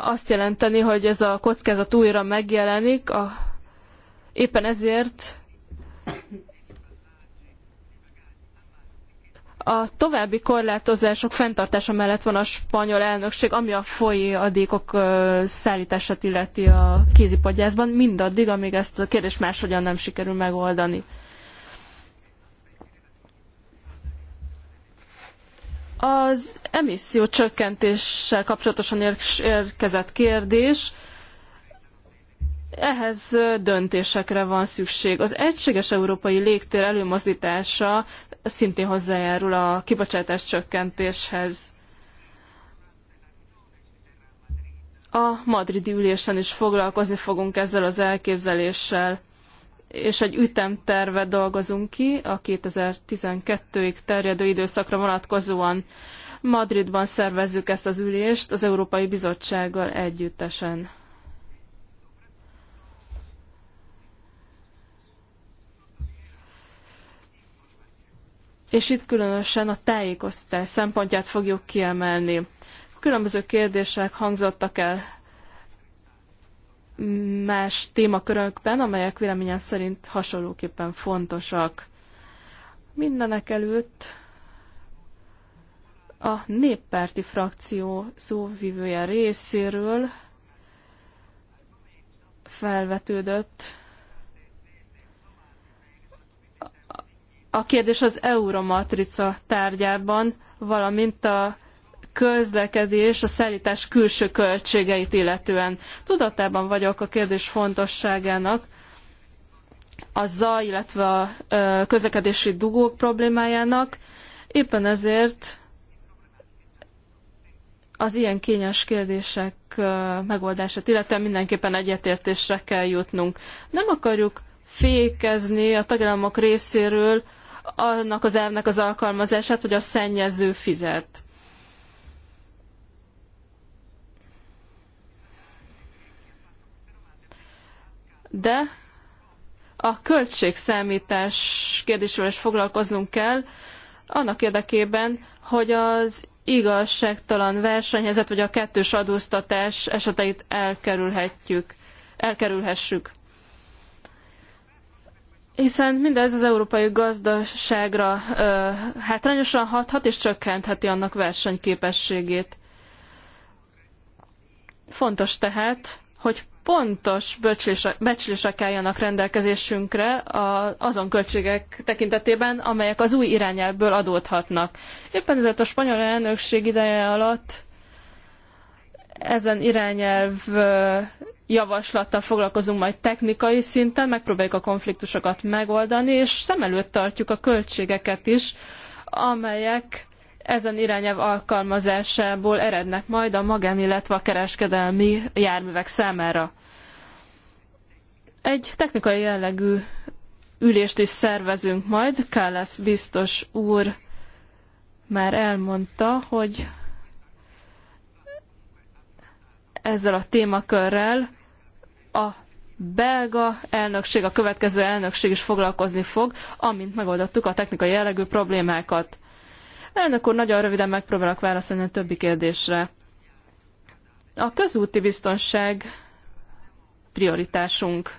azt jelenteni, hogy ez a kockázat újra megjelenik, a, éppen ezért A további korlátozások fenntartása mellett van a spanyol elnökség, ami a folyadékok szállítását illeti a kézipadjászban, mindaddig, amíg ezt a kérdést máshogyan nem sikerül megoldani. Az emisszió csökkentéssel kapcsolatosan érkezett kérdés, ehhez döntésekre van szükség. Az egységes európai légtér előmozdítása szintén hozzájárul a kibocsátás csökkentéshez. A madridi ülésen is foglalkozni fogunk ezzel az elképzeléssel, és egy ütemtervet dolgozunk ki a 2012-ig terjedő időszakra vonatkozóan. Madridban szervezzük ezt az ülést az Európai Bizottsággal együttesen. és itt különösen a tájékoztatás szempontját fogjuk kiemelni. Különböző kérdések hangzottak el más témakörökben, amelyek véleményem szerint hasonlóképpen fontosak. Mindenek előtt a néppárti frakció szóvivője részéről felvetődött A kérdés az euromatrica tárgyában, valamint a közlekedés, a szállítás külső költségeit illetően. Tudatában vagyok a kérdés fontosságának, a zaj, illetve a közlekedési dugók problémájának. Éppen ezért az ilyen kényes kérdések megoldását, illetve mindenképpen egyetértésre kell jutnunk. Nem akarjuk fékezni a tagállamok részéről annak az elvnek az alkalmazását, hogy a szennyező fizet. De a költségszámítás kérdésével is foglalkoznunk kell, annak érdekében, hogy az igazságtalan versenyhelyzet vagy a kettős adóztatás eseteit elkerülhetjük, elkerülhessük hiszen mindez az európai gazdaságra ö, hátrányosan hathat és csökkentheti annak versenyképességét. Fontos tehát, hogy pontos becslések álljanak rendelkezésünkre a, azon költségek tekintetében, amelyek az új irányelvből adódhatnak. Éppen ezért a spanyol elnökség ideje alatt ezen irányelv javaslattal foglalkozunk majd technikai szinten, megpróbáljuk a konfliktusokat megoldani, és szem előtt tartjuk a költségeket is, amelyek ezen irányelv alkalmazásából erednek majd a magán, illetve a kereskedelmi járművek számára. Egy technikai jellegű ülést is szervezünk majd. Kállász biztos úr már elmondta, hogy ezzel a témakörrel a belga elnökség, a következő elnökség is foglalkozni fog, amint megoldottuk a technikai jellegű problémákat. Elnök úr, nagyon röviden megpróbálok válaszolni a többi kérdésre. A közúti biztonság prioritásunk.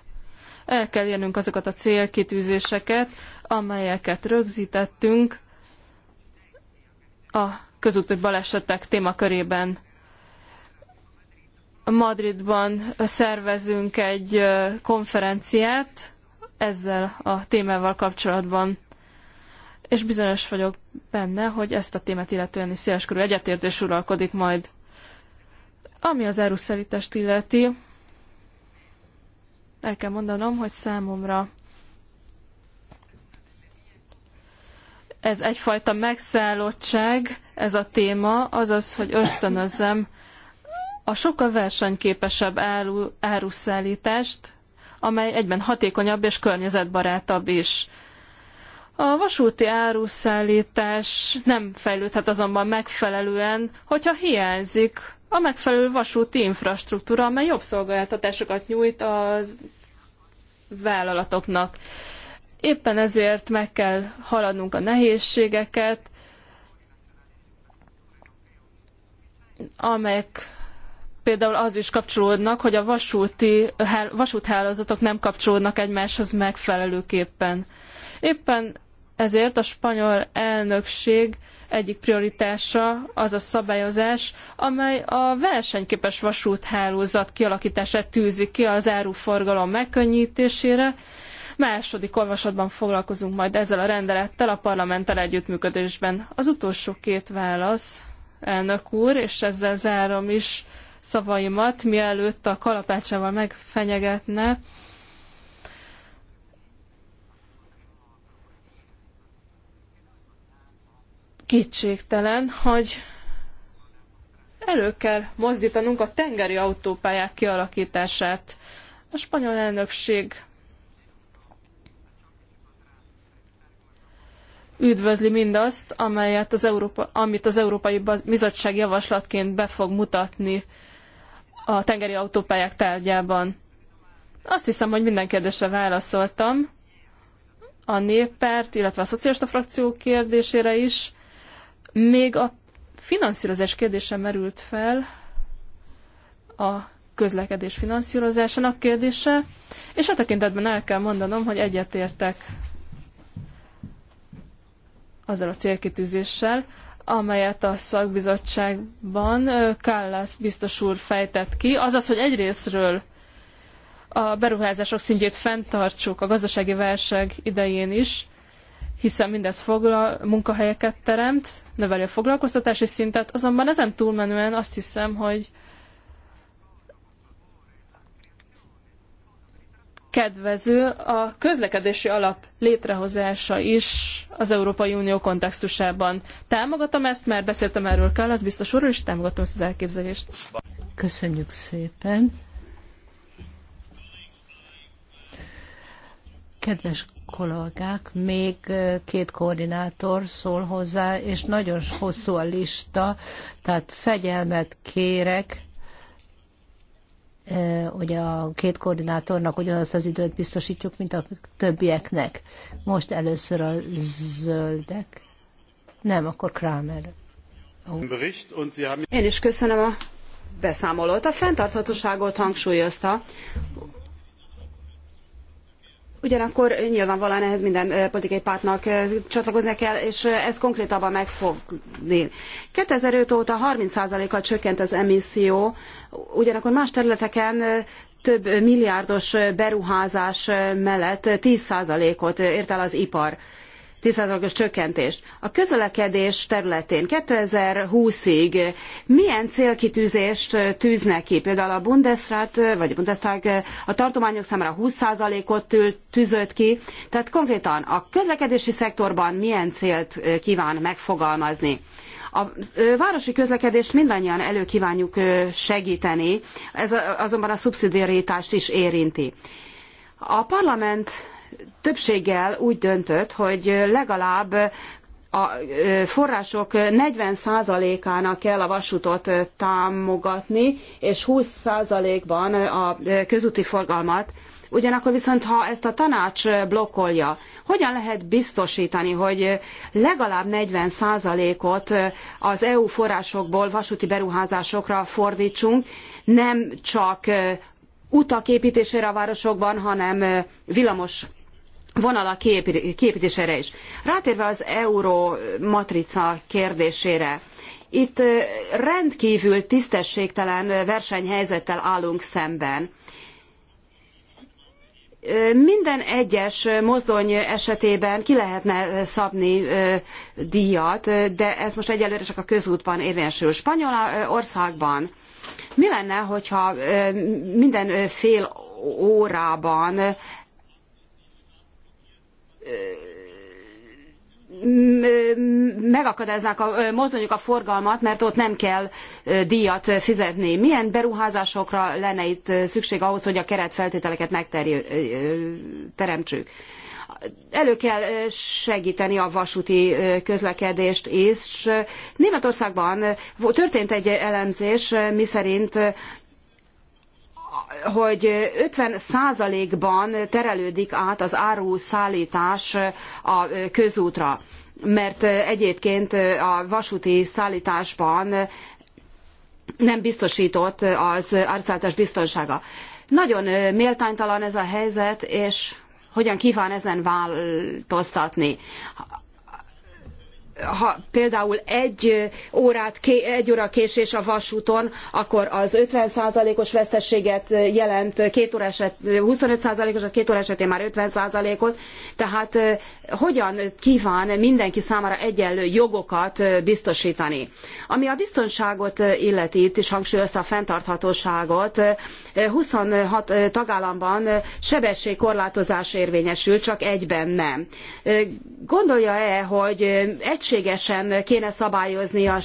El kell érnünk azokat a célkitűzéseket, amelyeket rögzítettünk a közúti balesetek témakörében. Madridban szervezünk egy konferenciát ezzel a témával kapcsolatban. És bizonyos vagyok benne, hogy ezt a témát illetően is széleskörű egyetértés uralkodik majd. Ami az eruszelítést illeti, el kell mondanom, hogy számomra ez egyfajta megszállottság, ez a téma, azaz, hogy ösztönözzem a sokkal versenyképesebb áru, áruszállítást, amely egyben hatékonyabb és környezetbarátabb is. A vasúti áruszállítás nem fejlődhet azonban megfelelően, hogyha hiányzik a megfelelő vasúti infrastruktúra, amely jobb szolgáltatásokat nyújt a vállalatoknak. Éppen ezért meg kell haladnunk a nehézségeket, amelyek például az is kapcsolódnak, hogy a vasúti, vasúthálózatok nem kapcsolódnak egymáshoz megfelelőképpen. Éppen ezért a spanyol elnökség egyik prioritása az a szabályozás, amely a versenyképes vasúthálózat kialakítását tűzi ki az áruforgalom megkönnyítésére. Második olvasatban foglalkozunk majd ezzel a rendelettel a parlamenttel együttműködésben. Az utolsó két válasz, elnök úr, és ezzel zárom is szavaimat, mielőtt a kalapácsával megfenyegetne. Kétségtelen, hogy elő kell mozdítanunk a tengeri autópályák kialakítását. A spanyol elnökség üdvözli mindazt, amelyet az Európa, amit az Európai Bizottság javaslatként be fog mutatni a tengeri autópályák tárgyában. Azt hiszem, hogy minden kérdésre válaszoltam. A néppárt, illetve a szocialista frakció kérdésére is. Még a finanszírozás kérdése merült fel, a közlekedés finanszírozásának kérdése, és a tekintetben el kell mondanom, hogy egyetértek azzal a célkitűzéssel, amelyet a szakbizottságban Kallász biztos úr fejtett ki, azaz, hogy egyrésztről a beruházások szintjét fenntartsuk a gazdasági válság idején is, hiszen mindez foglal, munkahelyeket teremt, növeli a foglalkoztatási szintet, azonban ezen túlmenően azt hiszem, hogy kedvező a közlekedési alap létrehozása is az Európai Unió kontextusában. Támogatom ezt, már beszéltem erről kell, az biztos úrról is támogatom ezt az elképzelést. Köszönjük szépen. Kedves kollégák, még két koordinátor szól hozzá, és nagyon hosszú a lista, tehát fegyelmet kérek, Eh, hogy a két koordinátornak ugyanazt az időt biztosítjuk, mint a többieknek. Most először a zöldek. Nem, akkor Kramer. Oh. Én is köszönöm a beszámolót. A fenntarthatóságot hangsúlyozta. Ugyanakkor nyilvánvalóan ehhez minden politikai pártnak csatlakoznia kell, és ezt konkrétabban megfogni. 2005 óta 30%-kal csökkent az emisszió, ugyanakkor más területeken több milliárdos beruházás mellett 10%-ot ért el az ipar. 10 csökkentést. A közlekedés területén 2020-ig milyen célkitűzést tűznek ki? Például a Bundesrat, vagy a Bundestag a tartományok számára 20%-ot tűzött ki. Tehát konkrétan a közlekedési szektorban milyen célt kíván megfogalmazni? A városi közlekedést mindannyian elő segíteni, ez azonban a szubszidiaritást is érinti. A parlament többséggel úgy döntött, hogy legalább a források 40%-ának kell a vasutat támogatni, és 20%-ban a közúti forgalmat. Ugyanakkor viszont, ha ezt a tanács blokkolja, hogyan lehet biztosítani, hogy legalább 40%-ot az EU forrásokból vasúti beruházásokra fordítsunk, nem csak utak a városokban, hanem villamos vonala kiépítésére is. Rátérve az euró matrica kérdésére, itt rendkívül tisztességtelen versenyhelyzettel állunk szemben. Minden egyes mozdony esetében ki lehetne szabni díjat, de ez most egyelőre csak a közútban érvényesül. Spanyolországban mi lenne, hogyha minden fél órában megakadáznak a, mozduljuk a forgalmat, mert ott nem kell díjat fizetni. Milyen beruházásokra lenne itt szükség ahhoz, hogy a keretfeltételeket megteremtsük? Elő kell segíteni a vasúti közlekedést is. Németországban történt egy elemzés, miszerint hogy 50 ban terelődik át az áru szállítás a közútra, mert egyébként a vasúti szállításban nem biztosított az árszállítás biztonsága. Nagyon méltánytalan ez a helyzet, és hogyan kíván ezen változtatni ha például egy, órát, egy óra késés a vasúton, akkor az 50%-os veszteséget jelent, két óra eset, 25%-os, két óra esetén már 50%-ot. Tehát hogyan kíván mindenki számára egyenlő jogokat biztosítani? Ami a biztonságot illeti, itt is hangsúlyozta a fenntarthatóságot, 26 tagállamban sebességkorlátozás érvényesül, csak egyben nem. Gondolja-e, hogy egy egységesen kéne szabályozni a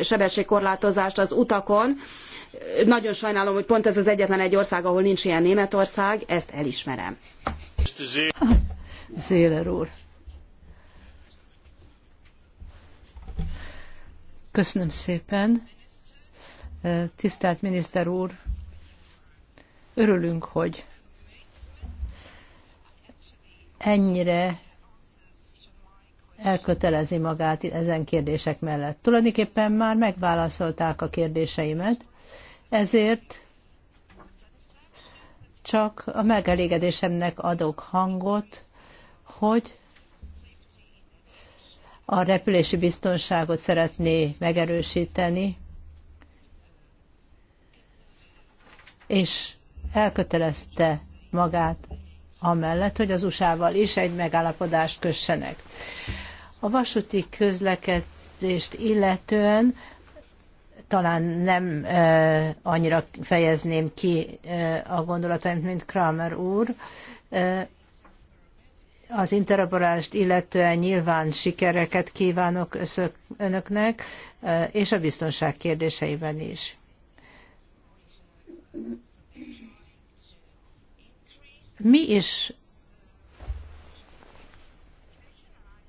sebességkorlátozást az utakon. Nagyon sajnálom, hogy pont ez az egyetlen egy ország, ahol nincs ilyen Németország, ezt elismerem. Zéler úr. Köszönöm szépen. Tisztelt miniszter úr, örülünk, hogy ennyire elkötelezi magát ezen kérdések mellett. Tulajdonképpen már megválaszolták a kérdéseimet, ezért csak a megelégedésemnek adok hangot, hogy a repülési biztonságot szeretné megerősíteni, és elkötelezte magát amellett, hogy az USA-val is egy megállapodást kössenek. A vasúti közlekedést illetően talán nem e, annyira fejezném ki e, a gondolataimat, mint Kramer úr. E, az interoperálást illetően nyilván sikereket kívánok összök, önöknek, e, és a biztonság kérdéseiben is. Mi is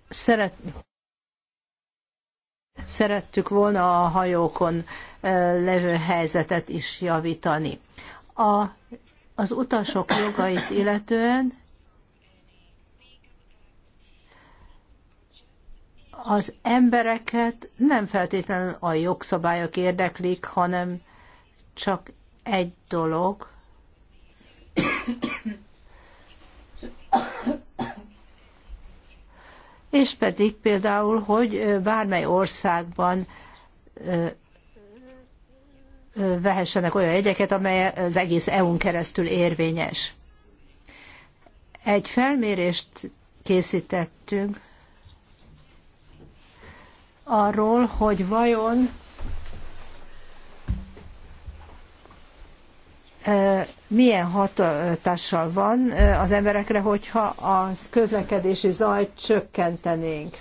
szeret, szerettük volna a hajókon levő helyzetet is javítani. A, az utasok jogait illetően az embereket nem feltétlenül a jogszabályok érdeklik, hanem csak egy dolog, és pedig például, hogy bármely országban vehessenek olyan jegyeket, amely az egész EU-n keresztül érvényes. Egy felmérést készítettünk arról, hogy vajon milyen hatással van az emberekre, hogyha a közlekedési zajt csökkentenénk.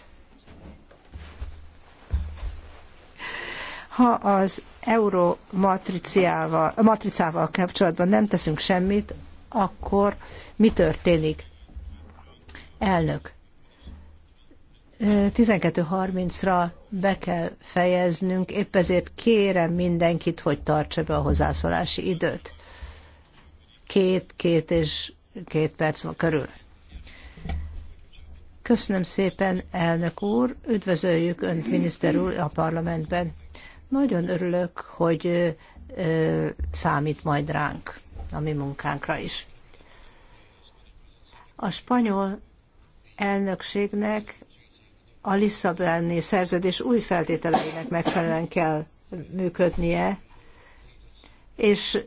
Ha az euró matriciával, matricával kapcsolatban nem teszünk semmit, akkor mi történik? Elnök, 12.30-ra be kell fejeznünk, épp ezért kérem mindenkit, hogy tartsa be a hozzászólási időt két-két és két perc van körül. Köszönöm szépen, elnök úr, üdvözöljük Önt, miniszter úr, a parlamentben. Nagyon örülök, hogy ö, számít majd ránk, a mi munkánkra is. A spanyol elnökségnek a Lisszaboni szerződés új feltételeinek megfelelően kell működnie, és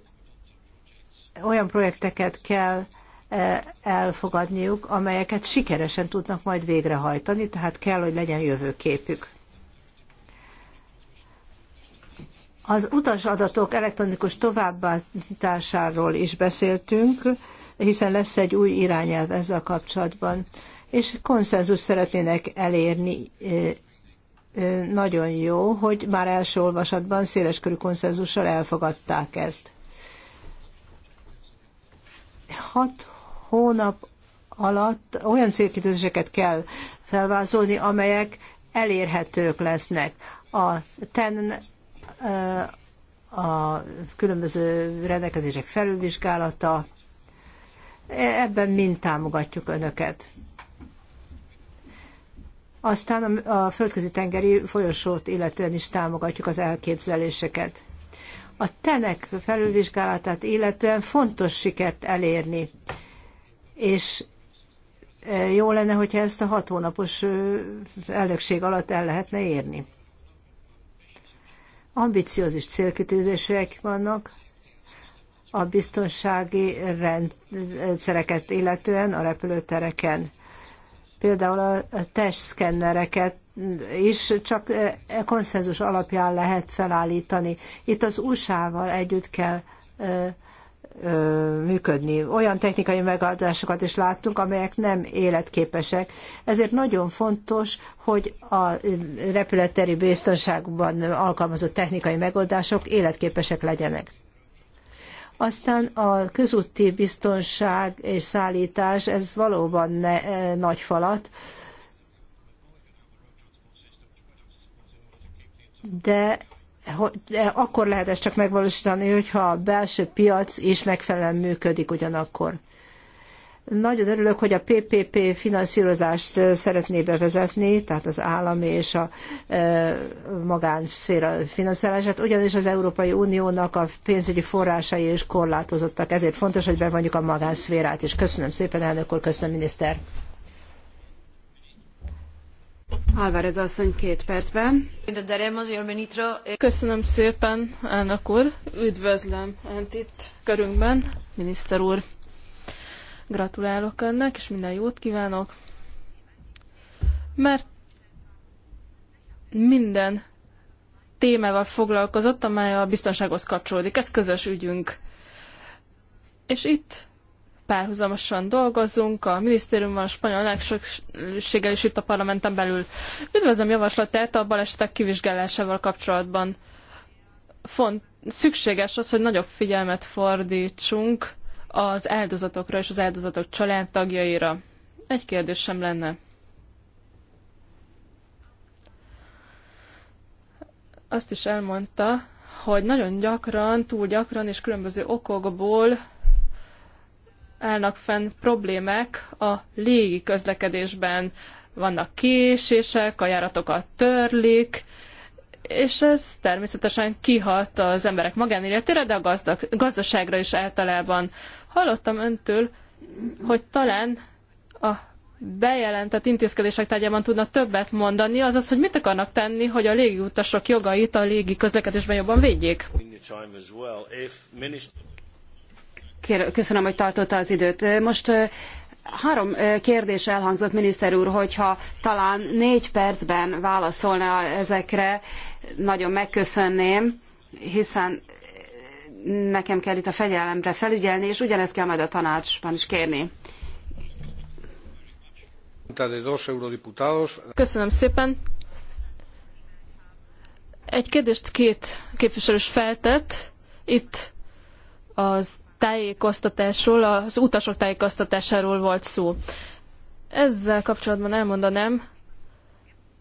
olyan projekteket kell e, elfogadniuk, amelyeket sikeresen tudnak majd végrehajtani, tehát kell, hogy legyen jövőképük. Az utasadatok elektronikus továbbításáról is beszéltünk, hiszen lesz egy új irányelv ezzel kapcsolatban, és konszenzus szeretnének elérni. E, e, nagyon jó, hogy már első olvasatban széleskörű konszenzussal elfogadták ezt hat hónap alatt olyan célkitűzéseket kell felvázolni, amelyek elérhetők lesznek. A TEN a különböző rendelkezések felülvizsgálata, ebben mind támogatjuk Önöket. Aztán a földközi tengeri folyosót illetően is támogatjuk az elképzeléseket. A tenek felülvizsgálatát illetően fontos sikert elérni. És e, jó lenne, hogyha ezt a hat hónapos elnökség alatt el lehetne érni. Ambiciózis célkitűzések vannak a biztonsági rendszereket illetően a repülőtereken például a testszkennereket is csak e, e, konszenzus alapján lehet felállítani. Itt az USA-val együtt kell e, működni. Olyan technikai megoldásokat is láttunk, amelyek nem életképesek. Ezért nagyon fontos, hogy a repületeri biztonságban alkalmazott technikai megoldások életképesek legyenek. Aztán a közúti biztonság és szállítás, ez valóban ne, eh, nagy falat, de akkor lehet ezt csak megvalósítani, hogyha a belső piac is megfelelően működik ugyanakkor. Nagyon örülök, hogy a PPP finanszírozást szeretné bevezetni, tehát az állami és a magánszféra finanszírozását, ugyanis az Európai Uniónak a pénzügyi forrásai is korlátozottak, ezért fontos, hogy bevonjuk a magánszférát is. Köszönöm szépen, elnök úr, köszönöm, miniszter. Álvarez asszony két percben. Köszönöm szépen, elnök úr. Üdvözlöm Önt itt körünkben, miniszter úr. Gratulálok önnek, és minden jót kívánok, mert minden témával foglalkozott, amely a biztonsághoz kapcsolódik. Ez közös ügyünk. És itt párhuzamosan dolgozunk, a minisztériumban, a spanyol elnökséggel is itt a parlamenten belül. Üdvözlöm javaslatát a balesetek kivizsgálásával kapcsolatban. Font, szükséges az, hogy nagyobb figyelmet fordítsunk az áldozatokra és az áldozatok családtagjaira. Egy kérdés sem lenne. Azt is elmondta, hogy nagyon gyakran, túl gyakran és különböző okokból állnak fenn problémák a légi közlekedésben. Vannak késések, a járatokat törlik, és ez természetesen kihat az emberek magánéletére, de a gazdag, gazdaságra is általában. Hallottam öntől, hogy talán a bejelentett intézkedések tárgyában tudna többet mondani, azaz, hogy mit akarnak tenni, hogy a légiutasok jogait a légi közlekedésben jobban védjék. Köszönöm, hogy tartotta az időt. Most három kérdés elhangzott, miniszter úr, hogyha talán négy percben válaszolna ezekre, nagyon megköszönném, hiszen nekem kell itt a fegyelemre felügyelni, és ugyanezt kell majd a tanácsban is kérni. Köszönöm szépen. Egy kérdést két is feltett itt az tájékoztatásról, az utasok tájékoztatásáról volt szó. Ezzel kapcsolatban elmondanám,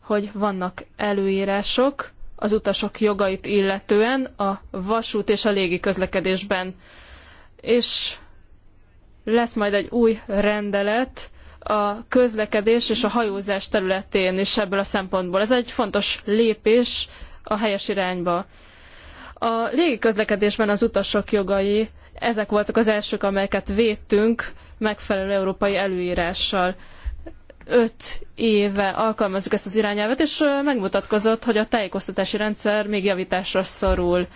hogy vannak előírások, az utasok jogait illetően a vasút és a légi közlekedésben. És lesz majd egy új rendelet a közlekedés és a hajózás területén is ebből a szempontból. Ez egy fontos lépés a helyes irányba. A légi közlekedésben az utasok jogai, ezek voltak az elsők, amelyeket védtünk megfelelő európai előírással öt éve alkalmazzuk ezt az irányelvet, és megmutatkozott, hogy a tájékoztatási rendszer még javításra szorul.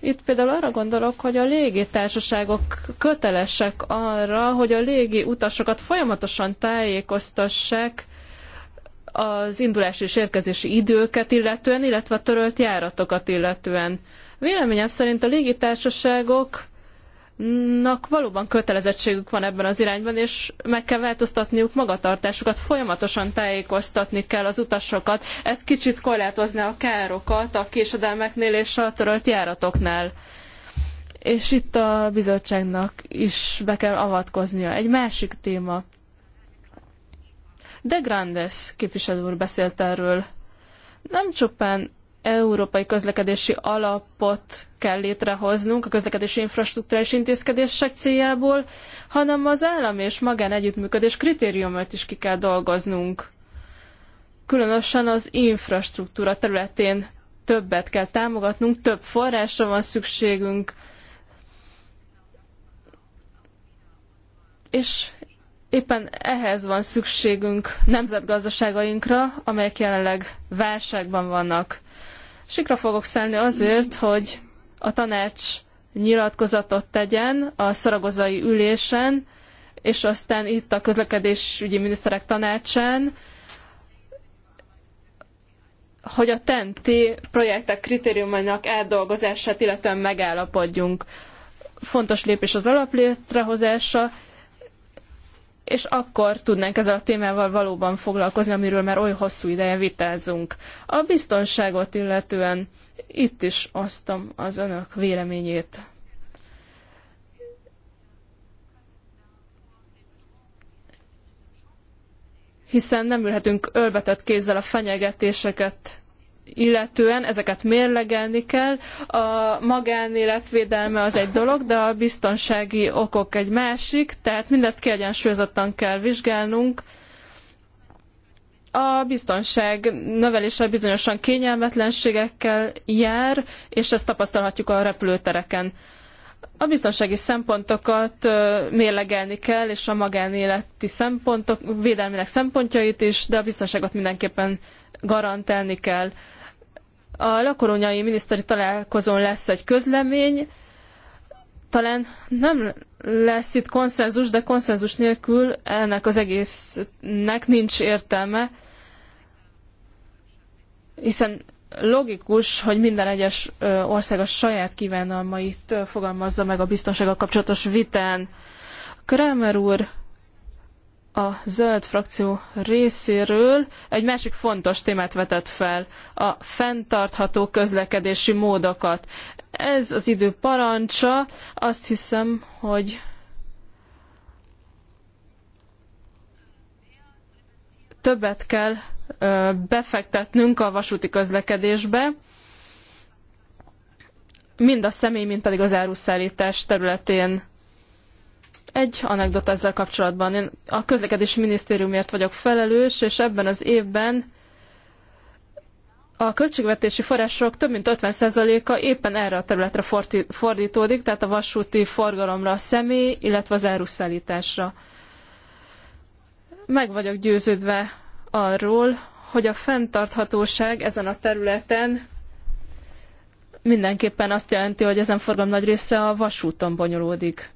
Itt például arra gondolok, hogy a légitársaságok kötelesek arra, hogy a légi utasokat folyamatosan tájékoztassák az indulási és érkezési időket illetően, illetve a törölt járatokat illetően. Véleményem szerint a légitársaságok nak valóban kötelezettségük van ebben az irányban, és meg kell változtatniuk magatartásukat, folyamatosan tájékoztatni kell az utasokat. Ez kicsit korlátozná a károkat a késedelmeknél és a törölt járatoknál. És itt a bizottságnak is be kell avatkoznia. Egy másik téma. De Grandes képviselő úr beszélt erről. Nem csupán európai közlekedési alapot kell létrehoznunk a közlekedési infrastruktúrális intézkedések céljából, hanem az állam és magán együttműködés kritériumait is ki kell dolgoznunk. Különösen az infrastruktúra területén többet kell támogatnunk, több forrásra van szükségünk, és éppen ehhez van szükségünk nemzetgazdaságainkra, amelyek jelenleg válságban vannak. Sikra fogok szállni azért, hogy a tanács nyilatkozatot tegyen a szaragozai ülésen, és aztán itt a közlekedésügyi miniszterek tanácsán, hogy a TENTI projektek kritériumainak átdolgozását illetően megállapodjunk. Fontos lépés az alaplétrehozása, és akkor tudnánk ezzel a témával valóban foglalkozni, amiről már oly hosszú ideje vitázunk. A biztonságot illetően itt is osztom az önök véleményét. Hiszen nem ülhetünk ölbetett kézzel a fenyegetéseket illetően ezeket mérlegelni kell. A magánélet védelme az egy dolog, de a biztonsági okok egy másik, tehát mindezt kiegyensúlyozottan kell vizsgálnunk. A biztonság növelése bizonyosan kényelmetlenségekkel jár, és ezt tapasztalhatjuk a repülőtereken. A biztonsági szempontokat mérlegelni kell, és a magánéleti szempontok, védelmének szempontjait is, de a biztonságot mindenképpen garantálni kell. A lakoronyai miniszteri találkozón lesz egy közlemény, talán nem lesz itt konszenzus, de konszenzus nélkül ennek az egésznek nincs értelme, hiszen logikus, hogy minden egyes ország a saját kívánalmait fogalmazza meg a biztonsággal kapcsolatos vitán. Kramer úr a zöld frakció részéről egy másik fontos témát vetett fel, a fenntartható közlekedési módokat. Ez az idő parancsa, azt hiszem, hogy többet kell befektetnünk a vasúti közlekedésbe, mind a személy, mind pedig az áruszállítás területén egy anekdota ezzel kapcsolatban. Én a közlekedési minisztériumért vagyok felelős, és ebben az évben a költségvetési források több mint 50%-a éppen erre a területre fordítódik, tehát a vasúti forgalomra, a személy, illetve az áruszállításra. Meg vagyok győződve arról, hogy a fenntarthatóság ezen a területen mindenképpen azt jelenti, hogy ezen forgalom nagy része a vasúton bonyolódik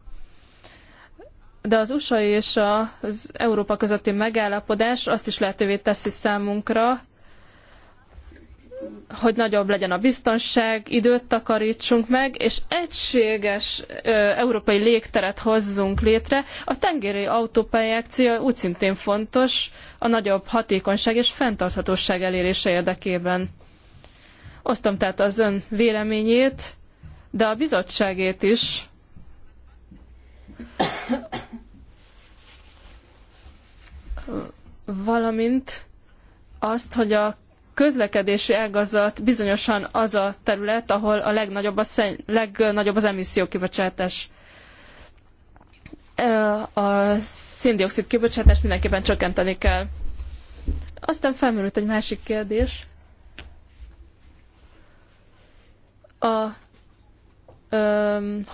de az USA és az Európa közötti megállapodás azt is lehetővé teszi számunkra, hogy nagyobb legyen a biztonság, időt takarítsunk meg, és egységes ö, európai légteret hozzunk létre. A tengeri autópályák célja úgy szintén fontos a nagyobb hatékonyság és fenntarthatóság elérése érdekében. Osztom tehát az ön véleményét, de a bizottságét is valamint azt, hogy a közlekedési ágazat bizonyosan az a terület, ahol a legnagyobb, a szenny, legnagyobb az emisszió kibocsátás. A széndiokszid kibocsátást mindenképpen csökkenteni kell. Aztán felmerült egy másik kérdés. A öm,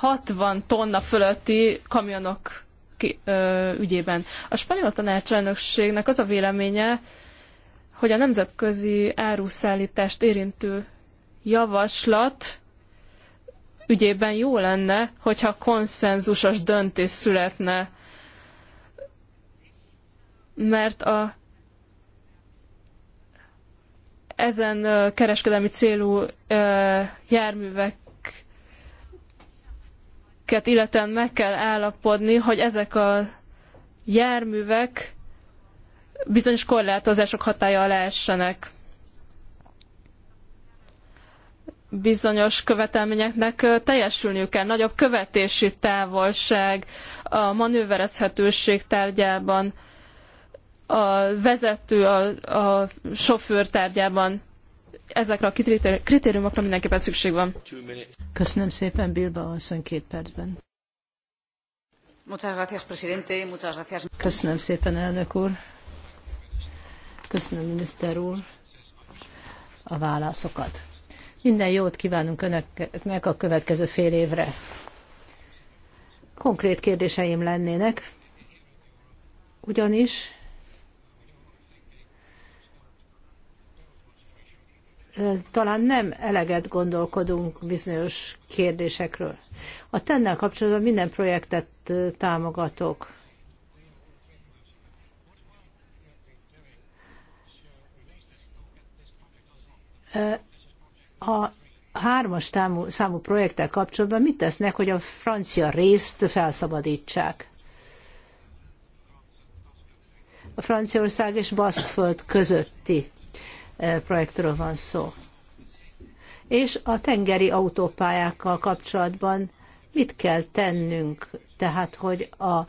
60 tonna fölötti kamionok ügyében. A spanyol tanácselnökségnek az a véleménye, hogy a nemzetközi áruszállítást érintő javaslat ügyében jó lenne, hogyha konszenzusos döntés születne. Mert a ezen kereskedelmi célú járművek ket illetően meg kell állapodni, hogy ezek a járművek bizonyos korlátozások hatája alá essenek. Bizonyos követelményeknek teljesülniük kell. Nagyobb követési távolság a manőverezhetőség tárgyában, a vezető, a, a sofőr tárgyában ezekre a kritériumokra mindenképpen szükség van. Köszönöm szépen, Bilba asszony két percben. Köszönöm szépen, elnök úr. Köszönöm, miniszter úr, a válaszokat. Minden jót kívánunk önöknek a következő fél évre. Konkrét kérdéseim lennének, ugyanis talán nem eleget gondolkodunk bizonyos kérdésekről. A tennel kapcsolatban minden projektet támogatok. A hármas számú, számú projekttel kapcsolatban mit tesznek, hogy a francia részt felszabadítsák? A Franciaország és Baszkföld közötti projektről van szó. És a tengeri autópályákkal kapcsolatban mit kell tennünk, tehát hogy a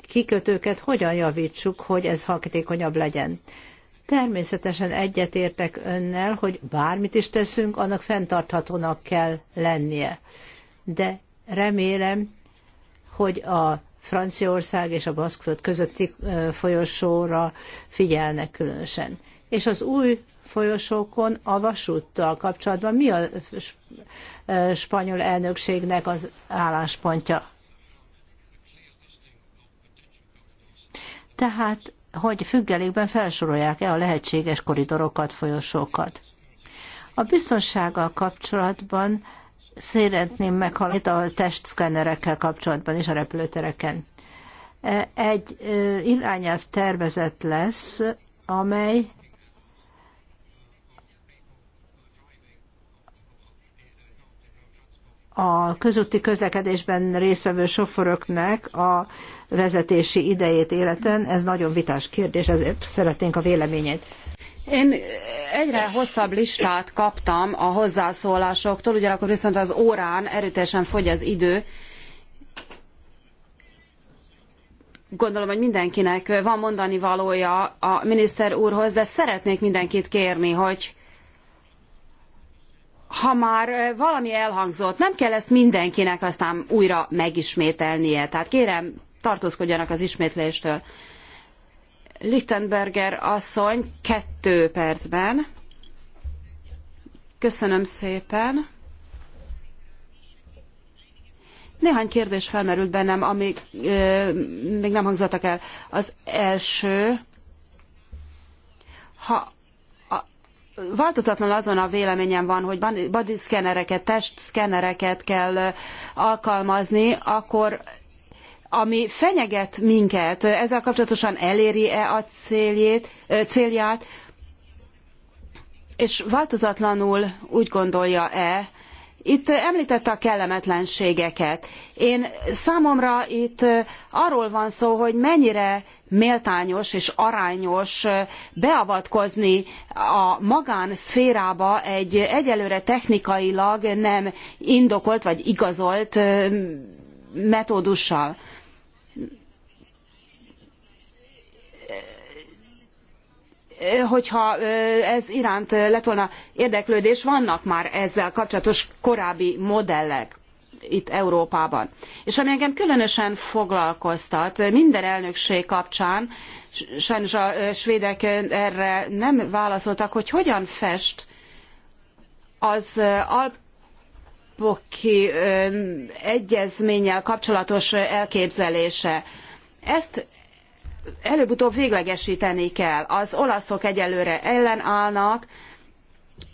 kikötőket hogyan javítsuk, hogy ez hatékonyabb legyen. Természetesen egyetértek önnel, hogy bármit is teszünk, annak fenntarthatónak kell lennie. De remélem, hogy a Franciaország és a Baszkföld közötti folyosóra figyelnek különösen és az új folyosókon a vasúttal kapcsolatban mi a e, spanyol elnökségnek az álláspontja? Tehát, hogy függelékben felsorolják-e a lehetséges koridorokat, folyosókat. A biztonsággal kapcsolatban szeretném meghallani a testszkennerekkel kapcsolatban és a repülőtereken. E, egy e, irányelv tervezet lesz, amely a közúti közlekedésben résztvevő sofőröknek a vezetési idejét életen. Ez nagyon vitás kérdés, ezért szeretnénk a véleményét. Én egyre hosszabb listát kaptam a hozzászólásoktól, ugyanakkor viszont az órán erőteljesen fogy az idő. Gondolom, hogy mindenkinek van mondani valója a miniszter úrhoz, de szeretnék mindenkit kérni, hogy ha már valami elhangzott, nem kell ezt mindenkinek aztán újra megismételnie. Tehát kérem, tartózkodjanak az ismétléstől. Lichtenberger asszony, kettő percben. Köszönöm szépen. Néhány kérdés felmerült bennem, amik euh, még nem hangzottak el. Az első, ha változatlan azon a véleményem van, hogy body szkennereket, testszkennereket kell alkalmazni, akkor ami fenyeget minket, ezzel kapcsolatosan eléri-e a céljét, célját, és változatlanul úgy gondolja-e, itt említette a kellemetlenségeket. Én számomra itt arról van szó, hogy mennyire méltányos és arányos beavatkozni a magánszférába egy egyelőre technikailag nem indokolt vagy igazolt metódussal. hogyha ez iránt lett volna érdeklődés, vannak már ezzel kapcsolatos korábbi modellek itt Európában. És ami engem különösen foglalkoztat, minden elnökség kapcsán, sajnos a svédek erre nem válaszoltak, hogy hogyan fest az alpoki egyezménnyel kapcsolatos elképzelése. Ezt előbb-utóbb véglegesíteni kell. Az olaszok egyelőre ellenállnak,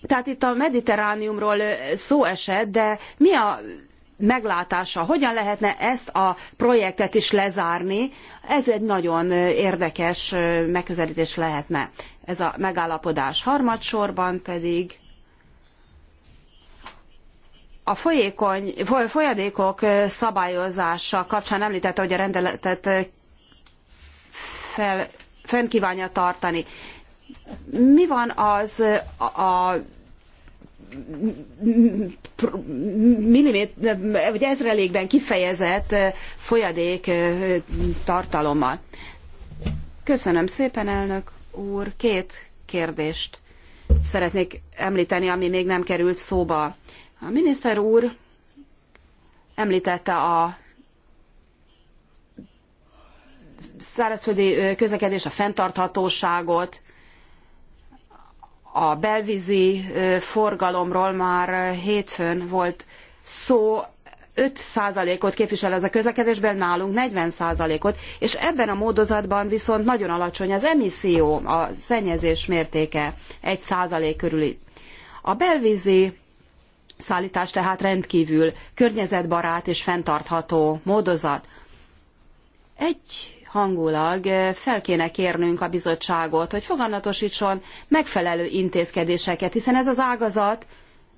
tehát itt a mediterrániumról szó esett, de mi a meglátása, hogyan lehetne ezt a projektet is lezárni, ez egy nagyon érdekes megközelítés lehetne. Ez a megállapodás harmadsorban pedig a folyékony, folyadékok szabályozása kapcsán említette, hogy a rendeletet fel, fenn kívánja tartani. Mi van az a milliméter, vagy ezrelékben kifejezett folyadék tartalommal. Köszönöm szépen, elnök úr. Két kérdést szeretnék említeni, ami még nem került szóba. A miniszter úr említette a szárazföldi közlekedés, a fenntarthatóságot, a belvízi forgalomról már hétfőn volt szó, 5%-ot képvisel ez a közlekedésben, nálunk 40%-ot, és ebben a módozatban viszont nagyon alacsony az emisszió, a szennyezés mértéke 1% körüli. A belvízi szállítás tehát rendkívül környezetbarát és fenntartható módozat. Egy hangulag eh, fel kéne kérnünk a bizottságot, hogy foganatosítson megfelelő intézkedéseket, hiszen ez az ágazat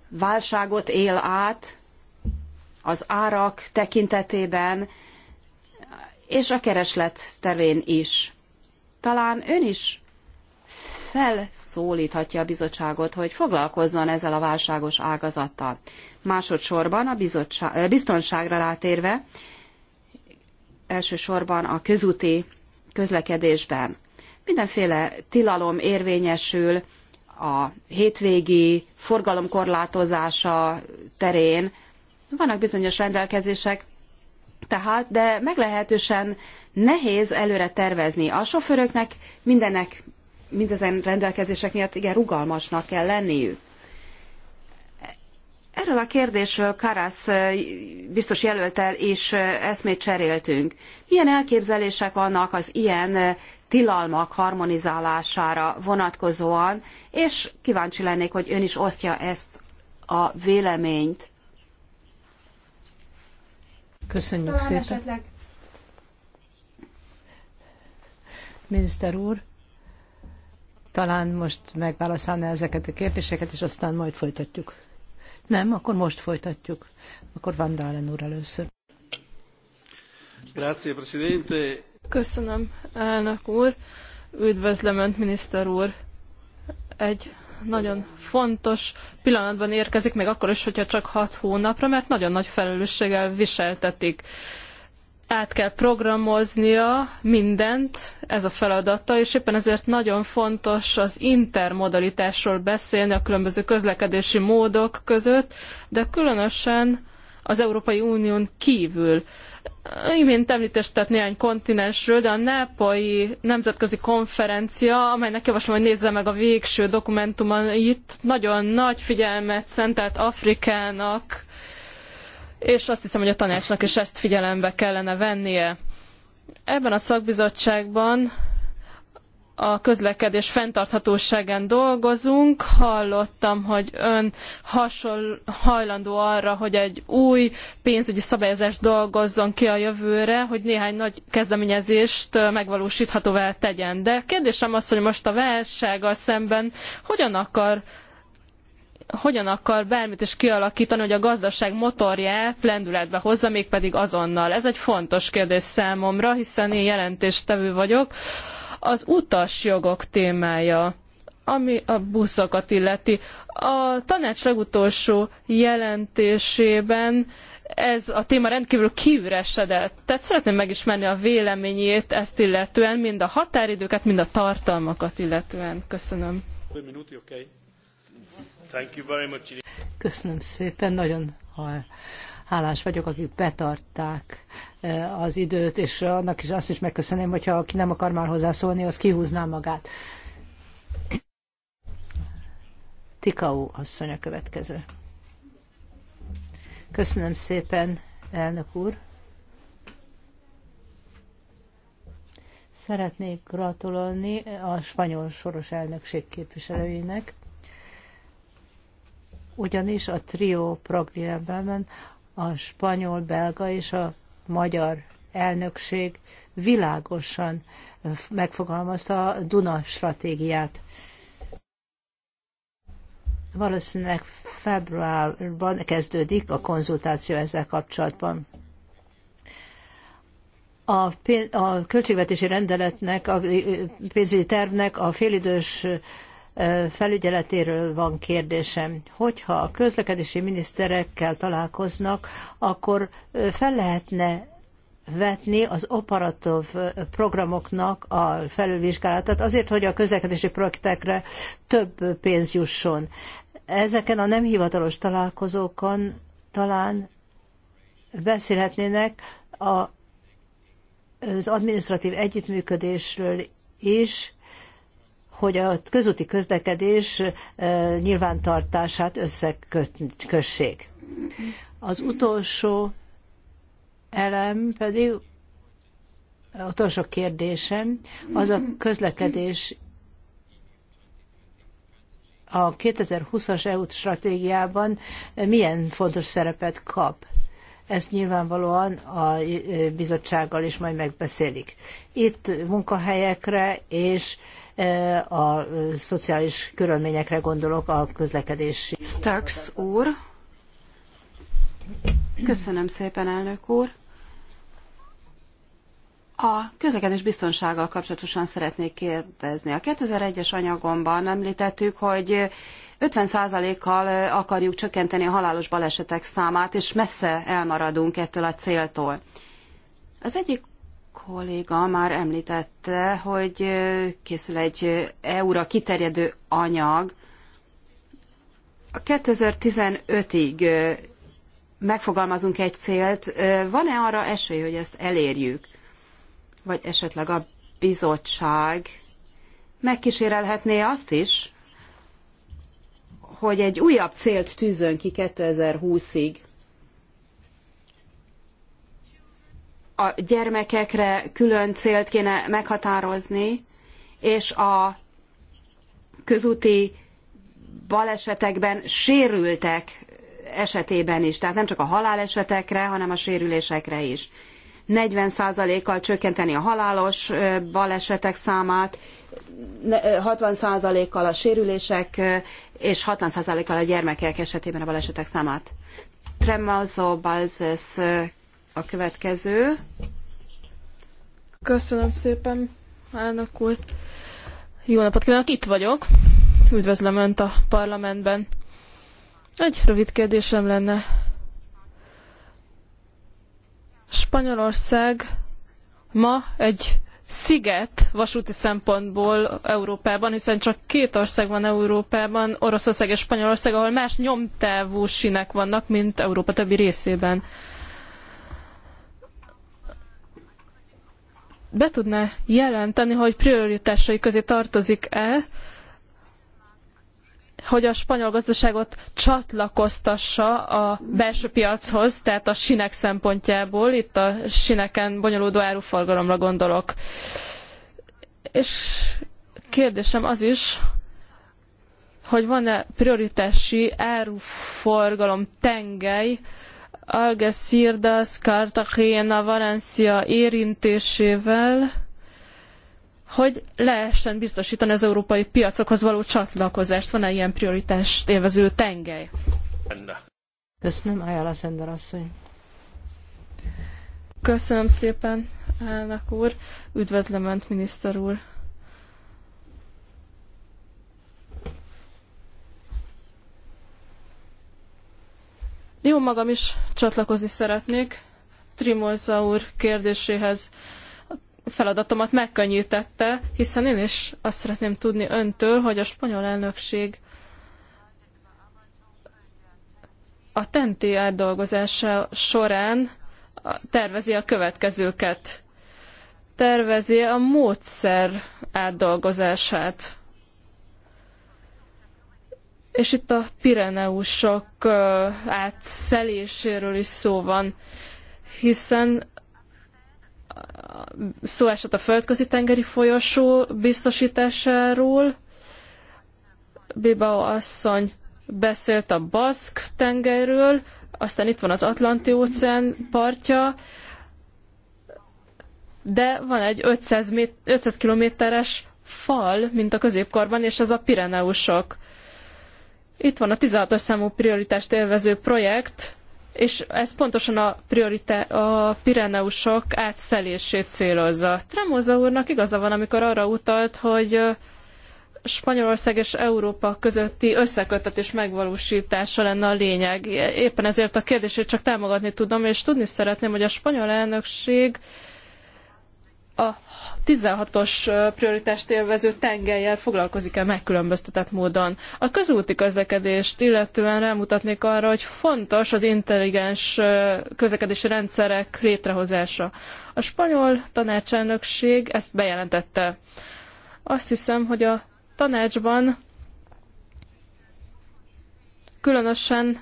válságot él át az árak tekintetében, és a kereslet terén is. Talán ön is felszólíthatja a bizottságot, hogy foglalkozzon ezzel a válságos ágazattal. Másodszorban a eh, biztonságra rátérve, elsősorban a közúti közlekedésben. Mindenféle tilalom érvényesül a hétvégi forgalomkorlátozása terén. Vannak bizonyos rendelkezések, tehát, de meglehetősen nehéz előre tervezni. A sofőröknek mindenek, mindezen rendelkezések miatt igen rugalmasnak kell lenniük. Erről a kérdésről Karasz biztos jelöltel is eszmét cseréltünk. Milyen elképzelések vannak az ilyen tilalmak harmonizálására vonatkozóan, és kíváncsi lennék, hogy ön is osztja ezt a véleményt. Köszönjük Talán szépen. Esetleg. Miniszter úr, talán most megválaszolná ezeket a kérdéseket, és aztán majd folytatjuk. Nem, akkor most folytatjuk. Akkor Van Dalen úr először. Grazie, Presidente. Köszönöm, elnök úr. Üdvözlöm Önt, miniszter úr. Egy nagyon fontos pillanatban érkezik, még akkor is, hogyha csak hat hónapra, mert nagyon nagy felelősséggel viseltetik át kell programoznia mindent, ez a feladata, és éppen ezért nagyon fontos az intermodalitásról beszélni a különböző közlekedési módok között, de különösen az Európai Unión kívül. Imént említést tett néhány kontinensről, de a nápolyi nemzetközi konferencia, amelynek javaslom, hogy nézze meg a végső dokumentumait, nagyon nagy figyelmet szentelt Afrikának, és azt hiszem, hogy a tanácsnak is ezt figyelembe kellene vennie. Ebben a szakbizottságban a közlekedés fenntarthatóságán dolgozunk. Hallottam, hogy ön hasonl, hajlandó arra, hogy egy új pénzügyi szabályozást dolgozzon ki a jövőre, hogy néhány nagy kezdeményezést megvalósíthatóvá tegyen. De kérdésem az, hogy most a válsággal szemben hogyan akar hogyan akar bármit is kialakítani, hogy a gazdaság motorját lendületbe hozza, mégpedig azonnal. Ez egy fontos kérdés számomra, hiszen én jelentéstevő vagyok. Az utasjogok témája ami a buszokat illeti. A tanács legutolsó jelentésében ez a téma rendkívül kiüresedett. Tehát szeretném megismerni a véleményét ezt illetően, mind a határidőket, mind a tartalmakat illetően. Köszönöm. Köszönöm szépen, nagyon hálás vagyok, akik betarták e, az időt, és annak is azt is megköszönöm, hogyha aki nem akar már hozzászólni, az kihúzná magát. Tikau asszony a következő. Köszönöm szépen, elnök úr. Szeretnék gratulálni a spanyol soros elnökség képviselőinek ugyanis a trió programjában a spanyol, belga és a magyar elnökség világosan megfogalmazta a Duna stratégiát. Valószínűleg februárban kezdődik a konzultáció ezzel kapcsolatban. A, a költségvetési rendeletnek, a pénzügyi tervnek a félidős felügyeletéről van kérdésem. Hogyha a közlekedési miniszterekkel találkoznak, akkor fel lehetne vetni az operatív programoknak a felülvizsgálatát azért, hogy a közlekedési projektekre több pénz jusson. Ezeken a nem hivatalos találkozókon talán beszélhetnének a, az administratív együttműködésről is, hogy a közúti közlekedés nyilvántartását összekössék. Az utolsó elem pedig, az utolsó kérdésem, az a közlekedés a 2020-as EU stratégiában milyen fontos szerepet kap. Ezt nyilvánvalóan a bizottsággal is majd megbeszélik. Itt munkahelyekre és E, a szociális körülményekre gondolok a közlekedési. Stax úr. Köszönöm szépen, elnök úr. A közlekedés biztonsággal kapcsolatosan szeretnék kérdezni. A 2001-es anyagomban említettük, hogy 50%-kal akarjuk csökkenteni a halálos balesetek számát, és messze elmaradunk ettől a céltól. Az egyik kolléga már említette, hogy készül egy EU-ra kiterjedő anyag. A 2015-ig megfogalmazunk egy célt, van-e arra esély, hogy ezt elérjük? Vagy esetleg a bizottság megkísérelhetné azt is, hogy egy újabb célt tűzön ki 2020-ig, a gyermekekre külön célt kéne meghatározni, és a közúti balesetekben sérültek esetében is, tehát nem csak a halálesetekre, hanem a sérülésekre is. 40%-kal csökkenteni a halálos balesetek számát, 60%-kal a sérülések, és 60%-kal a gyermekek esetében a balesetek számát. Tremazzo Balzes a következő. Köszönöm szépen, elnök úr. Jó napot kívánok, itt vagyok. Üdvözlöm Önt a parlamentben. Egy rövid kérdésem lenne. Spanyolország ma egy sziget vasúti szempontból Európában, hiszen csak két ország van Európában, Oroszország és Spanyolország, ahol más nyomtávú sinek vannak, mint Európa többi részében. be tudná jelenteni, hogy prioritásai közé tartozik-e, hogy a spanyol gazdaságot csatlakoztassa a belső piachoz, tehát a sinek szempontjából, itt a sineken bonyolódó áruforgalomra gondolok. És kérdésem az is, hogy van-e prioritási áruforgalom tengely, Algeciras, Cartagena, Valencia érintésével, hogy lehessen biztosítani az európai piacokhoz való csatlakozást. Van-e ilyen prioritást élvező tengely? Köszönöm, Ajala Szender asszony. Köszönöm szépen, elnök úr. Üdvözlöm Önt, miniszter úr. Jó magam is csatlakozni szeretnék Trimolza úr kérdéséhez feladatomat megkönnyítette, hiszen én is azt szeretném tudni öntől, hogy a spanyol elnökség a tenti átdolgozása során tervezi a következőket. Tervezi a módszer átdolgozását és itt a Pireneusok átszeléséről is szó van, hiszen szó esett a földközi tengeri folyosó biztosításáról, Bilbao asszony beszélt a Baszk tengerről, aztán itt van az Atlanti óceán partja, de van egy 500, 500 kilométeres fal, mint a középkorban, és ez a Pireneusok. Itt van a 16-os számú prioritást élvező projekt, és ez pontosan a, priorite- a Pireneusok átszelését célozza. Tremoza úrnak igaza van, amikor arra utalt, hogy Spanyolország és Európa közötti összekötetés megvalósítása lenne a lényeg. Éppen ezért a kérdését csak támogatni tudom, és tudni szeretném, hogy a spanyol elnökség a 16-os prioritást élvező tengelyel foglalkozik-e megkülönböztetett módon. A közúti közlekedést illetően rámutatnék arra, hogy fontos az intelligens közlekedési rendszerek létrehozása. A spanyol tanácselnökség ezt bejelentette. Azt hiszem, hogy a tanácsban különösen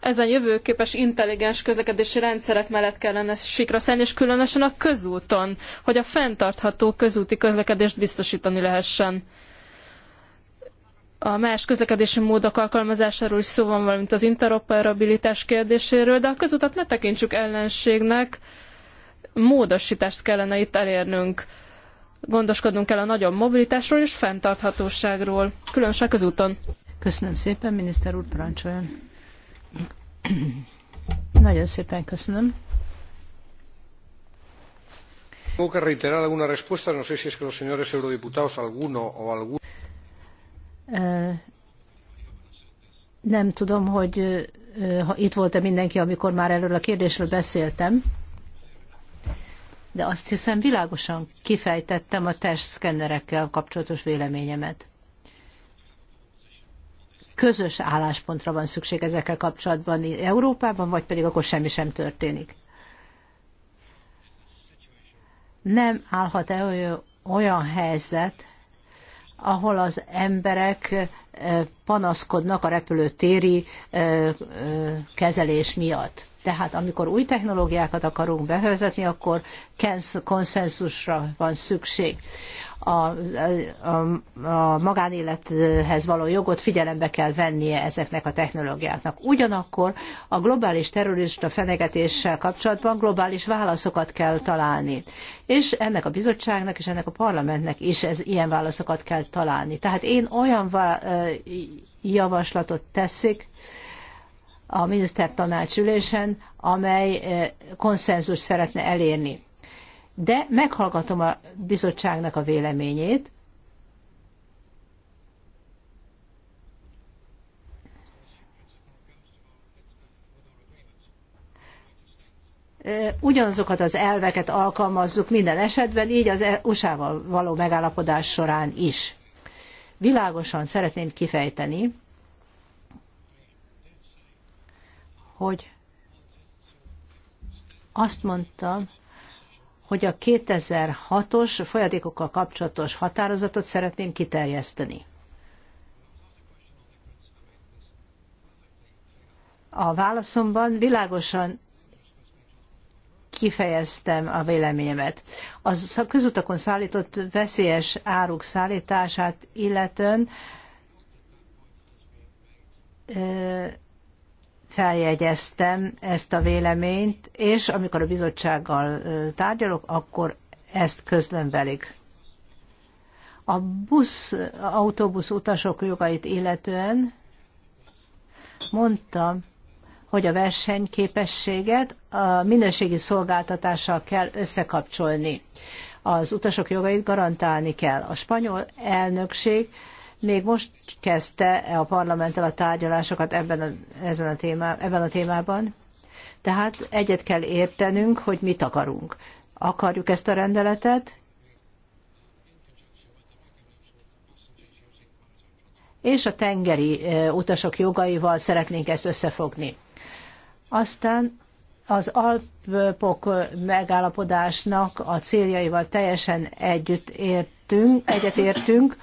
ezen jövőképes intelligens közlekedési rendszerek mellett kellene sikra szállni, és különösen a közúton, hogy a fenntartható közúti közlekedést biztosítani lehessen. A más közlekedési módok alkalmazásáról is szó van, valamint az interoperabilitás kérdéséről, de a közutat ne tekintsük ellenségnek, módosítást kellene itt elérnünk. Gondoskodnunk kell a nagyobb mobilitásról és fenntarthatóságról, különösen közúton. Köszönöm szépen, miniszter úr, parancsoljon. Nagyon szépen köszönöm. Tengo que reiterar alguna respuesta, no sé si es que los señores eurodiputados alguno o alguno. Eh, nem tudom, hogy eh, ha itt volt-e mindenki, amikor már erről a kérdésről beszéltem, de azt hiszem világosan kifejtettem a testszkennerekkel kapcsolatos véleményemet közös álláspontra van szükség ezekkel kapcsolatban Európában, vagy pedig akkor semmi sem történik. Nem állhat el olyan helyzet, ahol az emberek panaszkodnak a repülőtéri kezelés miatt. Tehát amikor új technológiákat akarunk bevezetni, akkor konszenzusra van szükség a, a, a magánélethez való jogot figyelembe kell vennie ezeknek a technológiáknak. Ugyanakkor a globális terrorista fenyegetéssel kapcsolatban globális válaszokat kell találni. És ennek a bizottságnak és ennek a parlamentnek is ez ilyen válaszokat kell találni. Tehát én olyan javaslatot teszik, a minisztertanács ülésen, amely konszenzus szeretne elérni de meghallgatom a bizottságnak a véleményét, ugyanazokat az elveket alkalmazzuk minden esetben, így az USA-val való megállapodás során is. Világosan szeretném kifejteni, hogy azt mondtam, hogy a 2006-os folyadékokkal kapcsolatos határozatot szeretném kiterjeszteni. A válaszomban világosan kifejeztem a véleményemet. A közutakon szállított veszélyes áruk szállítását illetően feljegyeztem ezt a véleményt, és amikor a bizottsággal tárgyalok, akkor ezt közlöm velük. A busz, autóbusz utasok jogait illetően mondtam, hogy a versenyképességet a minőségi szolgáltatással kell összekapcsolni. Az utasok jogait garantálni kell. A spanyol elnökség még most kezdte -e a parlamenttel a tárgyalásokat ebben a, ezen a, témá, ebben a témában. Tehát egyet kell értenünk, hogy mit akarunk. Akarjuk ezt a rendeletet, és a tengeri utasok jogaival szeretnénk ezt összefogni. Aztán az Alpok megállapodásnak a céljaival teljesen együtt értünk, egyetértünk,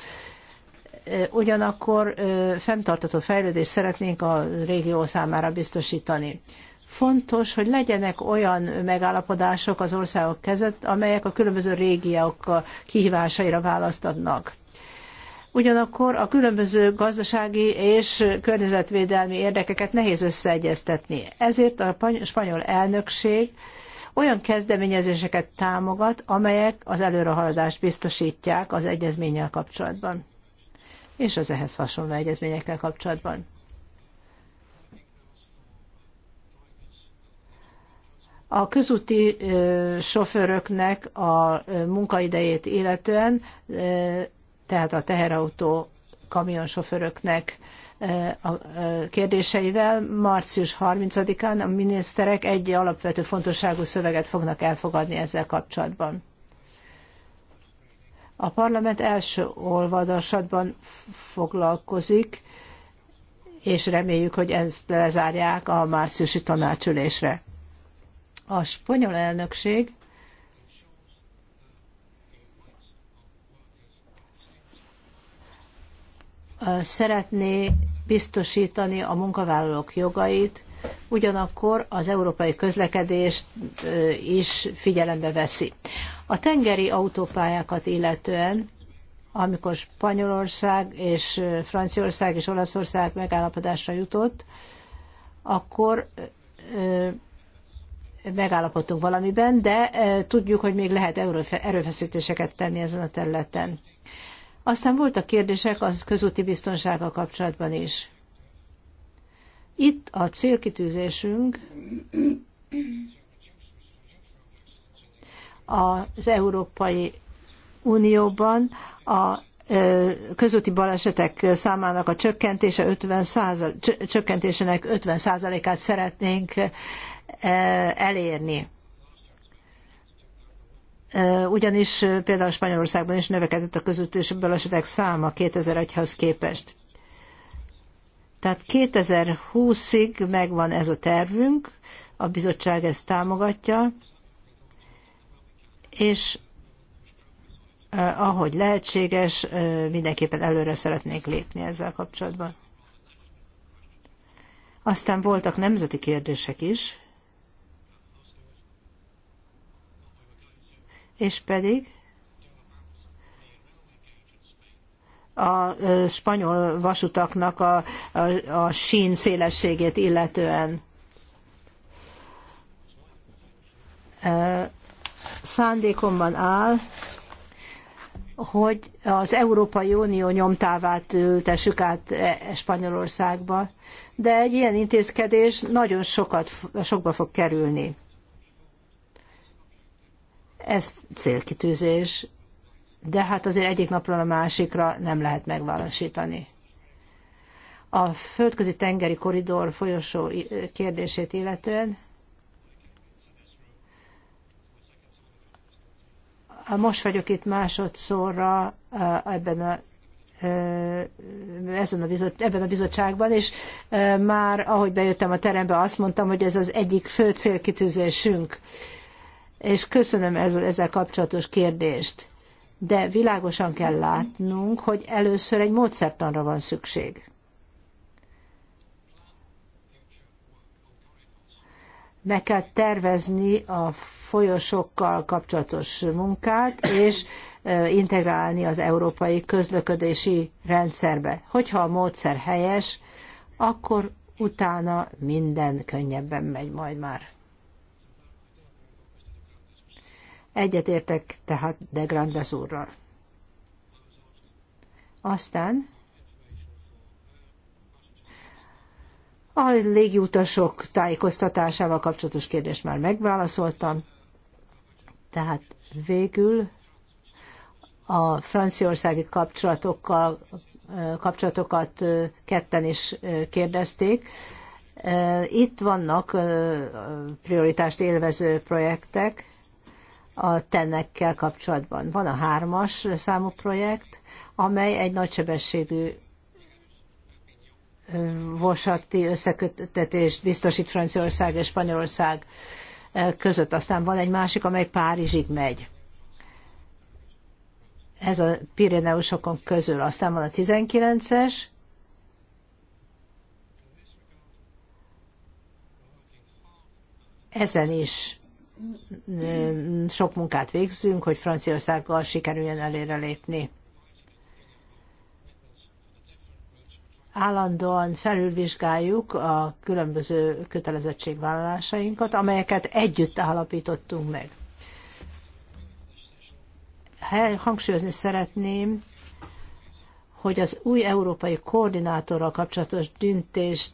ugyanakkor fenntartató fejlődést szeretnénk a régió számára biztosítani. Fontos, hogy legyenek olyan megállapodások az országok között, amelyek a különböző régiók kihívásaira választ adnak. Ugyanakkor a különböző gazdasági és környezetvédelmi érdekeket nehéz összeegyeztetni. Ezért a spanyol elnökség olyan kezdeményezéseket támogat, amelyek az előrehaladást biztosítják az egyezménnyel kapcsolatban és az ehhez hasonló egyezményekkel kapcsolatban. A közúti sofőröknek a munkaidejét illetően, tehát a teherautó kamionsofőröknek a kérdéseivel március 30-án a miniszterek egy alapvető fontosságú szöveget fognak elfogadni ezzel kapcsolatban. A parlament első olvadasatban foglalkozik, és reméljük, hogy ezt lezárják a márciusi tanácsülésre. A spanyol elnökség szeretné biztosítani a munkavállalók jogait, ugyanakkor az európai közlekedést is figyelembe veszi. A tengeri autópályákat illetően, amikor Spanyolország és Franciaország és Olaszország megállapodásra jutott, akkor megállapodtunk valamiben, de tudjuk, hogy még lehet erőfeszítéseket tenni ezen a területen. Aztán voltak kérdések az közúti biztonsággal kapcsolatban is. Itt a célkitűzésünk az Európai Unióban a közúti balesetek számának a csökkentése 50 százal, csökkentésének 50 százalékát szeretnénk elérni. Ugyanis például Spanyolországban is növekedett a közúti balesetek száma 2001-hez képest. Tehát 2020-ig megvan ez a tervünk, a bizottság ezt támogatja, és ahogy lehetséges, mindenképpen előre szeretnék lépni ezzel kapcsolatban. Aztán voltak nemzeti kérdések is, és pedig a spanyol vasutaknak a, a, a sín szélességét illetően szándékomban áll, hogy az Európai Unió nyomtávát ültessük át e- Spanyolországba, de egy ilyen intézkedés nagyon sokat, sokba fog kerülni. Ez célkitűzés, de hát azért egyik napról a másikra nem lehet megvalósítani. A földközi tengeri koridor folyosó kérdését illetően Most vagyok itt másodszorra ebben a ezen a bizot, ebben a bizottságban, és már ahogy bejöttem a terembe, azt mondtam, hogy ez az egyik fő célkitűzésünk. És köszönöm ez, ezzel kapcsolatos kérdést. De világosan kell látnunk, hogy először egy módszertanra van szükség. meg kell tervezni a folyosokkal kapcsolatos munkát, és integrálni az európai közlekedési rendszerbe. Hogyha a módszer helyes, akkor utána minden könnyebben megy majd már. Egyetértek tehát de Grandes úrral. Aztán A légiutasok tájékoztatásával kapcsolatos kérdést már megválaszoltam. Tehát végül a franciaországi kapcsolatokkal, kapcsolatokat ketten is kérdezték. Itt vannak prioritást élvező projektek a tennekkel kapcsolatban. Van a hármas számú projekt, amely egy nagysebességű vasakti összekötetést biztosít Franciaország és Spanyolország e, között. Aztán van egy másik, amely Párizsig megy. Ez a Pirineusokon közül. Aztán van a 19-es, ezen is e, sok munkát végzünk, hogy Franciaországgal sikerüljön előrelépni. állandóan felülvizsgáljuk a különböző kötelezettségvállalásainkat, amelyeket együtt állapítottunk meg. Hangsúlyozni szeretném, hogy az új európai koordinátorral kapcsolatos döntést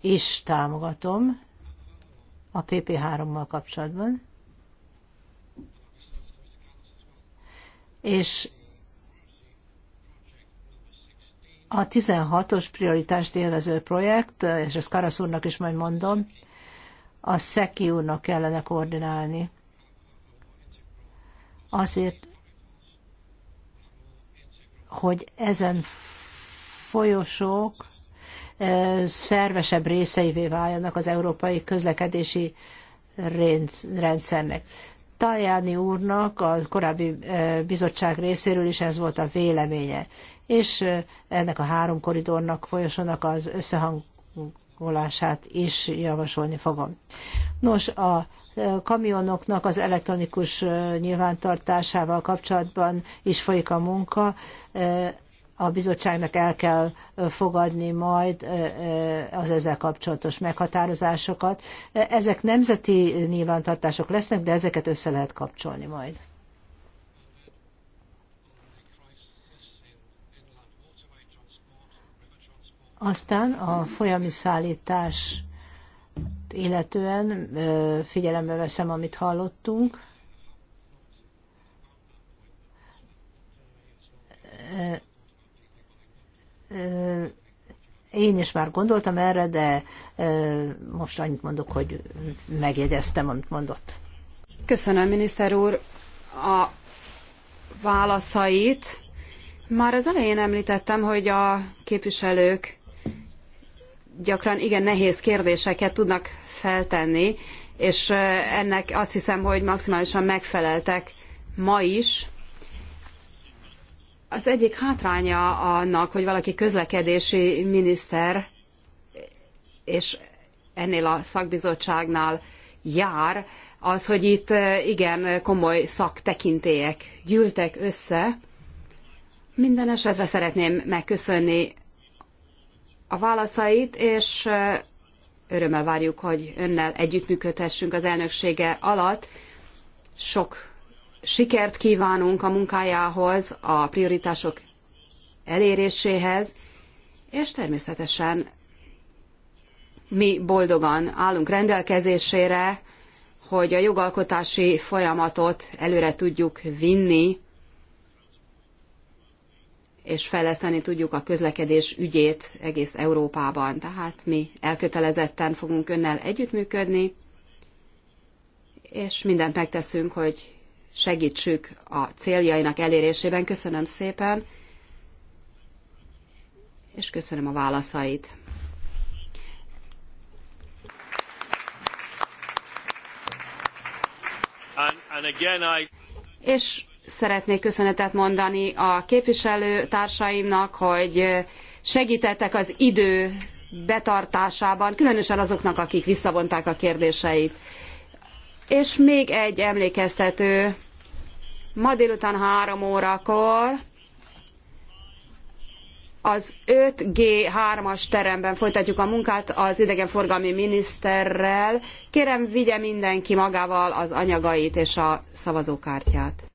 is támogatom a PP3-mal kapcsolatban. És A 16-os prioritást élvező projekt, és ezt Karasz úrnak is majd mondom, a SZEKI úrnak kellene koordinálni. Azért, hogy ezen folyosók szervesebb részeivé váljanak az európai közlekedési rendszernek. Tajáni úrnak a korábbi bizottság részéről is ez volt a véleménye. És ennek a három koridornak, folyosónak az összehangolását is javasolni fogom. Nos, a kamionoknak az elektronikus nyilvántartásával kapcsolatban is folyik a munka a bizottságnak el kell fogadni majd az ezzel kapcsolatos meghatározásokat. Ezek nemzeti nyilvántartások lesznek, de ezeket össze lehet kapcsolni majd. Aztán a folyami szállítás illetően figyelembe veszem, amit hallottunk én is már gondoltam erre, de most annyit mondok, hogy megjegyeztem, amit mondott. Köszönöm, miniszter úr, a válaszait. Már az elején említettem, hogy a képviselők gyakran igen nehéz kérdéseket tudnak feltenni, és ennek azt hiszem, hogy maximálisan megfeleltek ma is. Az egyik hátránya annak, hogy valaki közlekedési miniszter, és ennél a szakbizottságnál jár, az, hogy itt e, igen komoly szaktekintélyek gyűltek össze. Minden esetre szeretném megköszönni a válaszait, és e, örömmel várjuk, hogy önnel együttműködhessünk az elnöksége alatt. Sok Sikert kívánunk a munkájához, a prioritások eléréséhez, és természetesen mi boldogan állunk rendelkezésére, hogy a jogalkotási folyamatot előre tudjuk vinni, és fejleszteni tudjuk a közlekedés ügyét egész Európában. Tehát mi elkötelezetten fogunk önnel együttműködni, és mindent megteszünk, hogy segítsük a céljainak elérésében. Köszönöm szépen, és köszönöm a válaszait. And, and I... És szeretnék köszönetet mondani a képviselő társaimnak, hogy segítettek az idő betartásában, különösen azoknak, akik visszavonták a kérdéseit. És még egy emlékeztető. Ma délután három órakor az 5G3-as teremben folytatjuk a munkát az idegenforgalmi miniszterrel. Kérem, vigye mindenki magával az anyagait és a szavazókártyát.